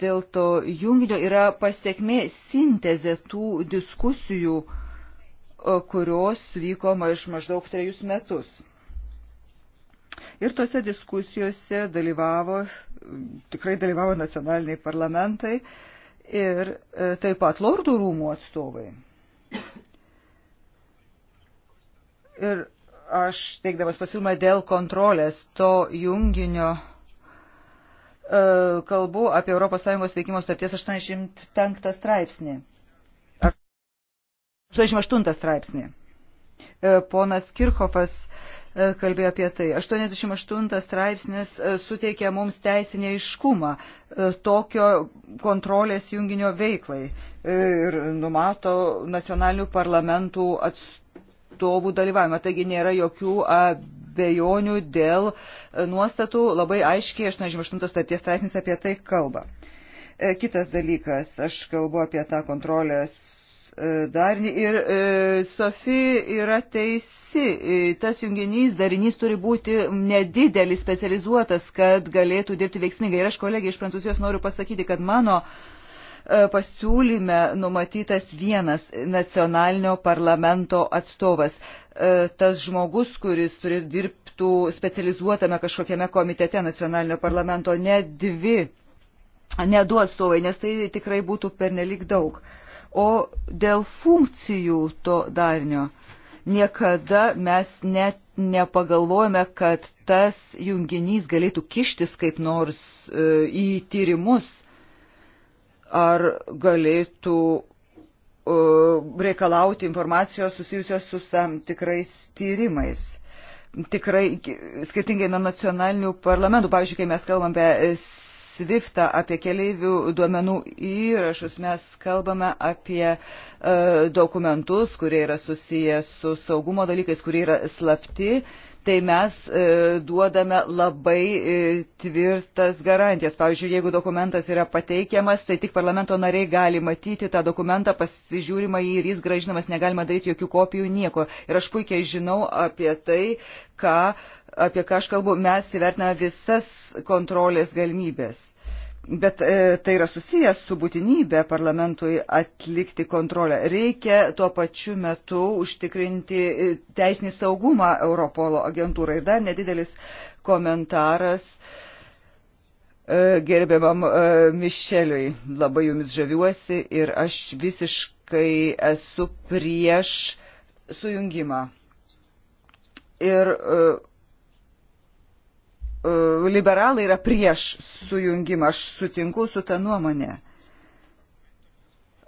dėl to junginio yra pasiekmė sintezė tų diskusijų, e, kurios vyko maž, maždaug trejus metus. Ir tose diskusijose dalyvavo, tikrai dalyvavo nacionaliniai parlamentai ir e, taip pat lordų rūmų atstovai. Ir aš teikdamas pasiūlymą dėl kontrolės to junginio e, kalbu apie ES veikimo starties 85 straipsnį. 88 straipsnį. E, ponas Kirchhoffas e, kalbėjo apie tai. 88 straipsnis suteikia mums teisinę iškumą tokio kontrolės junginio veiklai ir numato nacionalinių parlamentų atstovų atstovų dalyvavimą. Taigi nėra jokių abejonių dėl nuostatų. Labai aiškiai 88 starties straipsnis apie tai kalba. E, kitas dalykas, aš kalbu apie tą kontrolės e, darinį ir e, Sofi yra teisi. Tas junginys, darinys turi būti nedidelis, specializuotas, kad galėtų dirbti veiksmingai. Ir aš kolegiai iš Prancūzijos noriu pasakyti, kad mano uh, E, pasiūlyme numatytas vienas nacionalinio parlamento atstovas. E, tas žmogus, kuris turi dirbtų specializuotame kažkokiame komitete nacionalinio parlamento, ne dvi, ne du atstovai, nes tai tikrai būtų pernelik daug. O dėl funkcijų to darnio niekada mes net nepagalvojame, kad tas junginys galėtų kištis kaip nors e, į tyrimus ar galėtų e, reikalauti informacijos susijusios su tam tikrais tyrimais. Tikrai skirtingai nuo nacionalinių parlamentų, pavyzdžiui, kai mes kalbam apie SWIFTą, apie keleivių duomenų įrašus, mes kalbame apie e, dokumentus, kurie yra susiję su saugumo dalykais, kurie yra slapti tai mes e, duodame labai e, tvirtas garantijas. Pavyzdžiui, jeigu dokumentas yra pateikiamas, tai tik parlamento nariai gali matyti tą dokumentą, pasižiūrima jį ir jis gražinamas, negalima daryti jokių kopijų, nieko. Ir aš puikiai žinau apie tai, ką, apie ką aš kalbu. Mes įvertiname visas kontrolės galimybės. Bet e, tai yra susijęs su būtinybė parlamentui atlikti kontrolę. Reikia tuo pačiu metu užtikrinti e, teisinį saugumą Europolo agentūrai. Ir dar nedidelis komentaras e, gerbiamam e, Mišeliui. Labai jumis žaviuosi ir aš visiškai esu prieš sujungimą. Ir e, E, liberalai yra prieš sujungimą. Aš sutinku su tą nuomonė.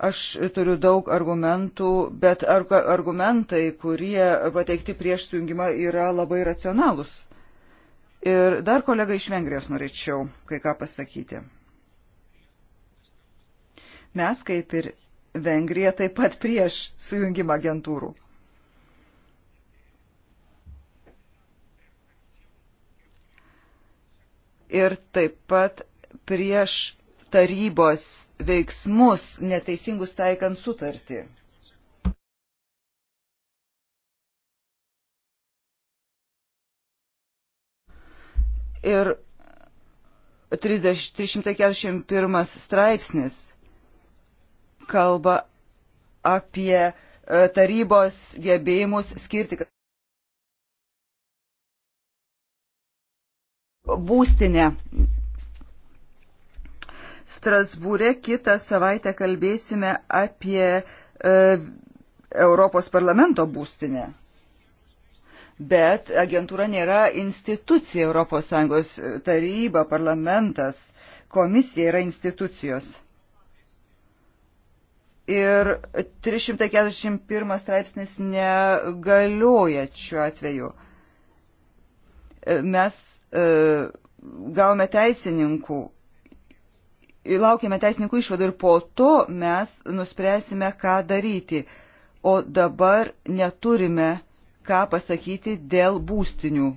Aš turiu daug argumentų, bet argumentai, kurie pateikti prieš sujungimą, yra labai racionalūs. Ir dar kolega iš Vengrijos norėčiau kai ką pasakyti. Mes, kaip ir Vengrija, taip pat prieš sujungimą agentūrų. ir taip pat prieš tarybos veiksmus neteisingus taikant sutartį. Ir 30, 341 straipsnis kalba apie e, tarybos gebėjimus skirti būstinę. Strasbūre kitą savaitę kalbėsime apie e, Europos parlamento būstinę. Bet agentūra nėra institucija ES taryba, parlamentas, komisija yra institucijos. Ir 341 straipsnis negalioja šiuo atveju. E, mes E, gavome teisininkų, laukiame teisininkų išvadų ir po to mes nuspręsime, ką daryti. O dabar neturime ką pasakyti dėl būstinių.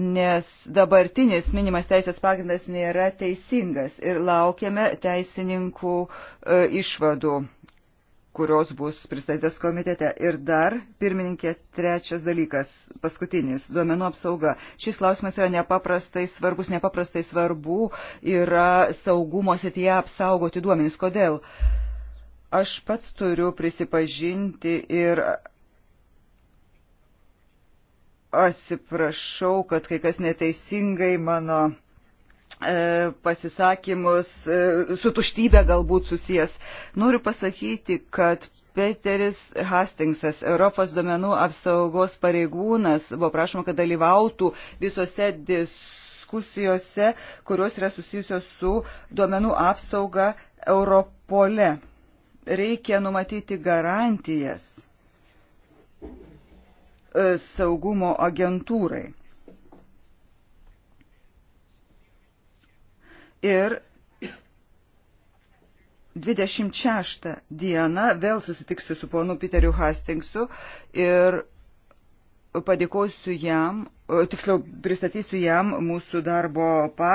Nes dabartinis minimas teisės pagrindas nėra teisingas ir laukiame teisininkų e, išvadų kurios bus pristatytas komitete. Ir dar, pirmininkė, trečias dalykas, paskutinis, duomenų apsauga. Šis klausimas yra nepaprastai svarbus, nepaprastai svarbu yra saugumo srityje apsaugoti duomenys. Kodėl? Aš pats turiu prisipažinti ir atsiprašau, kad kai kas neteisingai mano E, pasisakymus e, su tuštybė galbūt susijęs. Noriu pasakyti, kad Peteris Hastingsas, Europos domenų apsaugos pareigūnas, buvo prašoma, kad dalyvautų visose diskusijose, kurios yra susijusios su duomenų apsauga Europole. Reikia numatyti garantijas e, saugumo agentūrai. Ir 26 dieną vėl susitiksiu su ponu Piteriu Hastingsu ir padėkosiu jam, tiksliau pristatysiu jam mūsų darbo pa,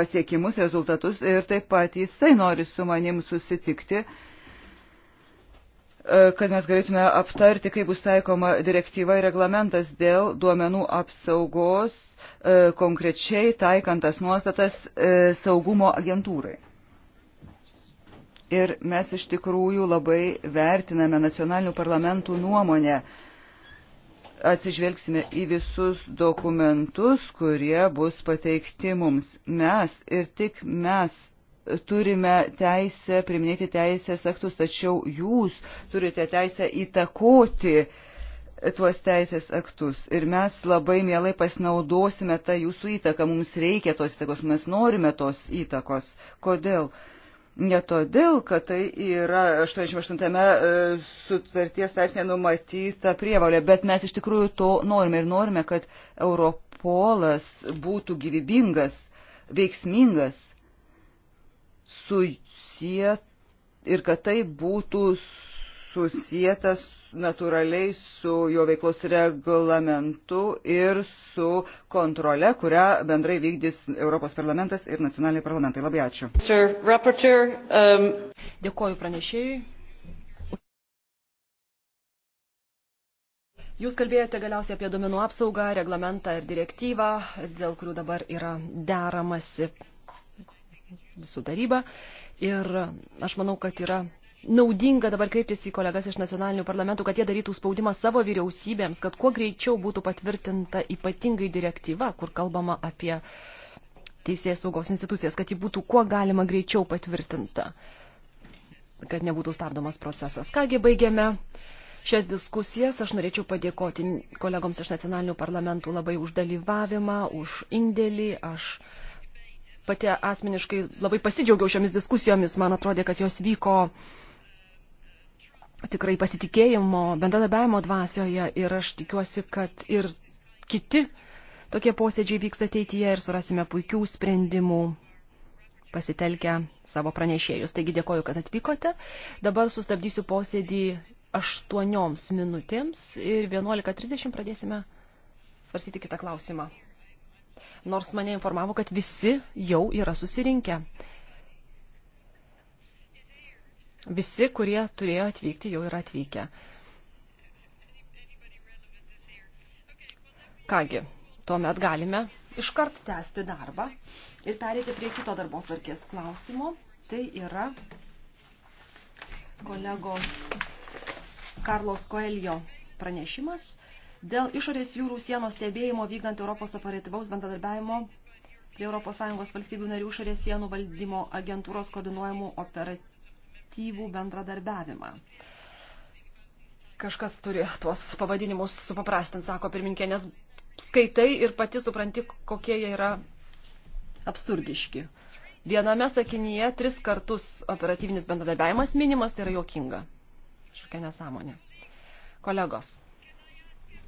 pasiekimus, rezultatus ir taip pat jisai nori su manim susitikti. Uh, E, kad mes galėtume aptarti, kaip bus taikoma direktyva ir reglamentas dėl duomenų apsaugos, e, konkrečiai taikant tas nuostatas e, saugumo agentūrai. Ir mes iš tikrųjų labai vertiname nacionalinių parlamentų nuomonę. Atsižvelgsime į visus dokumentus, kurie bus pateikti mums. Mes ir tik mes turime teisę priminėti teisės aktus, tačiau jūs turite teisę įtakoti tuos teisės aktus. Ir mes labai mielai pasinaudosime tą jūsų įtaką. Mums reikia tos įtakos, mes norime tos įtakos. Kodėl? Ne todėl, kad tai yra 88 e, sutarties straipsnė numatyta prievalė, bet mes iš tikrųjų to norime ir norime, kad Europolas būtų gyvybingas, veiksmingas susiet ir kad tai būtų susietas natūraliai su jo veiklos reglamentu ir su kontrole, kurią bendrai vykdys Europos parlamentas ir nacionaliniai parlamentai. Labai ačiū. Rapporteur, um... Dėkuoju pranešėjui. Jūs kalbėjote galiausiai apie domenų apsaugą, reglamentą ir direktyvą, dėl kurių dabar yra deramasi su taryba. Ir aš manau, kad yra naudinga dabar kreiptis į kolegas iš nacionalinių parlamentų, kad jie darytų spaudimą savo vyriausybėms, kad kuo greičiau būtų patvirtinta ypatingai direktyva, kur kalbama apie teisės saugos institucijas, kad ji būtų kuo galima greičiau patvirtinta, kad nebūtų stabdomas procesas. Kągi baigėme šias diskusijas. Aš norėčiau padėkoti kolegoms iš nacionalinių parlamentų labai už dalyvavimą, už indėlį. Aš pati asmeniškai labai pasidžiaugiau šiomis diskusijomis, man atrodė, kad jos vyko tikrai pasitikėjimo, bendradarbiavimo dvasioje ir aš tikiuosi, kad ir kiti tokie posėdžiai vyks ateityje ir surasime puikių sprendimų pasitelkę savo pranešėjus. Taigi dėkoju, kad atvykote. Dabar sustabdysiu posėdį 8 minutėms ir 11.30 pradėsime svarstyti kitą klausimą nors mane informavo, kad visi jau yra susirinkę. Visi, kurie turėjo atvykti, jau yra atvykę. Kągi, tuomet galime iškart tęsti darbą ir pereiti prie kito darbo tvarkės klausimo. Tai yra kolegos Karlos Koelio pranešimas dėl išorės jūrų sienos stebėjimo vykdant Europos operatyvaus bendradarbiavimo prie ES valstybių narių išorės sienų valdymo agentūros koordinuojamų operatyvų bendradarbiavimą. Kažkas turi tuos pavadinimus supaprastinti, sako pirminkė, nes skaitai ir pati supranti, kokie jie yra absurdiški. Viename sakinyje tris kartus operatyvinis bendradarbiavimas minimas, tai yra jokinga. Kažkokia nesąmonė. Kolegos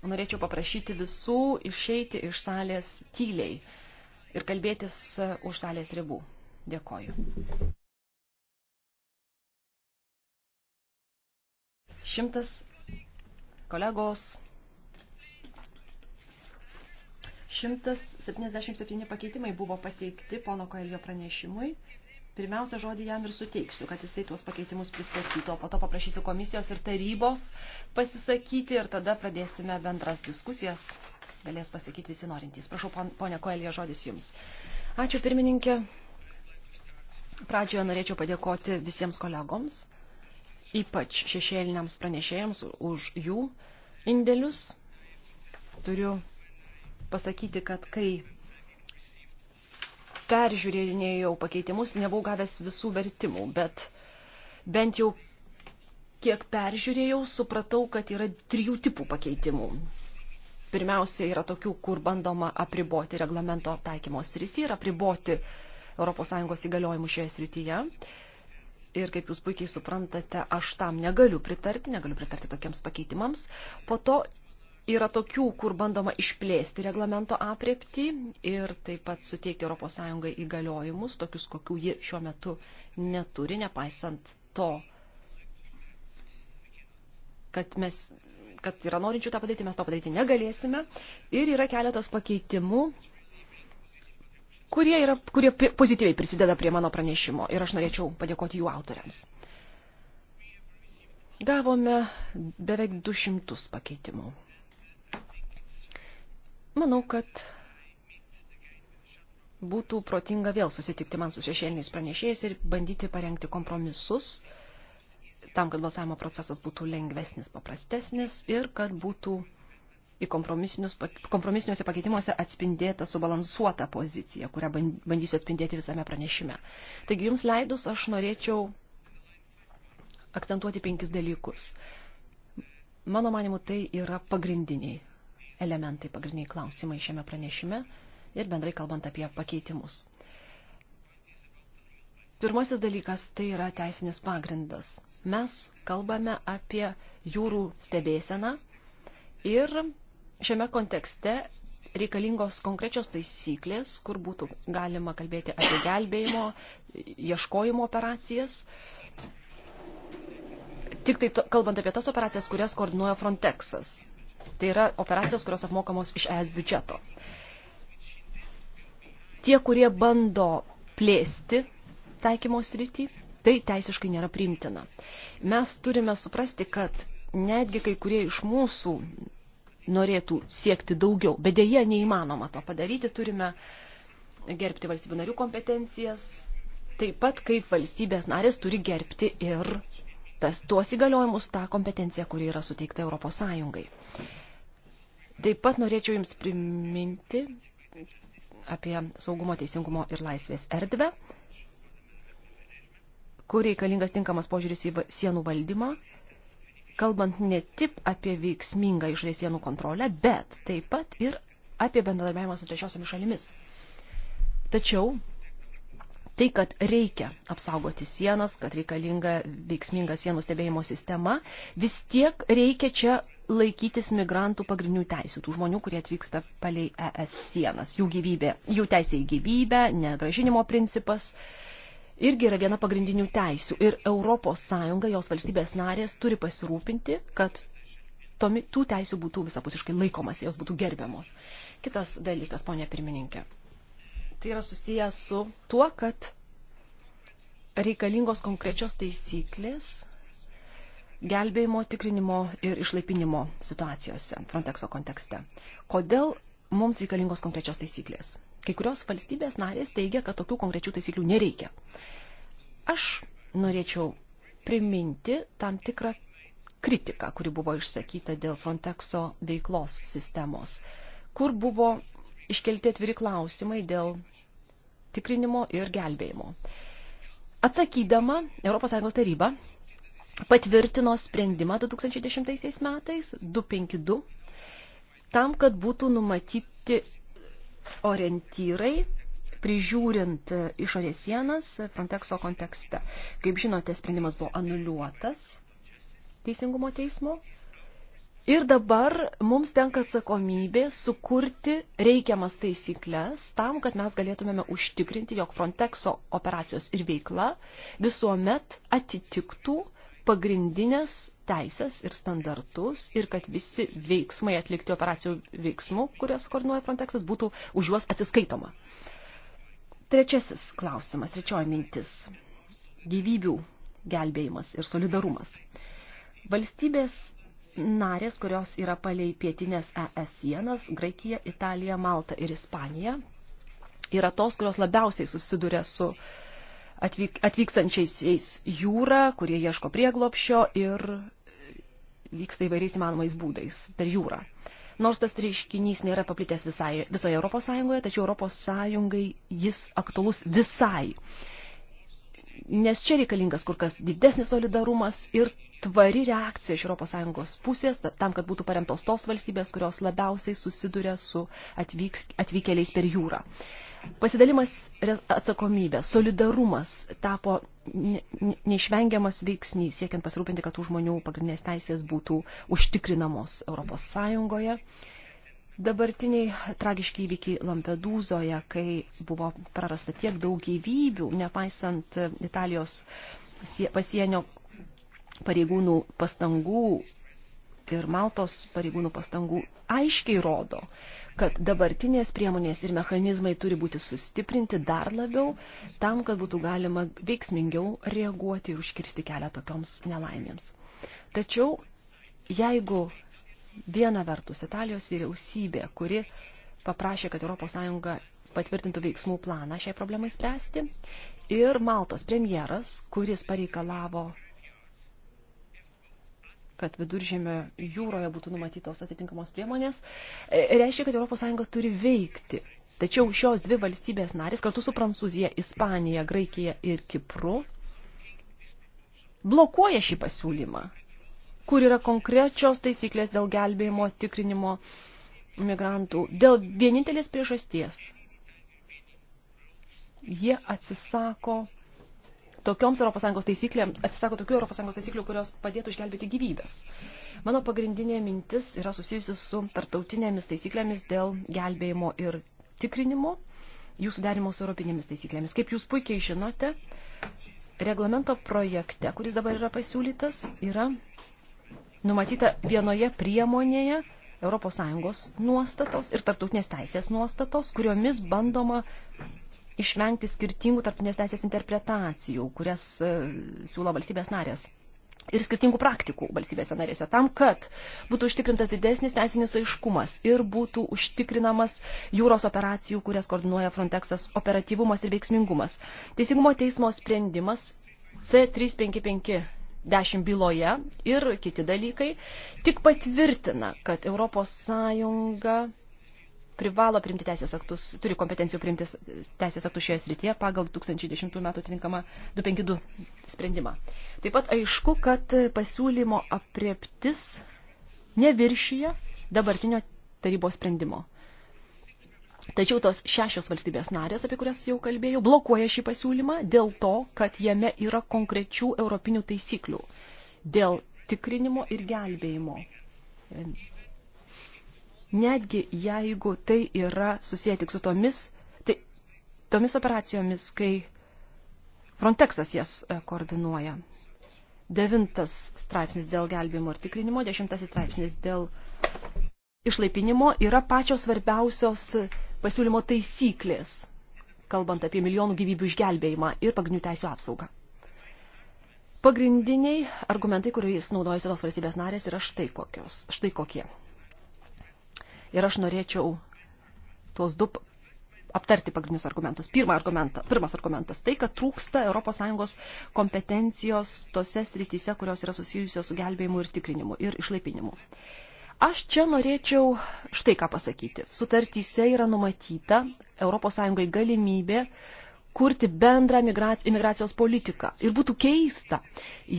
norėčiau paprašyti visų išeiti iš salės tyliai ir kalbėtis už salės ribų. Dėkoju. Šimtas kolegos. 177 pakeitimai buvo pateikti pono Koelio pranešimui pirmiausia žodį jam ir suteiksiu, kad jisai tuos pakeitimus pristatytų, o po to paprašysiu komisijos ir tarybos pasisakyti ir tada pradėsime bendras diskusijas. Galės pasakyti visi norintys. Prašau, ponia Koelija, žodis jums. Ačiū, pirmininkė. Pradžioje norėčiau padėkoti visiems kolegoms, ypač šešėliniams pranešėjams už jų indėlius. Turiu pasakyti, kad kai peržiūrėjau pakeitimus, nebuvau gavęs visų vertimų, bet bent jau kiek peržiūrėjau, supratau, kad yra trijų tipų pakeitimų. Pirmiausia, yra tokių, kur bandoma apriboti reglamento taikymo sritį ir apriboti ES įgaliojimų šioje srityje. Ir kaip jūs puikiai suprantate, aš tam negaliu pritarti, negaliu pritarti tokiems pakeitimams. Po to yra tokių, kur bandoma išplėsti reglamento apriepti ir taip pat suteikti ES įgaliojimus, tokius, kokių ji šiuo metu neturi, nepaisant to, kad, mes, kad yra norinčių tą padaryti, mes to padaryti negalėsime. Ir yra keletas pakeitimų, kurie, yra, kurie pozityviai prisideda prie mano pranešimo ir aš norėčiau padėkoti jų autoriams. Gavome beveik 200 pakeitimų. Manau, kad būtų protinga vėl susitikti man su šešėliniais pranešėjais ir bandyti parengti kompromisus, tam, kad balsavimo procesas būtų lengvesnis, paprastesnis ir kad būtų į kompromisiniuose pakeitimuose atspindėta subalansuota pozicija, kurią bandysiu atspindėti visame pranešime. Taigi jums leidus aš norėčiau akcentuoti penkis dalykus. Mano manimu, tai yra pagrindiniai elementai, pagrindiniai klausimai šiame pranešime ir bendrai kalbant apie pakeitimus. Pirmasis dalykas tai yra teisinis pagrindas. Mes kalbame apie jūrų stebėseną ir šiame kontekste reikalingos konkrečios taisyklės, kur būtų galima kalbėti apie gelbėjimo, ieškojimo operacijas. Tik tai to, kalbant apie tas operacijas, kurias koordinuoja Frontexas. Tai yra operacijos, kurios apmokamos iš ES biudžeto. Tie, kurie bando plėsti taikymos rytį, tai teisiškai nėra priimtina. Mes turime suprasti, kad netgi kai kurie iš mūsų norėtų siekti daugiau, bet dėje neįmanoma to padaryti, turime gerbti valstybių narių kompetencijas, taip pat kaip valstybės narės turi gerbti ir tas, tuos įgaliojimus, tą kompetenciją, kuri yra suteikta Europos Sąjungai. Taip pat norėčiau Jums priminti apie saugumo, teisingumo ir laisvės erdvę, kur reikalingas tinkamas požiūris į sienų valdymą, kalbant ne tik apie veiksmingą išorės sienų kontrolę, bet taip pat ir apie bendradarbiavimą su trečiosiamis šalimis. Tačiau tai, kad reikia apsaugoti sienas, kad reikalinga veiksminga sienų stebėjimo sistema, vis tiek reikia čia laikytis migrantų pagrindinių teisų, tų žmonių, kurie atvyksta palei ES sienas. Jų, gyvybė, jų teisė į gyvybę, negražinimo principas irgi yra viena pagrindinių teisių. Ir Europos Sąjunga, jos valstybės narės turi pasirūpinti, kad tomi, tų teisių būtų visapusiškai laikomas, jos būtų gerbiamos. Kitas dalykas, ponė pirmininkė tai yra susijęs su tuo, kad reikalingos konkrečios taisyklės gelbėjimo, tikrinimo ir išlaipinimo situacijose Frontexo kontekste. Kodėl mums reikalingos konkrečios taisyklės? Kai kurios valstybės narės teigia, kad tokių konkrečių taisyklių nereikia. Aš norėčiau priminti tam tikrą kritiką, kuri buvo išsakyta dėl Frontexo veiklos sistemos, kur buvo iškelti atviri klausimai dėl tikrinimo ir gelbėjimo. Atsakydama, ES taryba patvirtino sprendimą 2010 metais 252 tam, kad būtų numatyti orientyrai prižiūrint išorės sienas Frontexo kontekste. Kaip žinote, sprendimas buvo anuliuotas Teisingumo teismo Ir dabar mums tenka atsakomybė sukurti reikiamas taisyklės tam, kad mes galėtumėme užtikrinti, jog Frontexo operacijos ir veikla visuomet atitiktų pagrindinės teisės ir standartus ir kad visi veiksmai atlikti operacijų veiksmų, kurias koordinuoja Frontexas, būtų už juos atsiskaitoma. Trečiasis klausimas, trečioji mintis – gyvybių gelbėjimas ir solidarumas. Valstybės narės, kurios yra palei pietinės ES sienas – Graikija, Italija, Malta ir Ispanija – yra tos, kurios labiausiai susiduria su atvyk, atvykstančiais jūra, kurie ieško prieglopšio ir vyksta įvairiais įmanomais būdais per jūrą. Nors tas reiškinys nėra paplitęs visai, visoje Europos Sąjungoje, tačiau Europos Sąjungai jis aktualus visai nes čia reikalingas kur kas didesnis solidarumas ir tvari reakcija iš ES pusės, tam, kad būtų paremtos tos valstybės, kurios labiausiai susiduria su atvyks, atvykėliais per jūrą. Pasidalimas atsakomybė, solidarumas tapo neišvengiamas veiksnys, siekiant pasirūpinti, kad tų žmonių pagrindinės teisės būtų užtikrinamos Europos Sąjungoje. Dabartiniai tragiški įvykiai Lampedūzoje, kai buvo prarasta tiek daug gyvybių, nepaisant Italijos pasienio pareigūnų pastangų ir Maltos pareigūnų pastangų aiškiai rodo, kad dabartinės priemonės ir mechanizmai turi būti sustiprinti dar labiau, tam, kad būtų galima veiksmingiau reaguoti ir užkirsti kelią tokioms nelaimėms. Tačiau, jeigu viena vertus Italijos vyriausybė, kuri paprašė, kad ES patvirtintų veiksmų planą šiai problemai spręsti, ir Maltos premjeras, kuris pareikalavo kad viduržėmio jūroje būtų numatytos atitinkamos priemonės, e, reiškia, kad ES turi veikti. Tačiau šios dvi valstybės narės kartu su Prancūzija, Ispanija, Graikija ir Kipru blokuoja šį pasiūlymą, kur yra konkrečios taisyklės dėl gelbėjimo, tikrinimo migrantų, dėl vienintelės priežasties. Jie atsisako tokioms ES taisyklėms, atsisako tokių ES taisyklių, kurios padėtų išgelbėti gyvybės. Mano pagrindinė mintis yra susijusi su tartautinėmis taisyklėmis dėl gelbėjimo ir tikrinimo, jų sudarimo su europinėmis taisyklėmis. Kaip jūs puikiai žinote, reglamento projekte, kuris dabar yra pasiūlytas, yra numatyta vienoje priemonėje ES nuostatos ir tarptautinės teisės nuostatos, kuriomis bandoma išvengti skirtingų tarptautinės teisės interpretacijų, kurias e, siūlo valstybės narės. Ir skirtingų praktikų valstybėse narėse, tam, kad būtų užtikrintas didesnis teisinis aiškumas ir būtų užtikrinamas jūros operacijų, kurias koordinuoja Frontexas, operatyvumas ir veiksmingumas. Teisingumo teismo sprendimas C355 10 byloje ir kiti dalykai tik patvirtina, kad Europos Sąjunga privalo priimti teisės aktus, turi kompetencijų priimti teisės aktus šioje srityje pagal 2010 metų tinkamą 252 sprendimą. Taip pat aišku, kad pasiūlymo apreptis neviršyje dabartinio tarybos sprendimo. Tačiau tos šešios valstybės narės, apie kurias jau kalbėjau, blokuoja šį pasiūlymą dėl to, kad jame yra konkrečių europinių taisyklių dėl tikrinimo ir gelbėjimo netgi jeigu tai yra susiję tik su tomis, tai, tomis operacijomis, kai Frontexas jas e, koordinuoja. Devintas straipsnis dėl gelbėjimo ir tikrinimo, dešimtasis straipsnis dėl išlaipinimo yra pačios svarbiausios pasiūlymo taisyklės, kalbant apie milijonų gyvybių išgelbėjimą ir pagrindinių teisų apsaugą. Pagrindiniai argumentai, kuriais naudojasi tos valstybės narės, yra štai, kokios, štai kokie. Ir aš norėčiau tuos du aptarti pagrindinius argumentus. Pirma argumenta, pirmas argumentas – tai, kad trūksta ES kompetencijos tose srityse, kurios yra susijusios su gelbėjimu ir tikrinimu ir išlaipinimu. Aš čia norėčiau štai ką pasakyti. Sutartyse yra numatyta ES galimybė kurti bendrą imigracijos politiką. Ir būtų keista,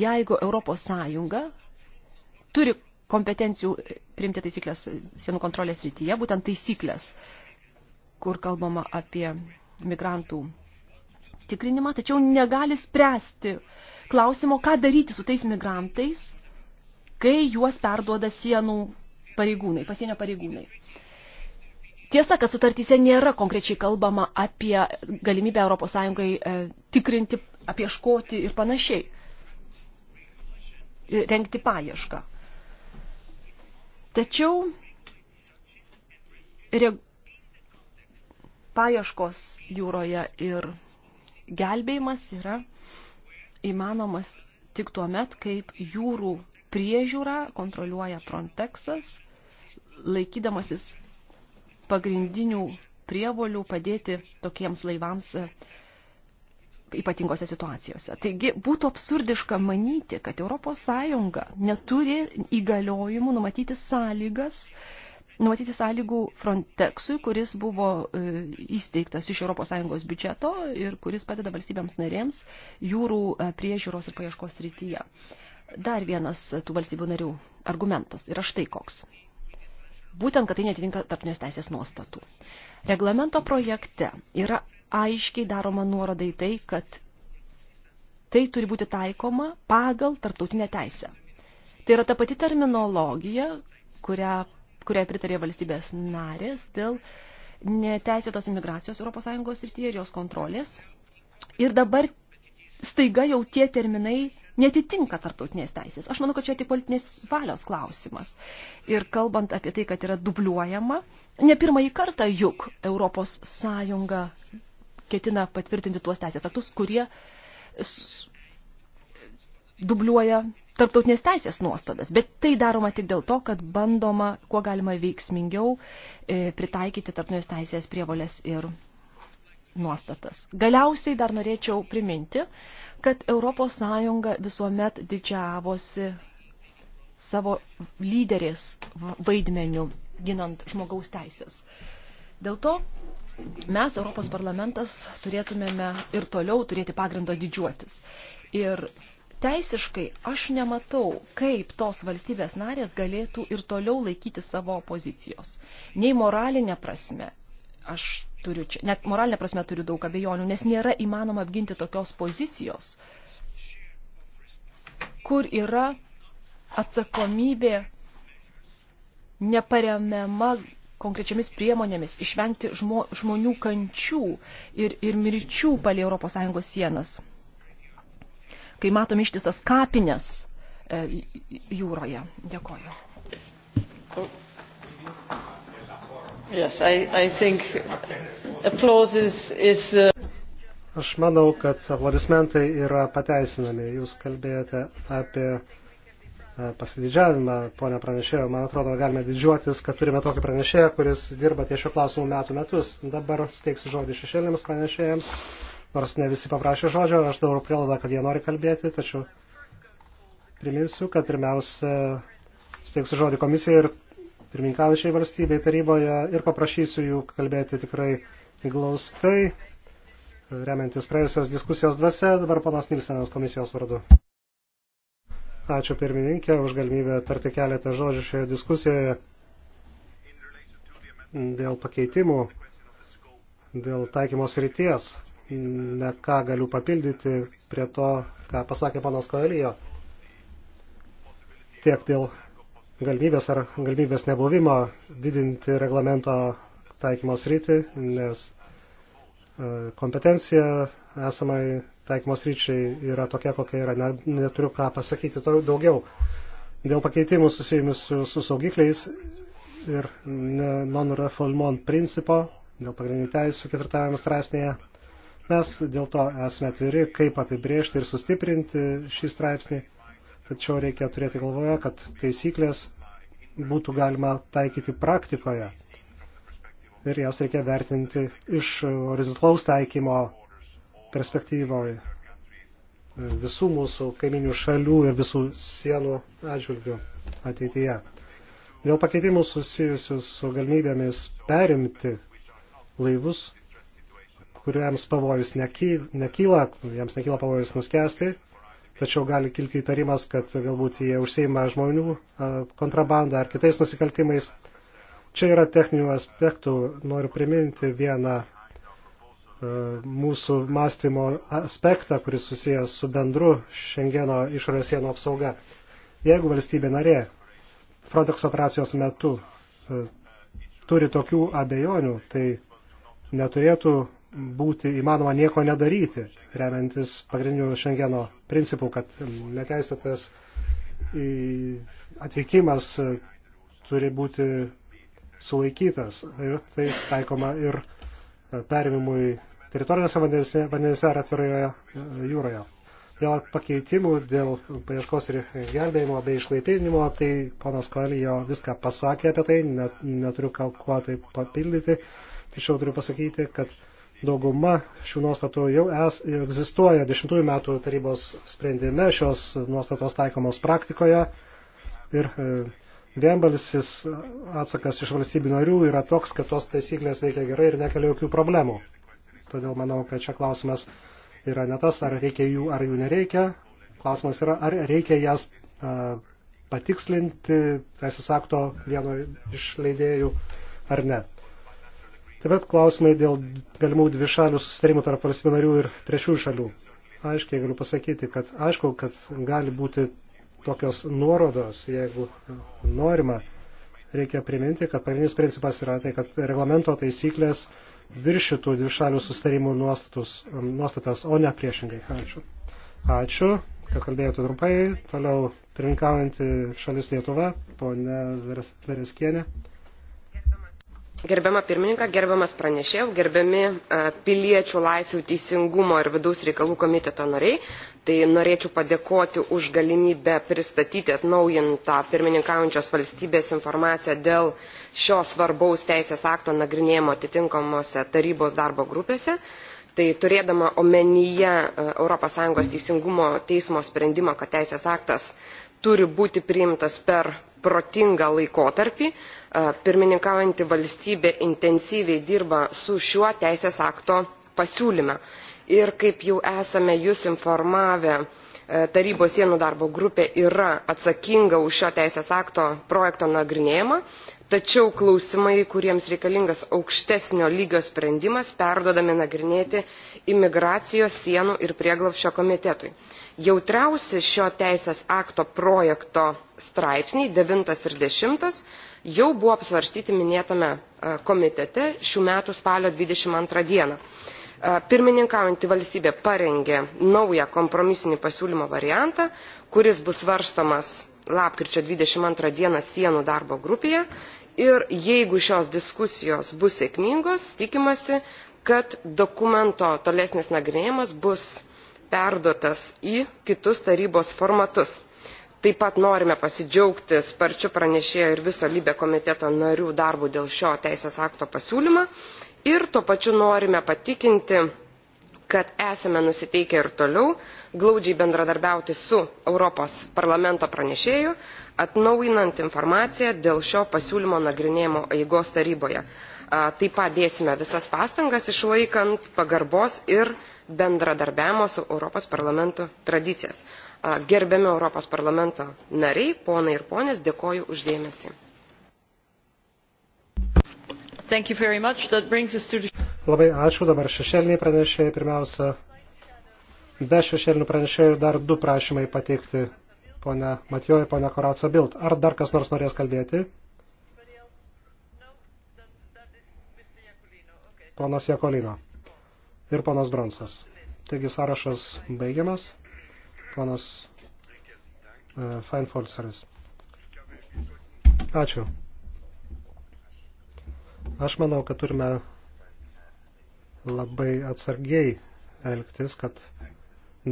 jeigu ES turi kompetencijų e, priimti taisyklės sienų kontrolės rytyje, būtent taisyklės, kur kalbama apie migrantų tikrinimą, tačiau negali spręsti klausimo, ką daryti su tais migrantais, kai juos perduoda sienų pareigūnai, pasienio pareigūnai. Tiesa, kad sutartyse nėra konkrečiai kalbama apie galimybę ES e, tikrinti, apieškoti ir panašiai, rengti paiešką. Tačiau re... paieškos jūroje ir gelbėjimas yra įmanomas tik tuo met, kaip jūrų priežiūrą kontroliuoja Frontexas, laikydamasis pagrindinių prievolių padėti tokiems laivams ypatingose situacijose. Taigi būtų absurdiška manyti, kad ES neturi įgaliojimų numatyti sąlygas, numatyti sąlygų Frontexui, kuris buvo e, įsteigtas iš ES biudžeto ir kuris padeda valstybėms narėms jūrų e, priežiūros ir paieškos srityje. Dar vienas tų valstybių narių argumentas yra štai koks. Būtent, kad tai netitinka tarpinės teisės nuostatų. Reglamento projekte yra aiškiai daroma nuoroda į tai, kad tai turi būti taikoma pagal tarptautinę teisę. Tai yra ta pati terminologija, kurią, kurią pritarė valstybės narės dėl neteisėtos imigracijos ES ir tie ir jos kontrolės. Ir dabar staiga jau tie terminai netitinka tarptautinės teisės. Aš manau, kad čia tik politinės valios klausimas. Ir kalbant apie tai, kad yra dubliuojama, ne pirmąjį kartą juk Europos Sąjunga ketina patvirtinti tuos teisės aktus, kurie dubliuoja tarptautinės teisės nuostadas, bet tai daroma tik dėl to, kad bandoma, kuo galima veiksmingiau e, pritaikyti tarptautinės teisės prievolės ir nuostatas. Galiausiai dar norėčiau priminti, kad ES visuomet didžiavosi savo lyderės vaidmeniu ginant žmogaus teisės. Dėl to mes, Europos parlamentas, turėtumėme ir toliau turėti pagrindo didžiuotis. Ir teisiškai aš nematau, kaip tos valstybės narės galėtų ir toliau laikyti savo pozicijos. Nei moralinė prasme, aš turiu čia, net moralinė prasme turiu daug abejonių, nes nėra įmanoma apginti tokios pozicijos, kur yra atsakomybė neparemiama konkrečiamis priemonėmis išvengti žmo, žmonių kančių ir, ir mirčių palie ES sienas, kai matom ištisas kapines e, jūroje. Dėkoju. Yes, I, I think applause is, is, uh... Aš manau, kad aplodismentai yra pateisinami. Jūs kalbėjote apie pasididžiavimą, ponia pranešėjo. Man atrodo, galime didžiuotis, kad turime tokį pranešėją, kuris dirba ties šiuo klausimu metų metus. Dabar steiksiu žodį šešėlėms pranešėjams, nors ne visi paprašė žodžio, aš darau prielaidą, kad jie nori kalbėti, tačiau priminsiu, kad pirmiausia steiksiu žodį komisijai ir pirminkaujančiai valstybei taryboje ir paprašysiu jų kalbėti tikrai glaustai, remiantis praėjusios diskusijos dvasia, dabar panas Nilsenas komisijos vardu. Ačiū pirmininkė už galimybę tarti keletą žodžių šioje diskusijoje dėl pakeitimų, dėl taikymos ryties. Ne ką galiu papildyti prie to, ką pasakė panas Koelijo. Tiek dėl galimybės ar galimybės nebuvimo didinti reglamento taikymos rytį, nes e, kompetencija esamai taikymos ryčiai yra tokia, kokia yra. Neturiu ką pasakyti daugiau. Dėl pakeitimų susijimis su, su saugikliais ir non-refoulement principo, dėl pagrindinių teisų ketvirtajame straipsnėje, mes dėl to esame atviri, kaip apibriežti ir sustiprinti šį straipsnį. Tačiau reikia turėti galvoje, kad taisyklės būtų galima taikyti praktikoje. Ir jas reikia vertinti iš horizontalaus taikymo perspektyvoje visų mūsų kaiminių šalių ir visų sienų atžvilgių ateityje. Dėl pakeitimų susijusių su galimybėmis perimti laivus, kuriems pavojus nekyla, jiems nekyla pavojus nuskesti, tačiau gali kilti įtarimas, kad galbūt jie užseima žmonių kontrabandą ar kitais nusikaltimais. Čia yra techninių aspektų, noriu priminti vieną E, mūsų mąstymo aspektą, kuris susijęs su bendru Šengeno išorės sienų apsauga. Jeigu valstybė narė Frontex operacijos metu e, turi tokių abejonių, tai neturėtų būti įmanoma nieko nedaryti, remiantis pagrindinių Šengeno principų, kad neteisėtas atvykimas turi būti sulaikytas. Ir tai taikoma ir perimimui teritorinėse vandenėse, vandenėse ar atviroje e, jūroje. Dėl pakeitimų, dėl paieškos ir gelbėjimo bei išlaipinimo, tai ponas Koelijo viską pasakė apie tai, net, neturiu kuo tai papildyti, tačiau turiu pasakyti, kad dauguma šių nuostatų jau, es, jau egzistuoja 10 metų tarybos sprendime, šios nuostatos taikomos praktikoje ir e, vienbalsis atsakas iš valstybių narių yra toks, kad tos taisyklės veikia gerai ir nekelia jokių problemų. Todėl manau, kad čia klausimas yra ne tas, ar reikia jų, ar jų nereikia. Klausimas yra, ar reikia jas patikslinti teisės akto vieno iš leidėjų ar ne. Taip pat klausimai dėl galimų dvišalių susitarimų tarp valstybių narių ir trečiųjų šalių. Aiškiai galiu pasakyti, kad aišku, kad gali būti tokios nuorodos, jeigu norima. Reikia priminti, kad pagrindinis principas yra tai, kad reglamento taisyklės viršytų dvišalių sustarimų um, nuostatas, o ne priešingai. Ačiū. Ačiū, kad kalbėjote trumpai. Toliau pirminkaujantį šalis Lietuva, ponė Vereskienė. Gerbiama pirmininka, gerbiamas pranešėjau, gerbiami e, piliečių laisvių teisingumo ir vidaus reikalų komiteto nariai, tai norėčiau padėkoti už galimybę pristatyti atnaujintą pirmininkaujančios valstybės informaciją dėl šio svarbaus teisės akto nagrinėjimo atitinkamose tarybos darbo grupėse. Tai turėdama omenyje ES teisingumo teismo sprendimą, kad teisės aktas turi būti priimtas per protingą laikotarpį, pirmininkaujanti valstybė intensyviai dirba su šiuo teisės akto pasiūlyme ir kaip jau esame jūs informavę tarybos sienų darbo grupė yra atsakinga už šio teisės akto projekto nagrinėjimą tačiau klausimai kuriems reikalingas aukštesnio lygio sprendimas perduodami nagrinėti imigracijos sienų ir prieglobsčio komitetui. jautriausi šio teisės akto projekto straipsniai devintas ir dešimtas jau buvo apsvarstyti minėtame e, komitete šių metų spalio 22 dieną. E, pirmininkaujantį valstybę parengė naują kompromisinį pasiūlymo variantą, kuris bus svarstamas lapkričio 22 dieną sienų darbo grupėje ir jeigu šios diskusijos bus sėkmingos, tikimasi, kad dokumento tolesnis nagrinėjimas bus perduotas į kitus tarybos formatus taip pat norime pasidžiaugti sparčiu pranešėjo ir viso libe komiteto narių darbu dėl šio teisės akto pasiūlymo ir tuo pačiu norime patikinti kad esame nusiteikę ir toliau glaudžiai bendradarbiauti su europos parlamento pranešėju atnaujinant informaciją dėl šio pasiūlymo nagrinėjimo eigos taryboje. taip pat dėsime visas pastangas išlaikant pagarbos ir bendradarbiavimo su europos parlamentu tradicijas. Gerbiami Europos parlamento nariai, ponai ir ponės, dėkoju uždėmesi. The... Labai ačiū dabar šešėliniai pranešėjai. Pirmiausia, be šešėlinių pranešėjų dar du prašymai pateikti ponia Matijoje, ponia Koraca Bild. Ar dar kas nors norės kalbėti? Ponas Jekolino ir ponas Bronsas. Taigi sąrašas baigiamas. Ponas e, Feinfolzeris. Ačiū. Aš manau, kad turime labai atsargiai elgtis, kad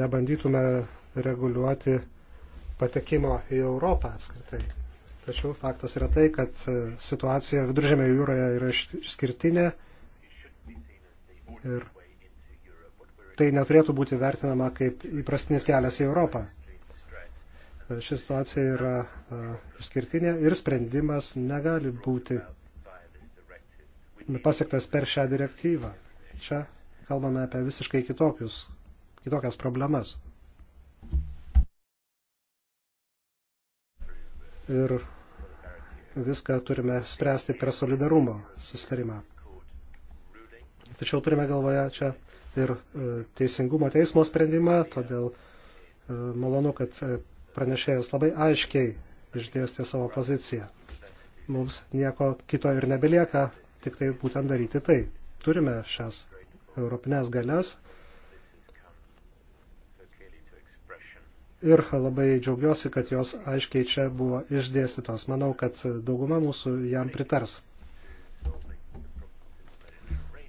nebandytume reguliuoti patekimo į Europą apskritai. Tačiau faktas yra tai, kad e, situacija viduržėmė jūroje yra išskirtinė ir tai neturėtų būti vertinama kaip įprastinis kelias į Europą. Ši situacija yra e, išskirtinė ir sprendimas negali būti pasiektas per šią direktyvą. Čia kalbame apie visiškai kitokius, kitokias problemas. Ir viską turime spręsti per solidarumo susitarimą. Tačiau turime galvoje čia ir e, teisingumo teismo sprendimą, todėl e, malonu, kad e, pranešėjas labai aiškiai išdėstė savo poziciją. Mums nieko kito ir nebelieka, tik tai būtent daryti tai. Turime šias europinės galias ir labai džiaugiuosi, kad jos aiškiai čia buvo išdėstytos. Manau, kad dauguma mūsų jam pritars.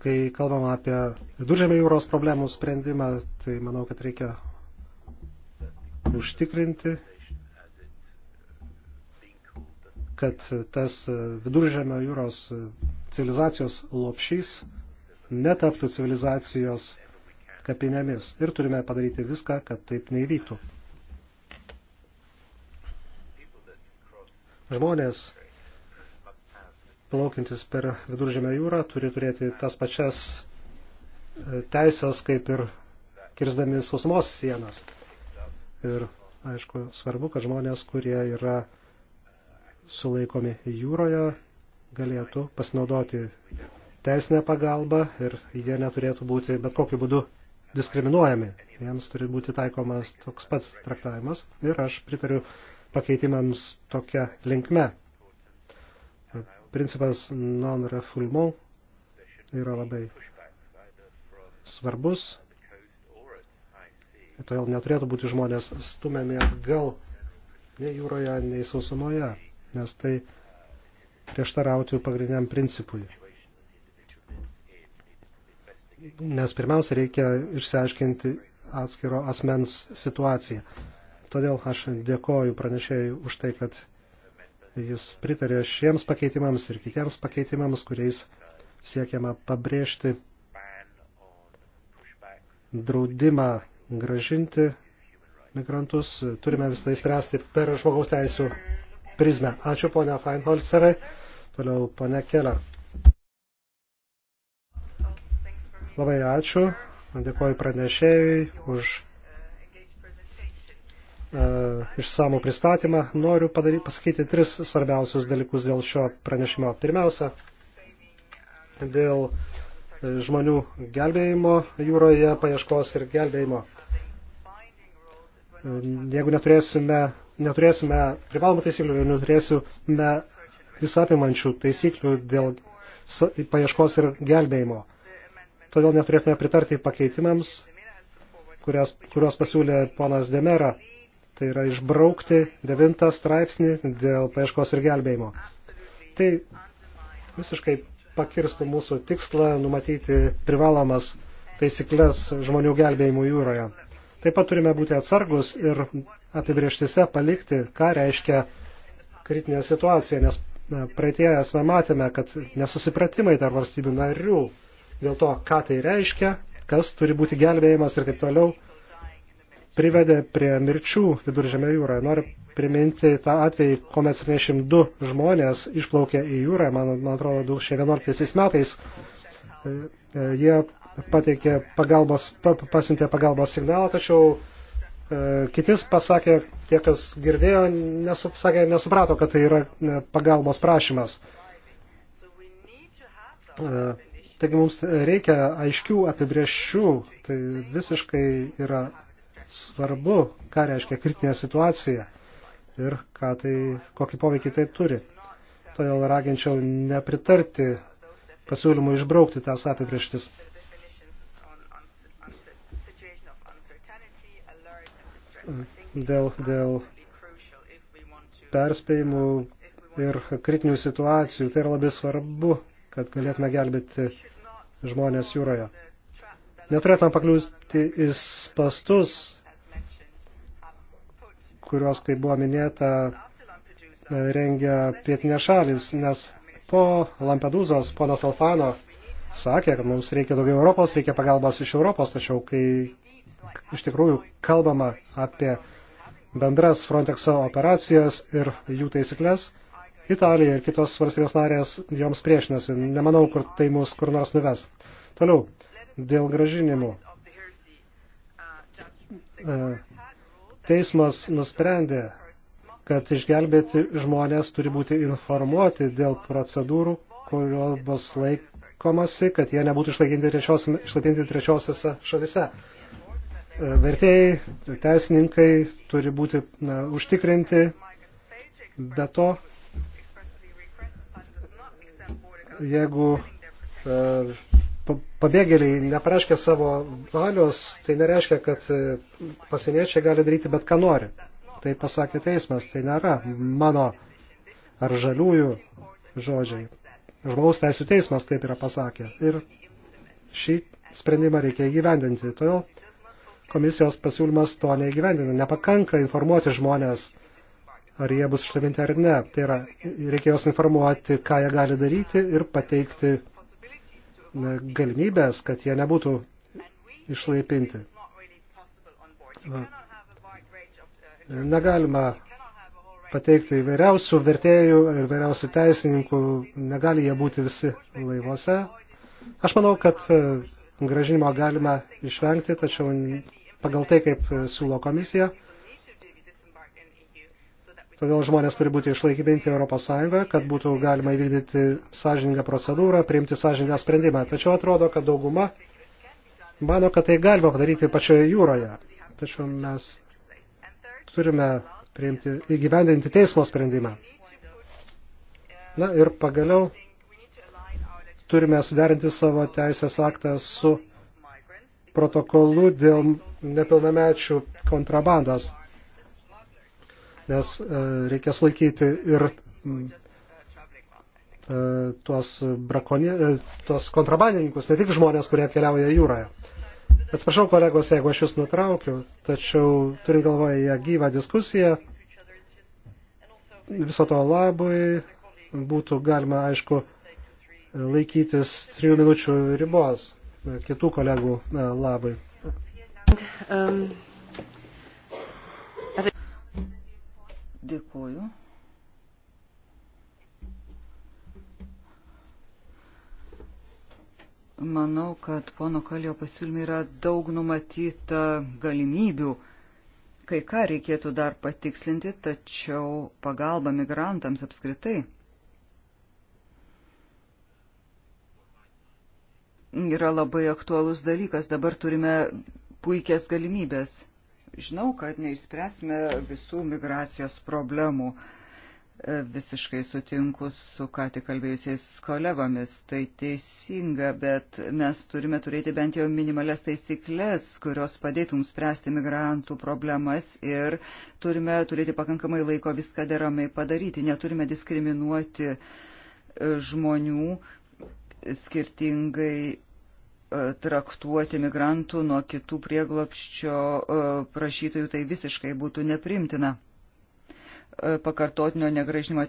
Kai kalbam apie viduržėmio jūros problemų sprendimą, tai manau, kad reikia užtikrinti, kad tas viduržėmio jūros civilizacijos lopšys netaptų civilizacijos kapinėmis. Ir turime padaryti viską, kad taip neįvyktų. Žmonės, plaukintis per viduržėmę jūrą turi turėti tas pačias e, teisės kaip ir kirzdami sausumos sienas. Ir aišku, svarbu, kad žmonės, kurie yra sulaikomi jūroje, galėtų pasinaudoti teisinę pagalbą ir jie neturėtų būti bet kokiu būdu diskriminuojami. Jiems turi būti taikomas toks pats traktavimas ir aš pritariu pakeitimams tokia linkme. Principas non-refoulement yra labai svarbus. Todėl neturėtų būti žmonės stumiami atgal nei jūroje, nei sausumoje, nes tai prieštarauti pagrindiniam principui. Nes pirmiausia reikia išsiaiškinti atskiro asmens situaciją. Todėl aš dėkoju pranešėjai už tai, kad jis pritarė šiems pakeitimams ir kitiems pakeitimams, kuriais siekiama pabrėžti draudimą gražinti migrantus. Turime visą tai spręsti per žmogaus teisų prizmę. Ačiū ponia Feinholzerai. Toliau ponia Keller. Labai ačiū. Dėkuoju pranešėjui už E, išsamų pristatymą, noriu padaryti, pasakyti tris svarbiausius dalykus dėl šio pranešimo. Pirmiausia, dėl e, žmonių gelbėjimo jūroje, paieškos ir gelbėjimo. E, jeigu neturėsime, neturėsime privalomų taisyklių, jeigu neturėsime visapimančių taisyklių dėl paieškos ir gelbėjimo. Todėl neturėtume pritarti pakeitimams, kurios, kurios pasiūlė ponas Demera tai yra išbraukti devintą straipsnį dėl paieškos ir gelbėjimo. Tai visiškai pakirstų mūsų tikslą numatyti privalomas taisyklės žmonių gelbėjimų jūroje. Taip pat turime būti atsargus ir apibrieštise palikti, ką reiškia kritinė situacija, nes praeitėje esame matėme, kad nesusipratimai tarp valstybių narių dėl to, ką tai reiškia, kas turi būti gelbėjimas ir taip toliau privedė prie mirčių viduržėme jūroje. Noriu priminti tą atvejį, kuomet 72 žmonės išplaukė į jūrą, man, man atrodo, 2011 metais. E, e, jie pateikė pagalbos, pasiuntė pagalbos signalą, tačiau e, kitis pasakė, tie, kas girdėjo, nesup, sakė, nesuprato, kad tai yra pagalbos prašymas. Taigi mums reikia aiškių apibrieščių, tai visiškai yra svarbu, ką reiškia kritinė situacija ir tai, kokį poveikį tai turi. Todėl raginčiau nepritarti pasiūlymų išbraukti tas apibrieštis. Dėl, dėl perspėjimų ir kritinių situacijų. Tai yra labai svarbu, kad galėtume gelbėti žmonės jūroje. Neturėtume pakliūti į spastus kurios, kaip buvo minėta, rengia pietinės šalis, nes po Lampedūzos ponas Alfano sakė, kad mums reikia daugiau Europos, reikia pagalbos iš Europos, tačiau kai iš tikrųjų kalbama apie bendras Frontexo operacijas ir jų taisyklės, Italija ir kitos valstybės narės joms priešinasi. Nemanau, kur tai mus kur nors nuves. Toliau, dėl gražinimų. E, teismas nusprendė, kad išgelbėti žmonės turi būti informuoti dėl procedūrų, kurio bus laikomasi, kad jie nebūtų išlaipinti trečios, trečiosiose šalise. Vertėjai, teisininkai turi būti na, užtikrinti, be to, jeigu uh, pabėgėliai nepareiškia savo valios, tai nereiškia, kad e, pasieniečiai gali daryti bet ką nori. Tai pasakė teismas, tai nėra mano ar žaliųjų žodžiai. Žmogaus teisų teismas taip yra pasakė. Ir šį sprendimą reikia įgyvendinti. Todėl komisijos pasiūlymas to neįgyvendina. Nepakanka informuoti žmonės, ar jie bus išlavinti ar ne. Tai yra, reikia juos informuoti, ką jie gali daryti ir pateikti galimybės, kad jie nebūtų išlaipinti. Na. Negalima pateikti įvairiausių vertėjų ir įvairiausių teisininkų, negali jie būti visi laivuose. Aš manau, kad e, gražinimo galima išvengti, tačiau pagal tai, kaip e, siūlo komisija, Todėl žmonės turi būti išlaikyminti Europos Sąjungoje, kad būtų galima įvykdyti sąžiningą procedūrą, priimti sąžiningą sprendimą. Tačiau atrodo, kad dauguma mano, kad tai galima padaryti pačioje jūroje. Tačiau mes turime priimti, įgyvendinti teismo sprendimą. Na ir pagaliau turime suderinti savo teisės aktą su protokolu dėl nepilnamečių kontrabandos nes e, reikia sulaikyti ir e, tuos, brakonė, e, tuos kontrabandininkus, ne tik žmonės, kurie keliauja jūroje. Atsiprašau, kolegos, jeigu aš jūs nutraukiu, tačiau turint galvoje gyvą diskusiją, viso to labui būtų galima, aišku, laikytis trijų minučių ribos kitų kolegų labai. Um. Dėkuoju. Manau, kad pono Kalio pasiūlymai yra daug numatyta galimybių. Kai ką reikėtų dar patikslinti, tačiau pagalba migrantams apskritai yra labai aktualus dalykas. Dabar turime puikias galimybės žinau, kad neišspręsime visų migracijos problemų. E, visiškai sutinku su ką tik kalbėjusiais kolegomis, tai teisinga, bet mes turime turėti bent jau minimales taisyklės, kurios padėtų mums spręsti migrantų problemas ir turime turėti pakankamai laiko viską deramai padaryti, neturime diskriminuoti e, žmonių skirtingai E, traktuoti migrantų nuo kitų prieglopščio e, prašytojų, tai visiškai būtų neprimtina. E, pakartotinio negražinimo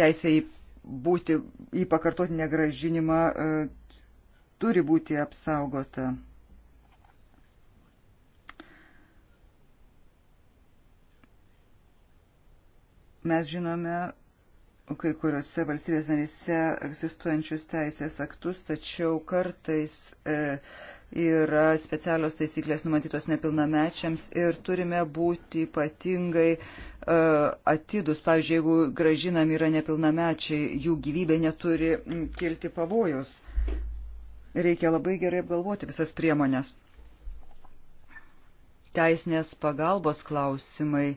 teisė į būti į pakartotinį gražinimą turi būti apsaugota. Mes žinome, kai kuriuose valstybės narise egzistuojančius teisės aktus, tačiau kartais e, yra specialios taisyklės numatytos nepilnamečiams ir turime būti ypatingai e, atidus. Pavyzdžiui, jeigu gražinami yra nepilnamečiai, jų gyvybė neturi kilti pavojus. Reikia labai gerai apgalvoti visas priemonės. Teisinės pagalbos klausimai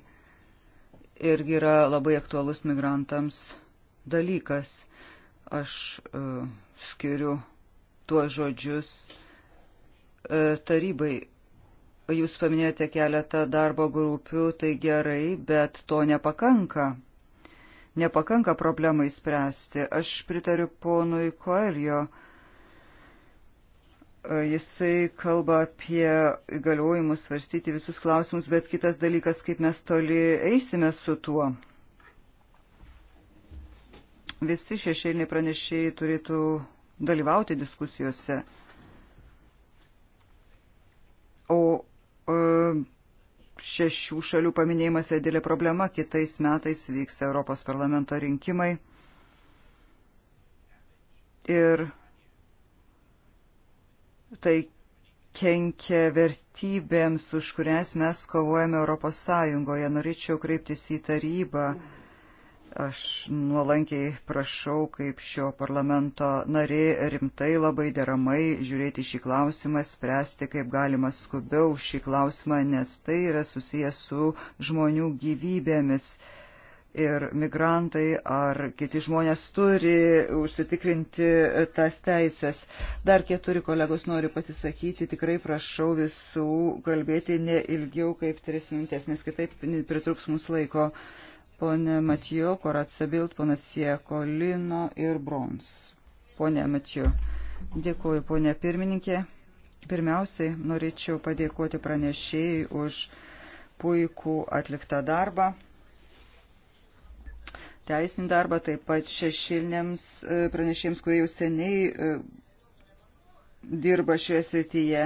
irgi yra labai aktualus migrantams dalykas. Aš uh, skiriu tuos žodžius uh, tarybai. Jūs paminėjote keletą darbo grupių, tai gerai, bet to nepakanka. Nepakanka problemai spręsti. Aš pritariu ponui Koelio. Uh, Jisai kalba apie įgaliojimus svarstyti visus klausimus, bet kitas dalykas, kaip mes toli eisime su tuo. Visi šešėliniai pranešėjai turėtų dalyvauti diskusijose. O e, šešių šalių paminėjimas yra didelė problema. Kitais metais vyks Europos parlamento rinkimai. Ir tai kenkia vertybėms, už kurias mes kovojame Europos Sąjungoje. Norėčiau kreiptis į tarybą. Aš nuolankiai prašau, kaip šio parlamento nariai, rimtai labai deramai žiūrėti šį klausimą, spręsti kaip galima skubiau šį klausimą, nes tai yra susijęs su žmonių gyvybėmis ir migrantai ar kiti žmonės turi užsitikrinti tas teisės. Dar keturi kolegos nori pasisakyti, tikrai prašau visų kalbėti ne ilgiau kaip tris minutės, nes kitaip pritruks mums laiko. Pone Matijo, Koratsabilt, ponas Siekolino ir Brons. Pone Matijo, dėkuoju, ponė pirmininkė. Pirmiausiai norėčiau padėkoti pranešėjai už puikų atliktą darbą teisinį darbą, taip pat šešilniams e, pranešėjams, kurie jau seniai e, dirba šioje srityje.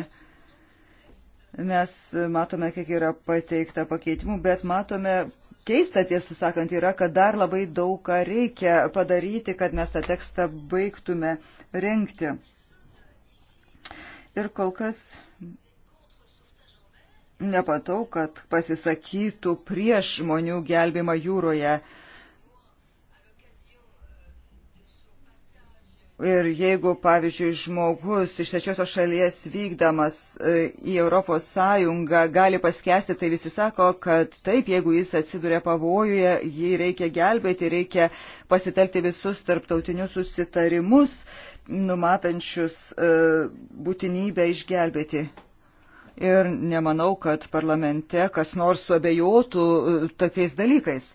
Mes matome, kiek yra pateikta pakeitimų, bet matome, keista tiesą sakant, yra, kad dar labai daug ką reikia padaryti, kad mes tą tekstą baigtume renkti. Ir kol kas nepatau, kad pasisakytų prieš žmonių gelbimą jūroje Ir jeigu, pavyzdžiui, žmogus iš trečiosios šalies vykdamas e, į Europos Sąjungą gali paskesti, tai visi sako, kad taip, jeigu jis atsiduria pavojuje, jį reikia gelbėti, reikia pasitelti visus tarptautinius susitarimus, numatančius e, būtinybę išgelbėti. Ir nemanau, kad parlamente kas nors suabejotų e, tokiais dalykais.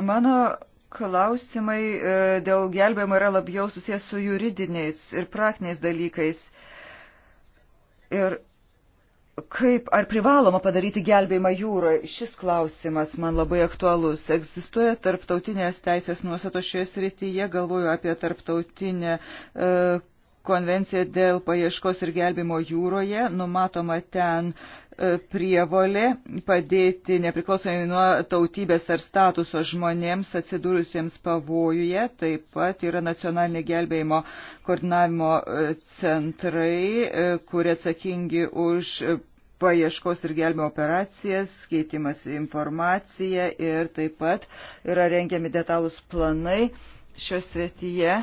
Mano klausimai e, dėl gelbėjimo yra labiau susijęs su juridiniais ir praktiniais dalykais. Ir kaip, ar privaloma padaryti gelbėjimą jūroje, šis klausimas man labai aktualus. Egzistuoja tarptautinės teisės nuostatos šioje srityje, galvoju apie tarptautinę e, konvencija dėl paieškos ir gelbimo jūroje, numatoma ten e, prievolė padėti nepriklausomai nuo tautybės ar statuso žmonėms atsidūrusiems pavojuje. Taip pat yra nacionalinė gelbėjimo koordinavimo e, centrai, e, kurie atsakingi už paieškos ir gelbėjimo operacijas, keitimas informacija ir taip pat yra rengiami detalūs planai šios srityje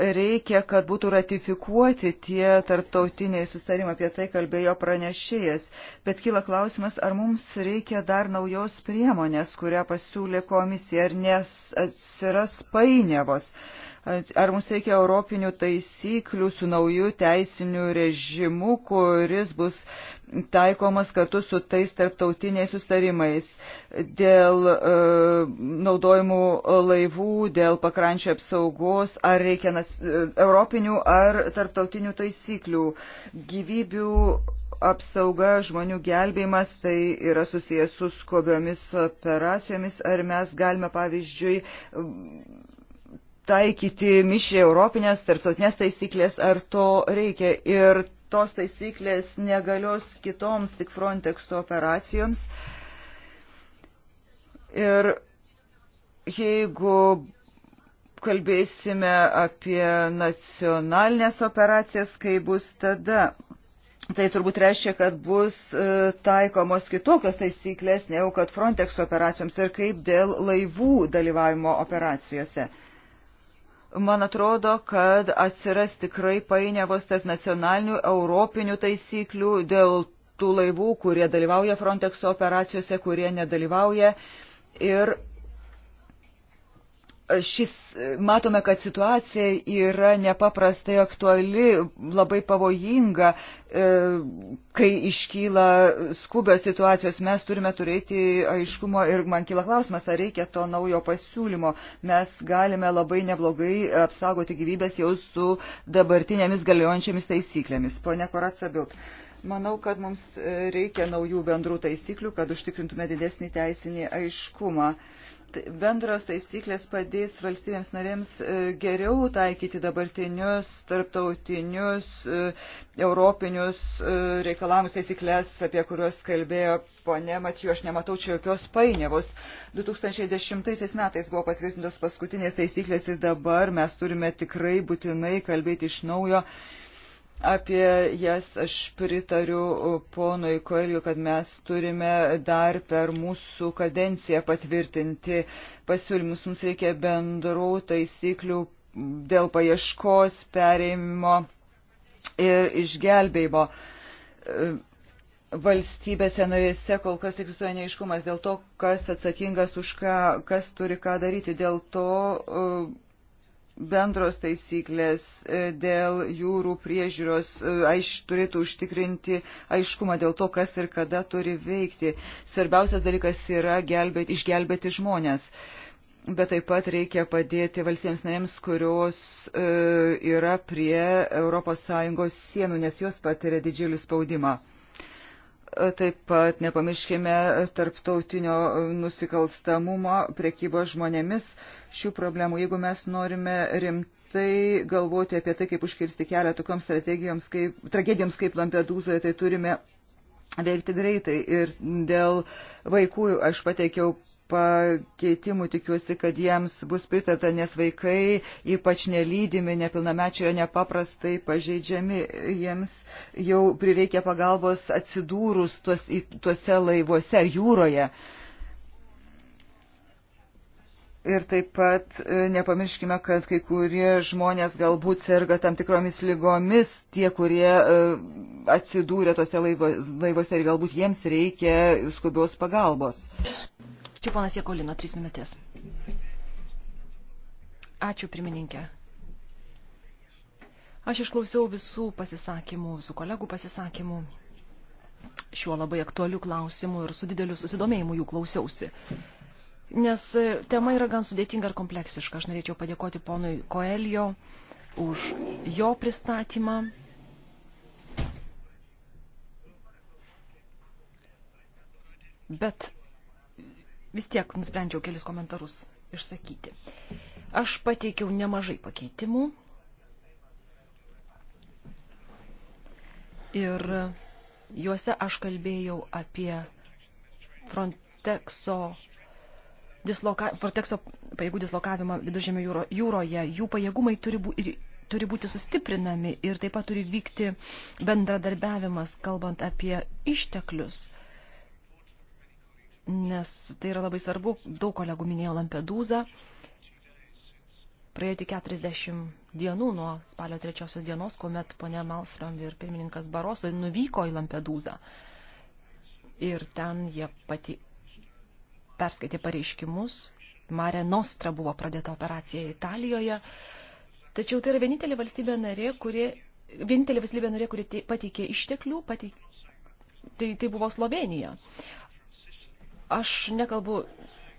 reikia, kad būtų ratifikuoti tie tarptautiniai sustarimai, apie tai kalbėjo pranešėjas. Bet kyla klausimas, ar mums reikia dar naujos priemonės, kurią pasiūlė komisija, ar neatsiras painiavos. Uh, Ar mums reikia europinių taisyklių su nauju teisiniu režimu, kuris bus taikomas kartu su tais tarptautiniais sustarimais dėl e, naudojimų laivų, dėl pakrančio apsaugos, ar reikia nas, e, europinių ar tarptautinių taisyklių gyvybių apsauga, žmonių gelbėjimas, tai yra susijęs su skobiomis operacijomis, ar mes galime, pavyzdžiui, taikyti mišrį europinės tarptautinės taisyklės, ar to reikia. Ir tos taisyklės negalios kitoms tik Frontex operacijoms. Ir jeigu kalbėsime apie nacionalinės operacijas, kai bus tada. Tai turbūt reiškia, kad bus e, taikomos kitokios taisyklės, negu kad Frontex operacijoms ir kaip dėl laivų dalyvavimo operacijose man atrodo, kad atsiras tikrai painiavos tarp nacionalinių, europinių taisyklių dėl tų laivų, kurie dalyvauja Frontexo operacijose, kurie nedalyvauja. Ir šis, matome, kad situacija yra nepaprastai aktuali, labai pavojinga, e, kai iškyla skubios situacijos. Mes turime turėti aiškumo ir man kyla klausimas, ar reikia to naujo pasiūlymo. Mes galime labai neblogai apsaugoti gyvybės jau su dabartinėmis galiojančiamis taisyklėmis. Pone Koratsa Bilt. Manau, kad mums reikia naujų bendrų taisyklių, kad užtikrintume didesnį teisinį aiškumą. Uh, bendros taisyklės padės valstybėms narėms e, geriau taikyti dabartinius tarptautinius e, europinius e, reikalavimus taisyklės, apie kuriuos kalbėjo ponė Matiju, aš nematau čia jokios painiavos. 2010 metais buvo patvirtintos paskutinės taisyklės ir dabar mes turime tikrai būtinai kalbėti iš naujo Apie jas aš pritariu ponui Koeliu, kad mes turime dar per mūsų kadenciją patvirtinti pasiūlymus. Mums reikia bendrų taisyklių dėl paieškos, pereimimo ir išgelbėjimo valstybėse narėse kol kas egzistuoja neiškumas dėl to, kas atsakingas už ką, kas turi ką daryti. Dėl to bendros taisyklės e, dėl jūrų priežiūros e, aiš, turėtų užtikrinti aiškumą dėl to, kas ir kada turi veikti. Svarbiausias dalykas yra gelbėti, išgelbėti žmonės. Bet taip pat reikia padėti valstybėms narėms, kurios e, yra prie ES sienų, nes jos patiria didžiulį spaudimą. E, Taip pat nepamirškime tarptautinio nusikalstamumo, prekybos žmonėmis šių problemų. Jeigu mes norime rimtai galvoti apie tai, kaip užkirsti kelią tokioms strategijoms, kaip, tragedijoms kaip Lampedūzoje, tai turime veikti greitai. Ir dėl vaikų aš pateikiau pakeitimų tikiuosi, kad jiems bus pritarta, nes vaikai, ypač nelydimi, nepilnamečiai yra nepaprastai pažeidžiami, jiems jau prireikia pagalbos atsidūrus tuos, tuose laivuose ar jūroje. Ir taip pat e, nepamirškime, kad kai kurie žmonės galbūt serga tam tikromis lygomis, tie, kurie e, atsidūrė tose laivo, laivose ir galbūt jiems reikia skubios pagalbos. Čia ponas Jekolino, trys minutės. Ačiū, pirmininkė. Aš išklausiau visų pasisakymų, visų kolegų pasisakymų šiuo labai aktualiu klausimu ir su dideliu susidomėjimu jų klausiausi. Nes tema yra gan sudėtinga ir kompleksiška. Aš norėčiau padėkoti ponui Koelio už jo pristatymą. Bet vis tiek nusprendžiau kelis komentarus išsakyti. Aš pateikiau nemažai pakeitimų ir juose aš kalbėjau apie Frontexo, disloka, Frontexo pajėgų dislokavimą viduržėmio jūro, jūroje. Jų pajėgumai turi, bū, ir, turi būti sustiprinami ir taip pat turi vykti bendradarbiavimas, kalbant apie išteklius nes tai yra labai svarbu. Daug kolegų minėjo Lampedūzą. Praėjo tik 40 dienų nuo spalio 3 dienos, kuomet ponia Malstrom ir pirmininkas Baroso nuvyko į Lampedūzą. Ir ten jie pati perskaitė pareiškimus. Mare Nostra buvo pradėta operacija Italijoje. Tačiau tai yra vienintelė valstybė narė, kuri, vienintelė valstybė narė, kuri pateikė išteklių, pateikė, tai, tai buvo Slovenija. Aš nekalbu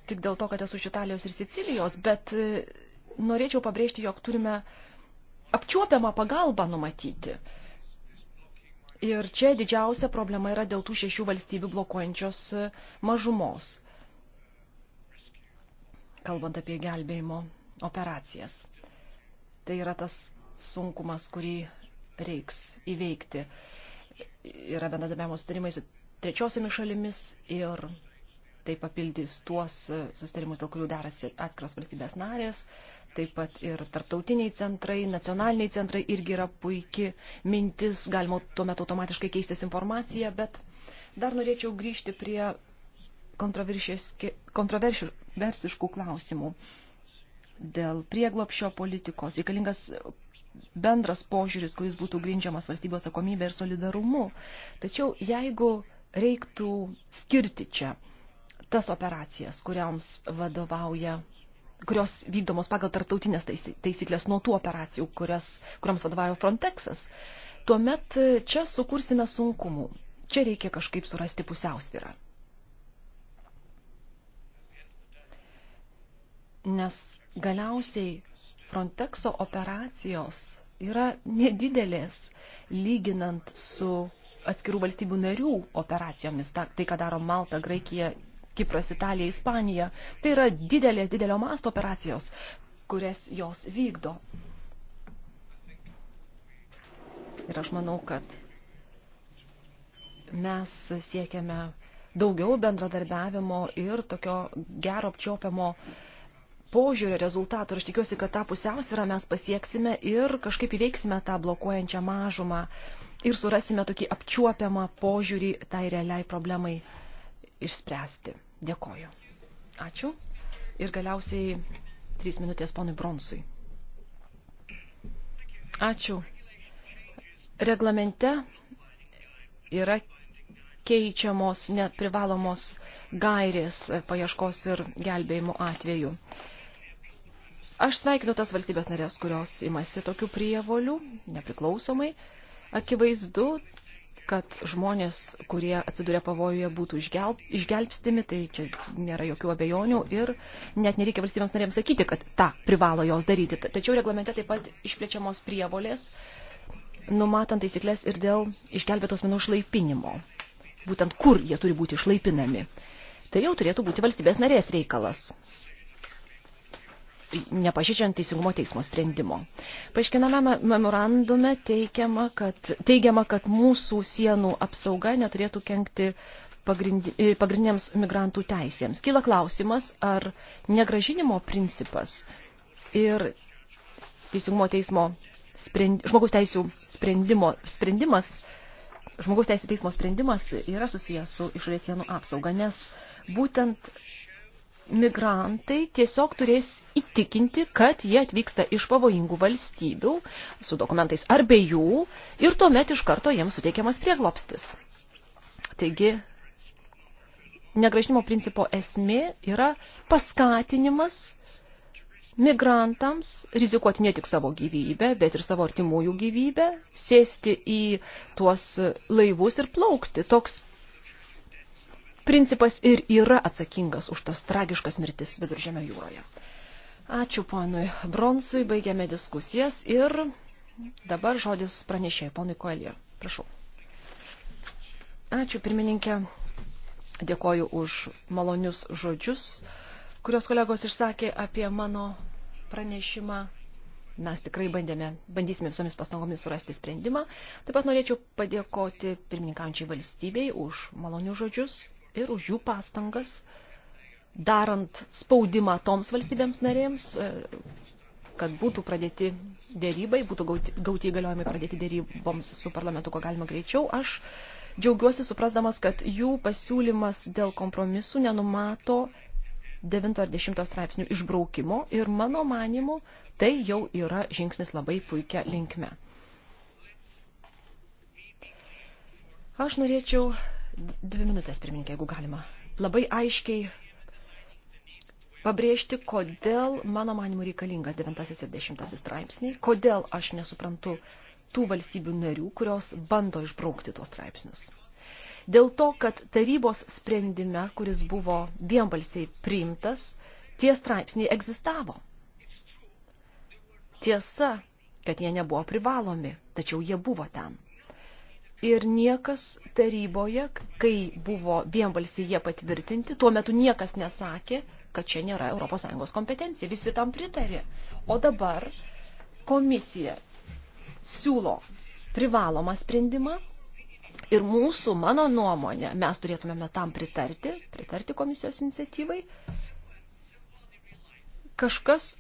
tik dėl to, kad esu iš Italijos ir Sicilijos, bet e, norėčiau pabrėžti, jog turime apčiuopiamą pagalbą numatyti. Ir čia didžiausia problema yra dėl tų šešių valstybių blokuojančios e, mažumos, kalbant apie gelbėjimo operacijas. Tai yra tas sunkumas, kurį reiks įveikti. Yra bendradarbiavimo sutarimai su trečiosiomis šalimis ir tai papildys tuos e, sustarimus, dėl kurių derasi atskiros valstybės narės, taip pat ir tarptautiniai centrai, nacionaliniai centrai irgi yra puikia mintis, galima tuomet automatiškai keistis informaciją, bet dar norėčiau grįžti prie kontroversiškų klausimų dėl prieglopšio politikos, reikalingas bendras požiūris, kuris būtų grindžiamas valstybių atsakomybė ir solidarumu. Tačiau jeigu reiktų skirti čia tas operacijas, kurioms vadovauja kurios vykdomos pagal tartautinės taisyklės nuo tų operacijų, kurias, kuriams vadovauja Frontexas, tuomet e, čia sukursime sunkumų. Čia reikia kažkaip surasti pusiausvyrą. Nes galiausiai Frontexo operacijos yra nedidelės, lyginant su atskirų valstybių narių operacijomis, tai ką daro Malta, Graikija Kipras, Italija, Ispanija. Tai yra didelės, didelio masto operacijos, kurias jos vykdo. Ir aš manau, kad mes siekiame daugiau bendradarbiavimo ir tokio gero apčiopiamo požiūrio rezultatų. Ir aš tikiuosi, kad tą pusiausvyrą mes pasieksime ir kažkaip įveiksime tą blokuojančią mažumą ir surasime tokį apčiuopiamą požiūrį tai realiai problemai, išspręsti. Dėkoju. Ačiū. Ir galiausiai trys minutės ponui Bronsui. Ačiū. Reglamente yra keičiamos neprivalomos gairės paieškos ir gelbėjimo atveju. Aš sveikinu tas valstybės narės, kurios imasi tokių prievolių, nepriklausomai. Akivaizdu, kad žmonės, kurie atsiduria pavojuje, būtų išgel, išgelbstimi, tai čia nėra jokių abejonių ir net nereikia valstybėms narėms sakyti, kad tą privalo jos daryti. Tačiau reglamente taip pat išplečiamos prievolės, numatant taisyklės ir dėl išgelbėtos minų išlaipinimo. Būtent kur jie turi būti išlaipinami. Tai jau turėtų būti valstybės narės reikalas nepažydžiant teisingumo teismo sprendimo. Paaiškiname memorandume teigiama, kad, teigiama, kad mūsų sienų apsauga neturėtų kenkti e, pagrindiniams migrantų teisėms. Kyla klausimas, ar negražinimo principas ir teisingumo teismo sprend, žmogus teisų sprendimo, sprendimas žmogaus teisų teismo sprendimas yra susijęs su išorės sienų apsauga, nes būtent migrantai tiesiog turės įtikinti, kad jie atvyksta iš pavojingų valstybių su dokumentais ar be jų ir tuomet iš karto jiems suteikiamas prieglopstis. Taigi, negražinimo principo esmė yra paskatinimas migrantams rizikuoti ne tik savo gyvybę, bet ir savo artimųjų gyvybę, sėsti į tuos laivus ir plaukti. Toks principas ir yra atsakingas už tas tragiškas mirtis viduržėmio jūroje. Ačiū ponui Bronsui, baigėme diskusijas ir dabar žodis pranešėjai ponui Koelija. Prašau. Ačiū pirmininkė, dėkoju už malonius žodžius, kurios kolegos išsakė apie mano pranešimą mes tikrai bandėme, bandysime visomis pastangomis surasti sprendimą. Taip pat norėčiau padėkoti pirmininkaujančiai valstybei už malonių žodžius ir už jų pastangas, darant spaudimą toms valstybėms narėms, e, kad būtų pradėti dėrybai, būtų gauti, gauti įgaliojimai pradėti dėryboms su parlamentu, ko galima greičiau. Aš džiaugiuosi suprasdamas, kad jų pasiūlymas dėl kompromisų nenumato 9 ar 10 straipsnių išbraukimo ir mano manimu tai jau yra žingsnis labai puikia linkme. Aš norėčiau Dvi minutės, pirmininkė, jeigu galima. Labai aiškiai pabrėžti, kodėl mano manimu reikalingas 9 ir 10 straipsniai, kodėl aš nesuprantu tų valstybių narių, kurios bando išbraukti tuos straipsnius. Dėl to, kad tarybos sprendime, kuris buvo vienbalsiai priimtas, tie straipsniai egzistavo. Tiesa, kad jie nebuvo privalomi, tačiau jie buvo ten ir niekas taryboje, kai buvo vienbalsyje patvirtinti, tuo metu niekas nesakė, kad čia nėra ES kompetencija. Visi tam pritarė. O dabar komisija siūlo privalomą sprendimą ir mūsų, mano nuomonė, mes turėtumėme tam pritarti, pritarti komisijos iniciatyvai. Kažkas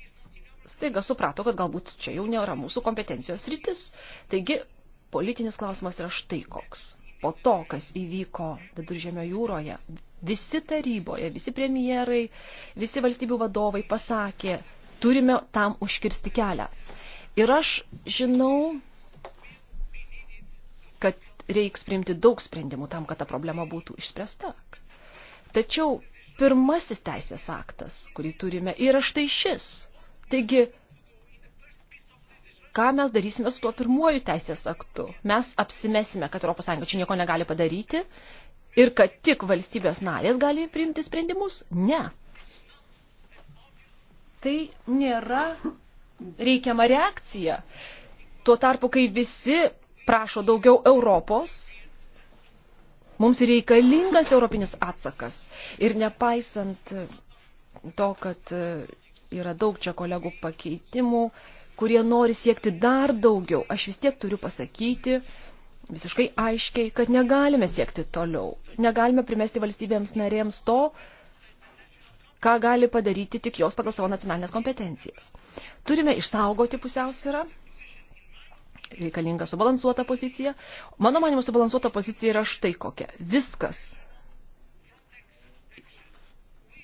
staiga suprato, kad galbūt čia jau nėra mūsų kompetencijos rytis. Taigi politinis klausimas yra štai koks. Po to, kas įvyko viduržėmio jūroje, visi taryboje, visi premjerai, visi valstybių vadovai pasakė, turime tam užkirsti kelią. Ir aš žinau, kad reiks priimti daug sprendimų tam, kad ta problema būtų išspręsta. Tačiau pirmasis teisės aktas, kurį turime, yra štai šis. Taigi ką mes darysime su tuo pirmuoju teisės aktu. Mes apsimesime, kad ES čia nieko negali padaryti ir kad tik valstybės narės gali priimti sprendimus? Ne. Tai nėra reikiama reakcija. Tuo tarpu, kai visi prašo daugiau Europos, mums reikalingas europinis atsakas. Ir nepaisant to, kad yra daug čia kolegų pakeitimų, kurie nori siekti dar daugiau, aš vis tiek turiu pasakyti visiškai aiškiai, kad negalime siekti toliau. Negalime primesti valstybėms narėms to, ką gali padaryti tik jos pagal savo nacionalinės kompetencijas. Turime išsaugoti pusiausvyrą, reikalinga subalansuota pozicija. Mano manimo, subalansuota pozicija yra štai kokia. Viskas.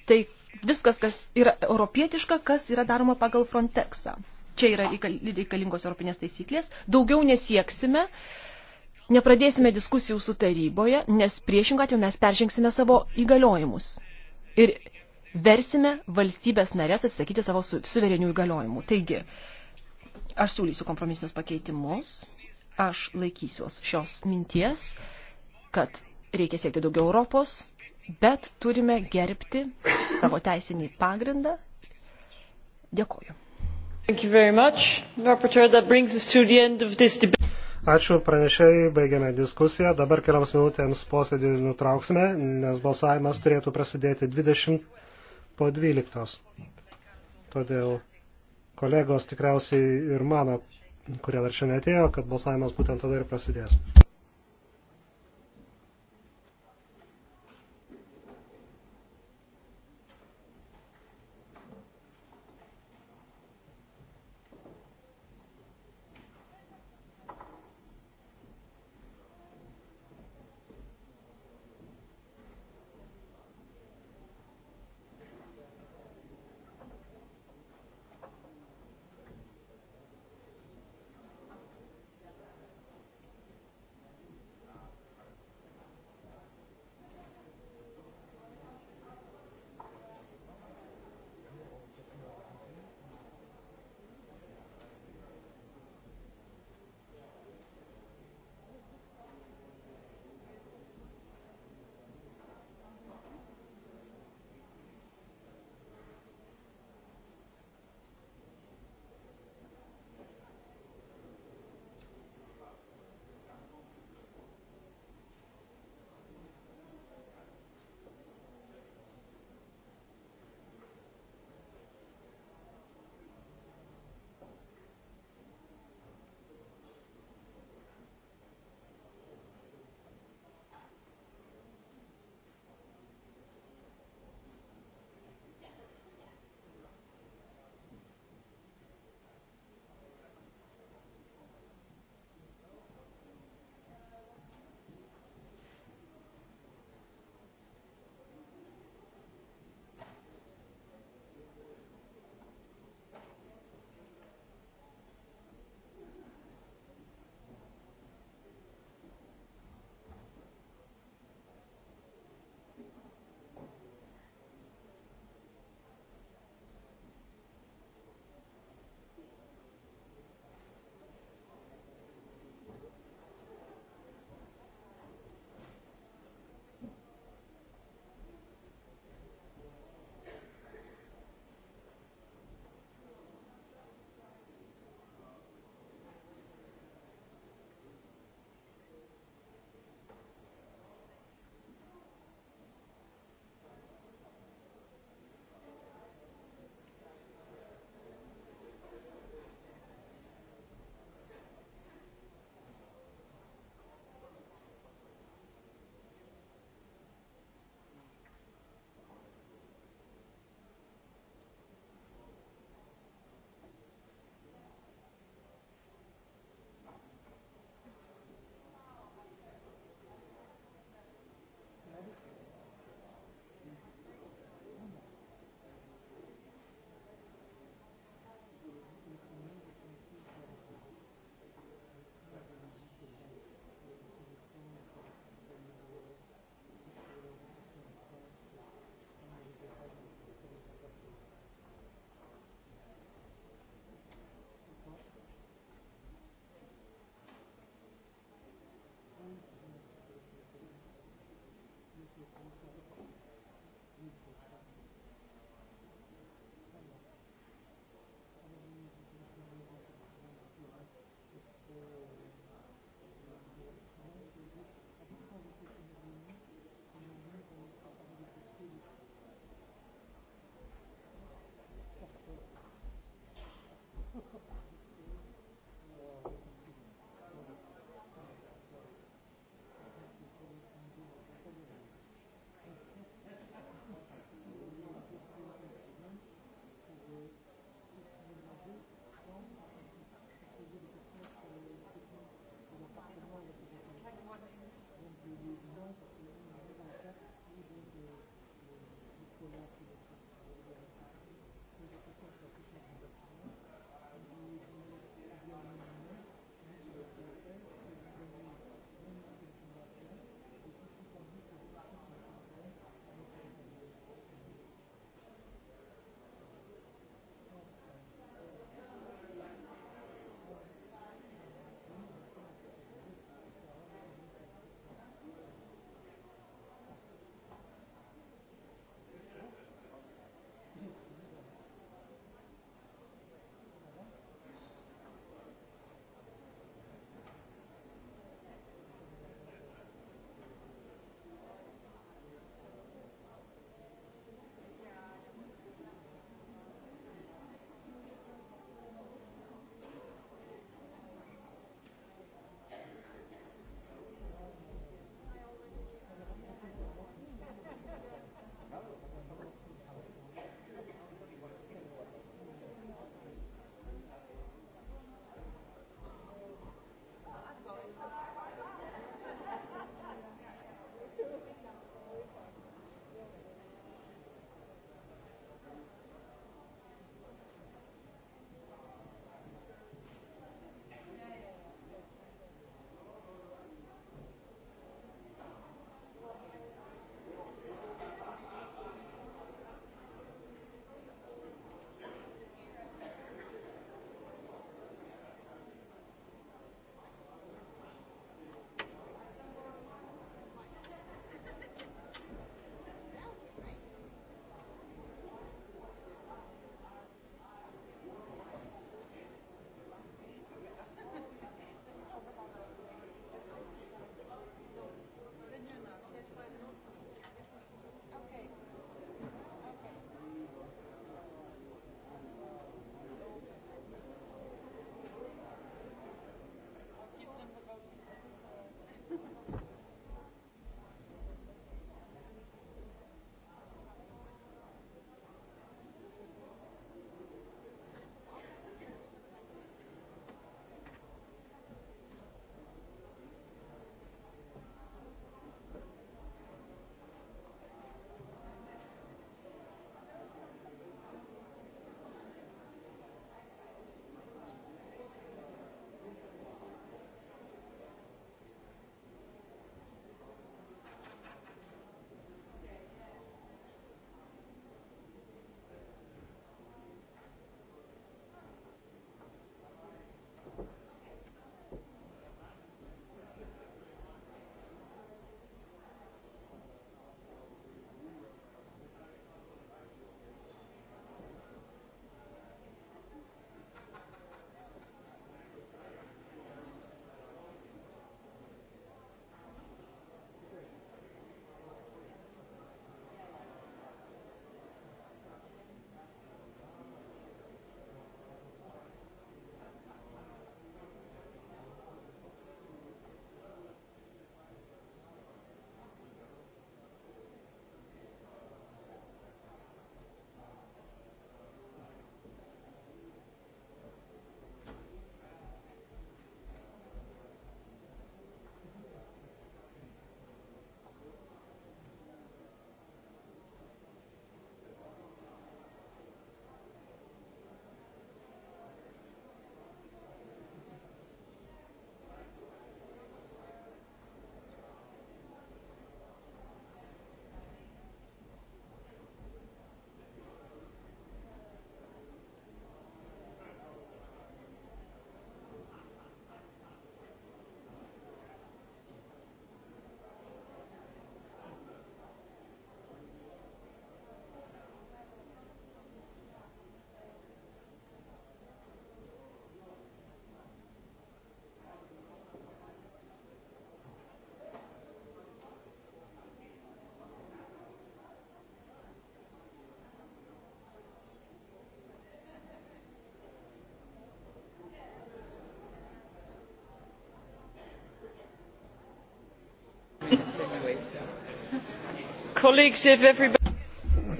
Tai viskas, kas yra europietiška, kas yra daroma pagal Frontexą čia yra reikalingos europinės taisyklės, daugiau nesieksime, nepradėsime diskusijų su taryboje, nes priešingą atveju mes peržengsime savo įgaliojimus ir versime valstybės narės atsisakyti savo suverenių įgaliojimų. Taigi, aš siūlysiu kompromisinius pakeitimus, aš laikysiuos šios minties, kad reikia siekti daugiau Europos, bet turime gerbti savo teisinį pagrindą. Dėkoju. Ačiū pranešėjai, baigiame diskusiją. Dabar keliams minutėms posėdį nutrauksime, nes balsavimas turėtų prasidėti 20 po 12. Todėl kolegos tikriausiai ir mano, kurie dar šiandien atėjo, kad balsavimas būtent tada ir prasidės.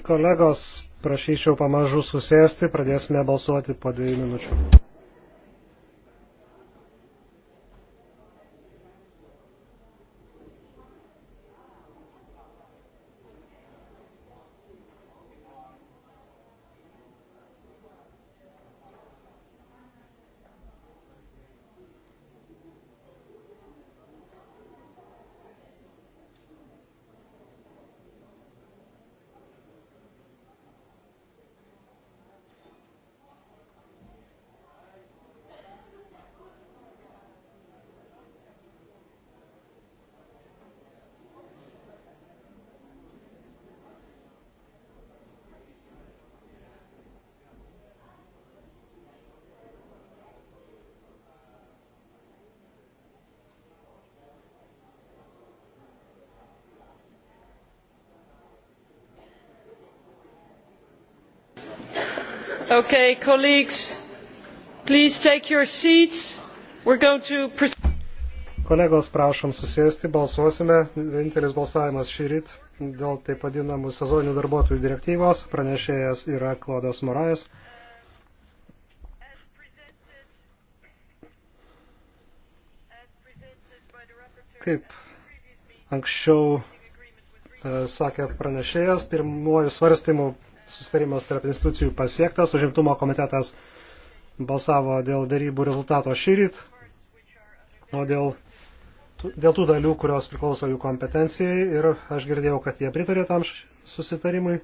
Kolegos, prašyčiau pamažu susėsti, pradėsime balsuoti po dviejų minučių. Okay, colleagues, please take your seats. We're going to... Kolegos, prašom susėsti, balsuosime. Vienintelis balsavimas šį ryt dėl taip vadinamų sezoninių darbuotojų direktyvos. Pranešėjas yra Klodas Morajas. Kaip anksčiau e, sakė pranešėjas, pirmuoju svarstymu sustarimas tarp institucijų pasiektas. Užimtumo komitetas balsavo dėl darybų rezultato šyryt, o dėl, dėl tų dalių, kurios priklauso jų kompetencijai ir aš girdėjau, kad jie pritarė tam susitarimui.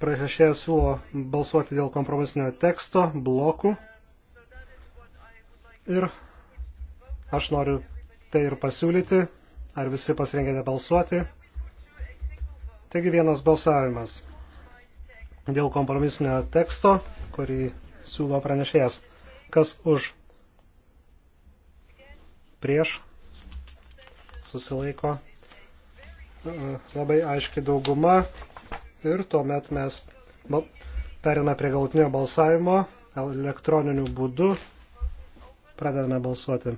Pranešėjas siūlo balsuoti dėl kompromisinio teksto, blokų ir aš noriu tai ir pasiūlyti. Ar visi pasirengėte balsuoti? Taigi vienas balsavimas dėl kompromisinio teksto, kurį siūlo pranešėjas. Kas už? Prieš? Susilaiko? Labai aiški dauguma. Ir tuomet mes periname prie galutinio balsavimo elektroniniu būdu. Pradedame balsuoti.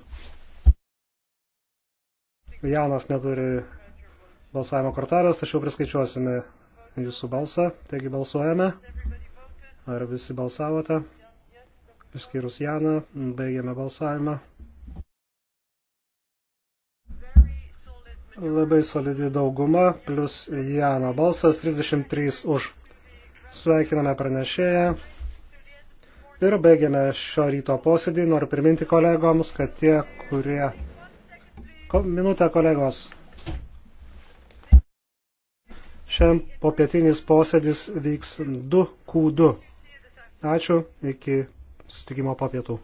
Janas neturi balsavimo kortelės, tačiau priskaičiuosime jūsų balsą. Taigi balsuojame. Ar visi balsavote? Išskyrus Janą, baigėme balsavimą. Labai solidi dauguma, plus Jano balsas 33 už. Sveikiname pranešėją. Ir baigiame šio ryto posėdį. Noriu priminti kolegoms, kad tie, kurie... Minutę kolegos. Šiam popietinis posėdis vyks 2Q2. Ačiū, iki sustikimo po pietų.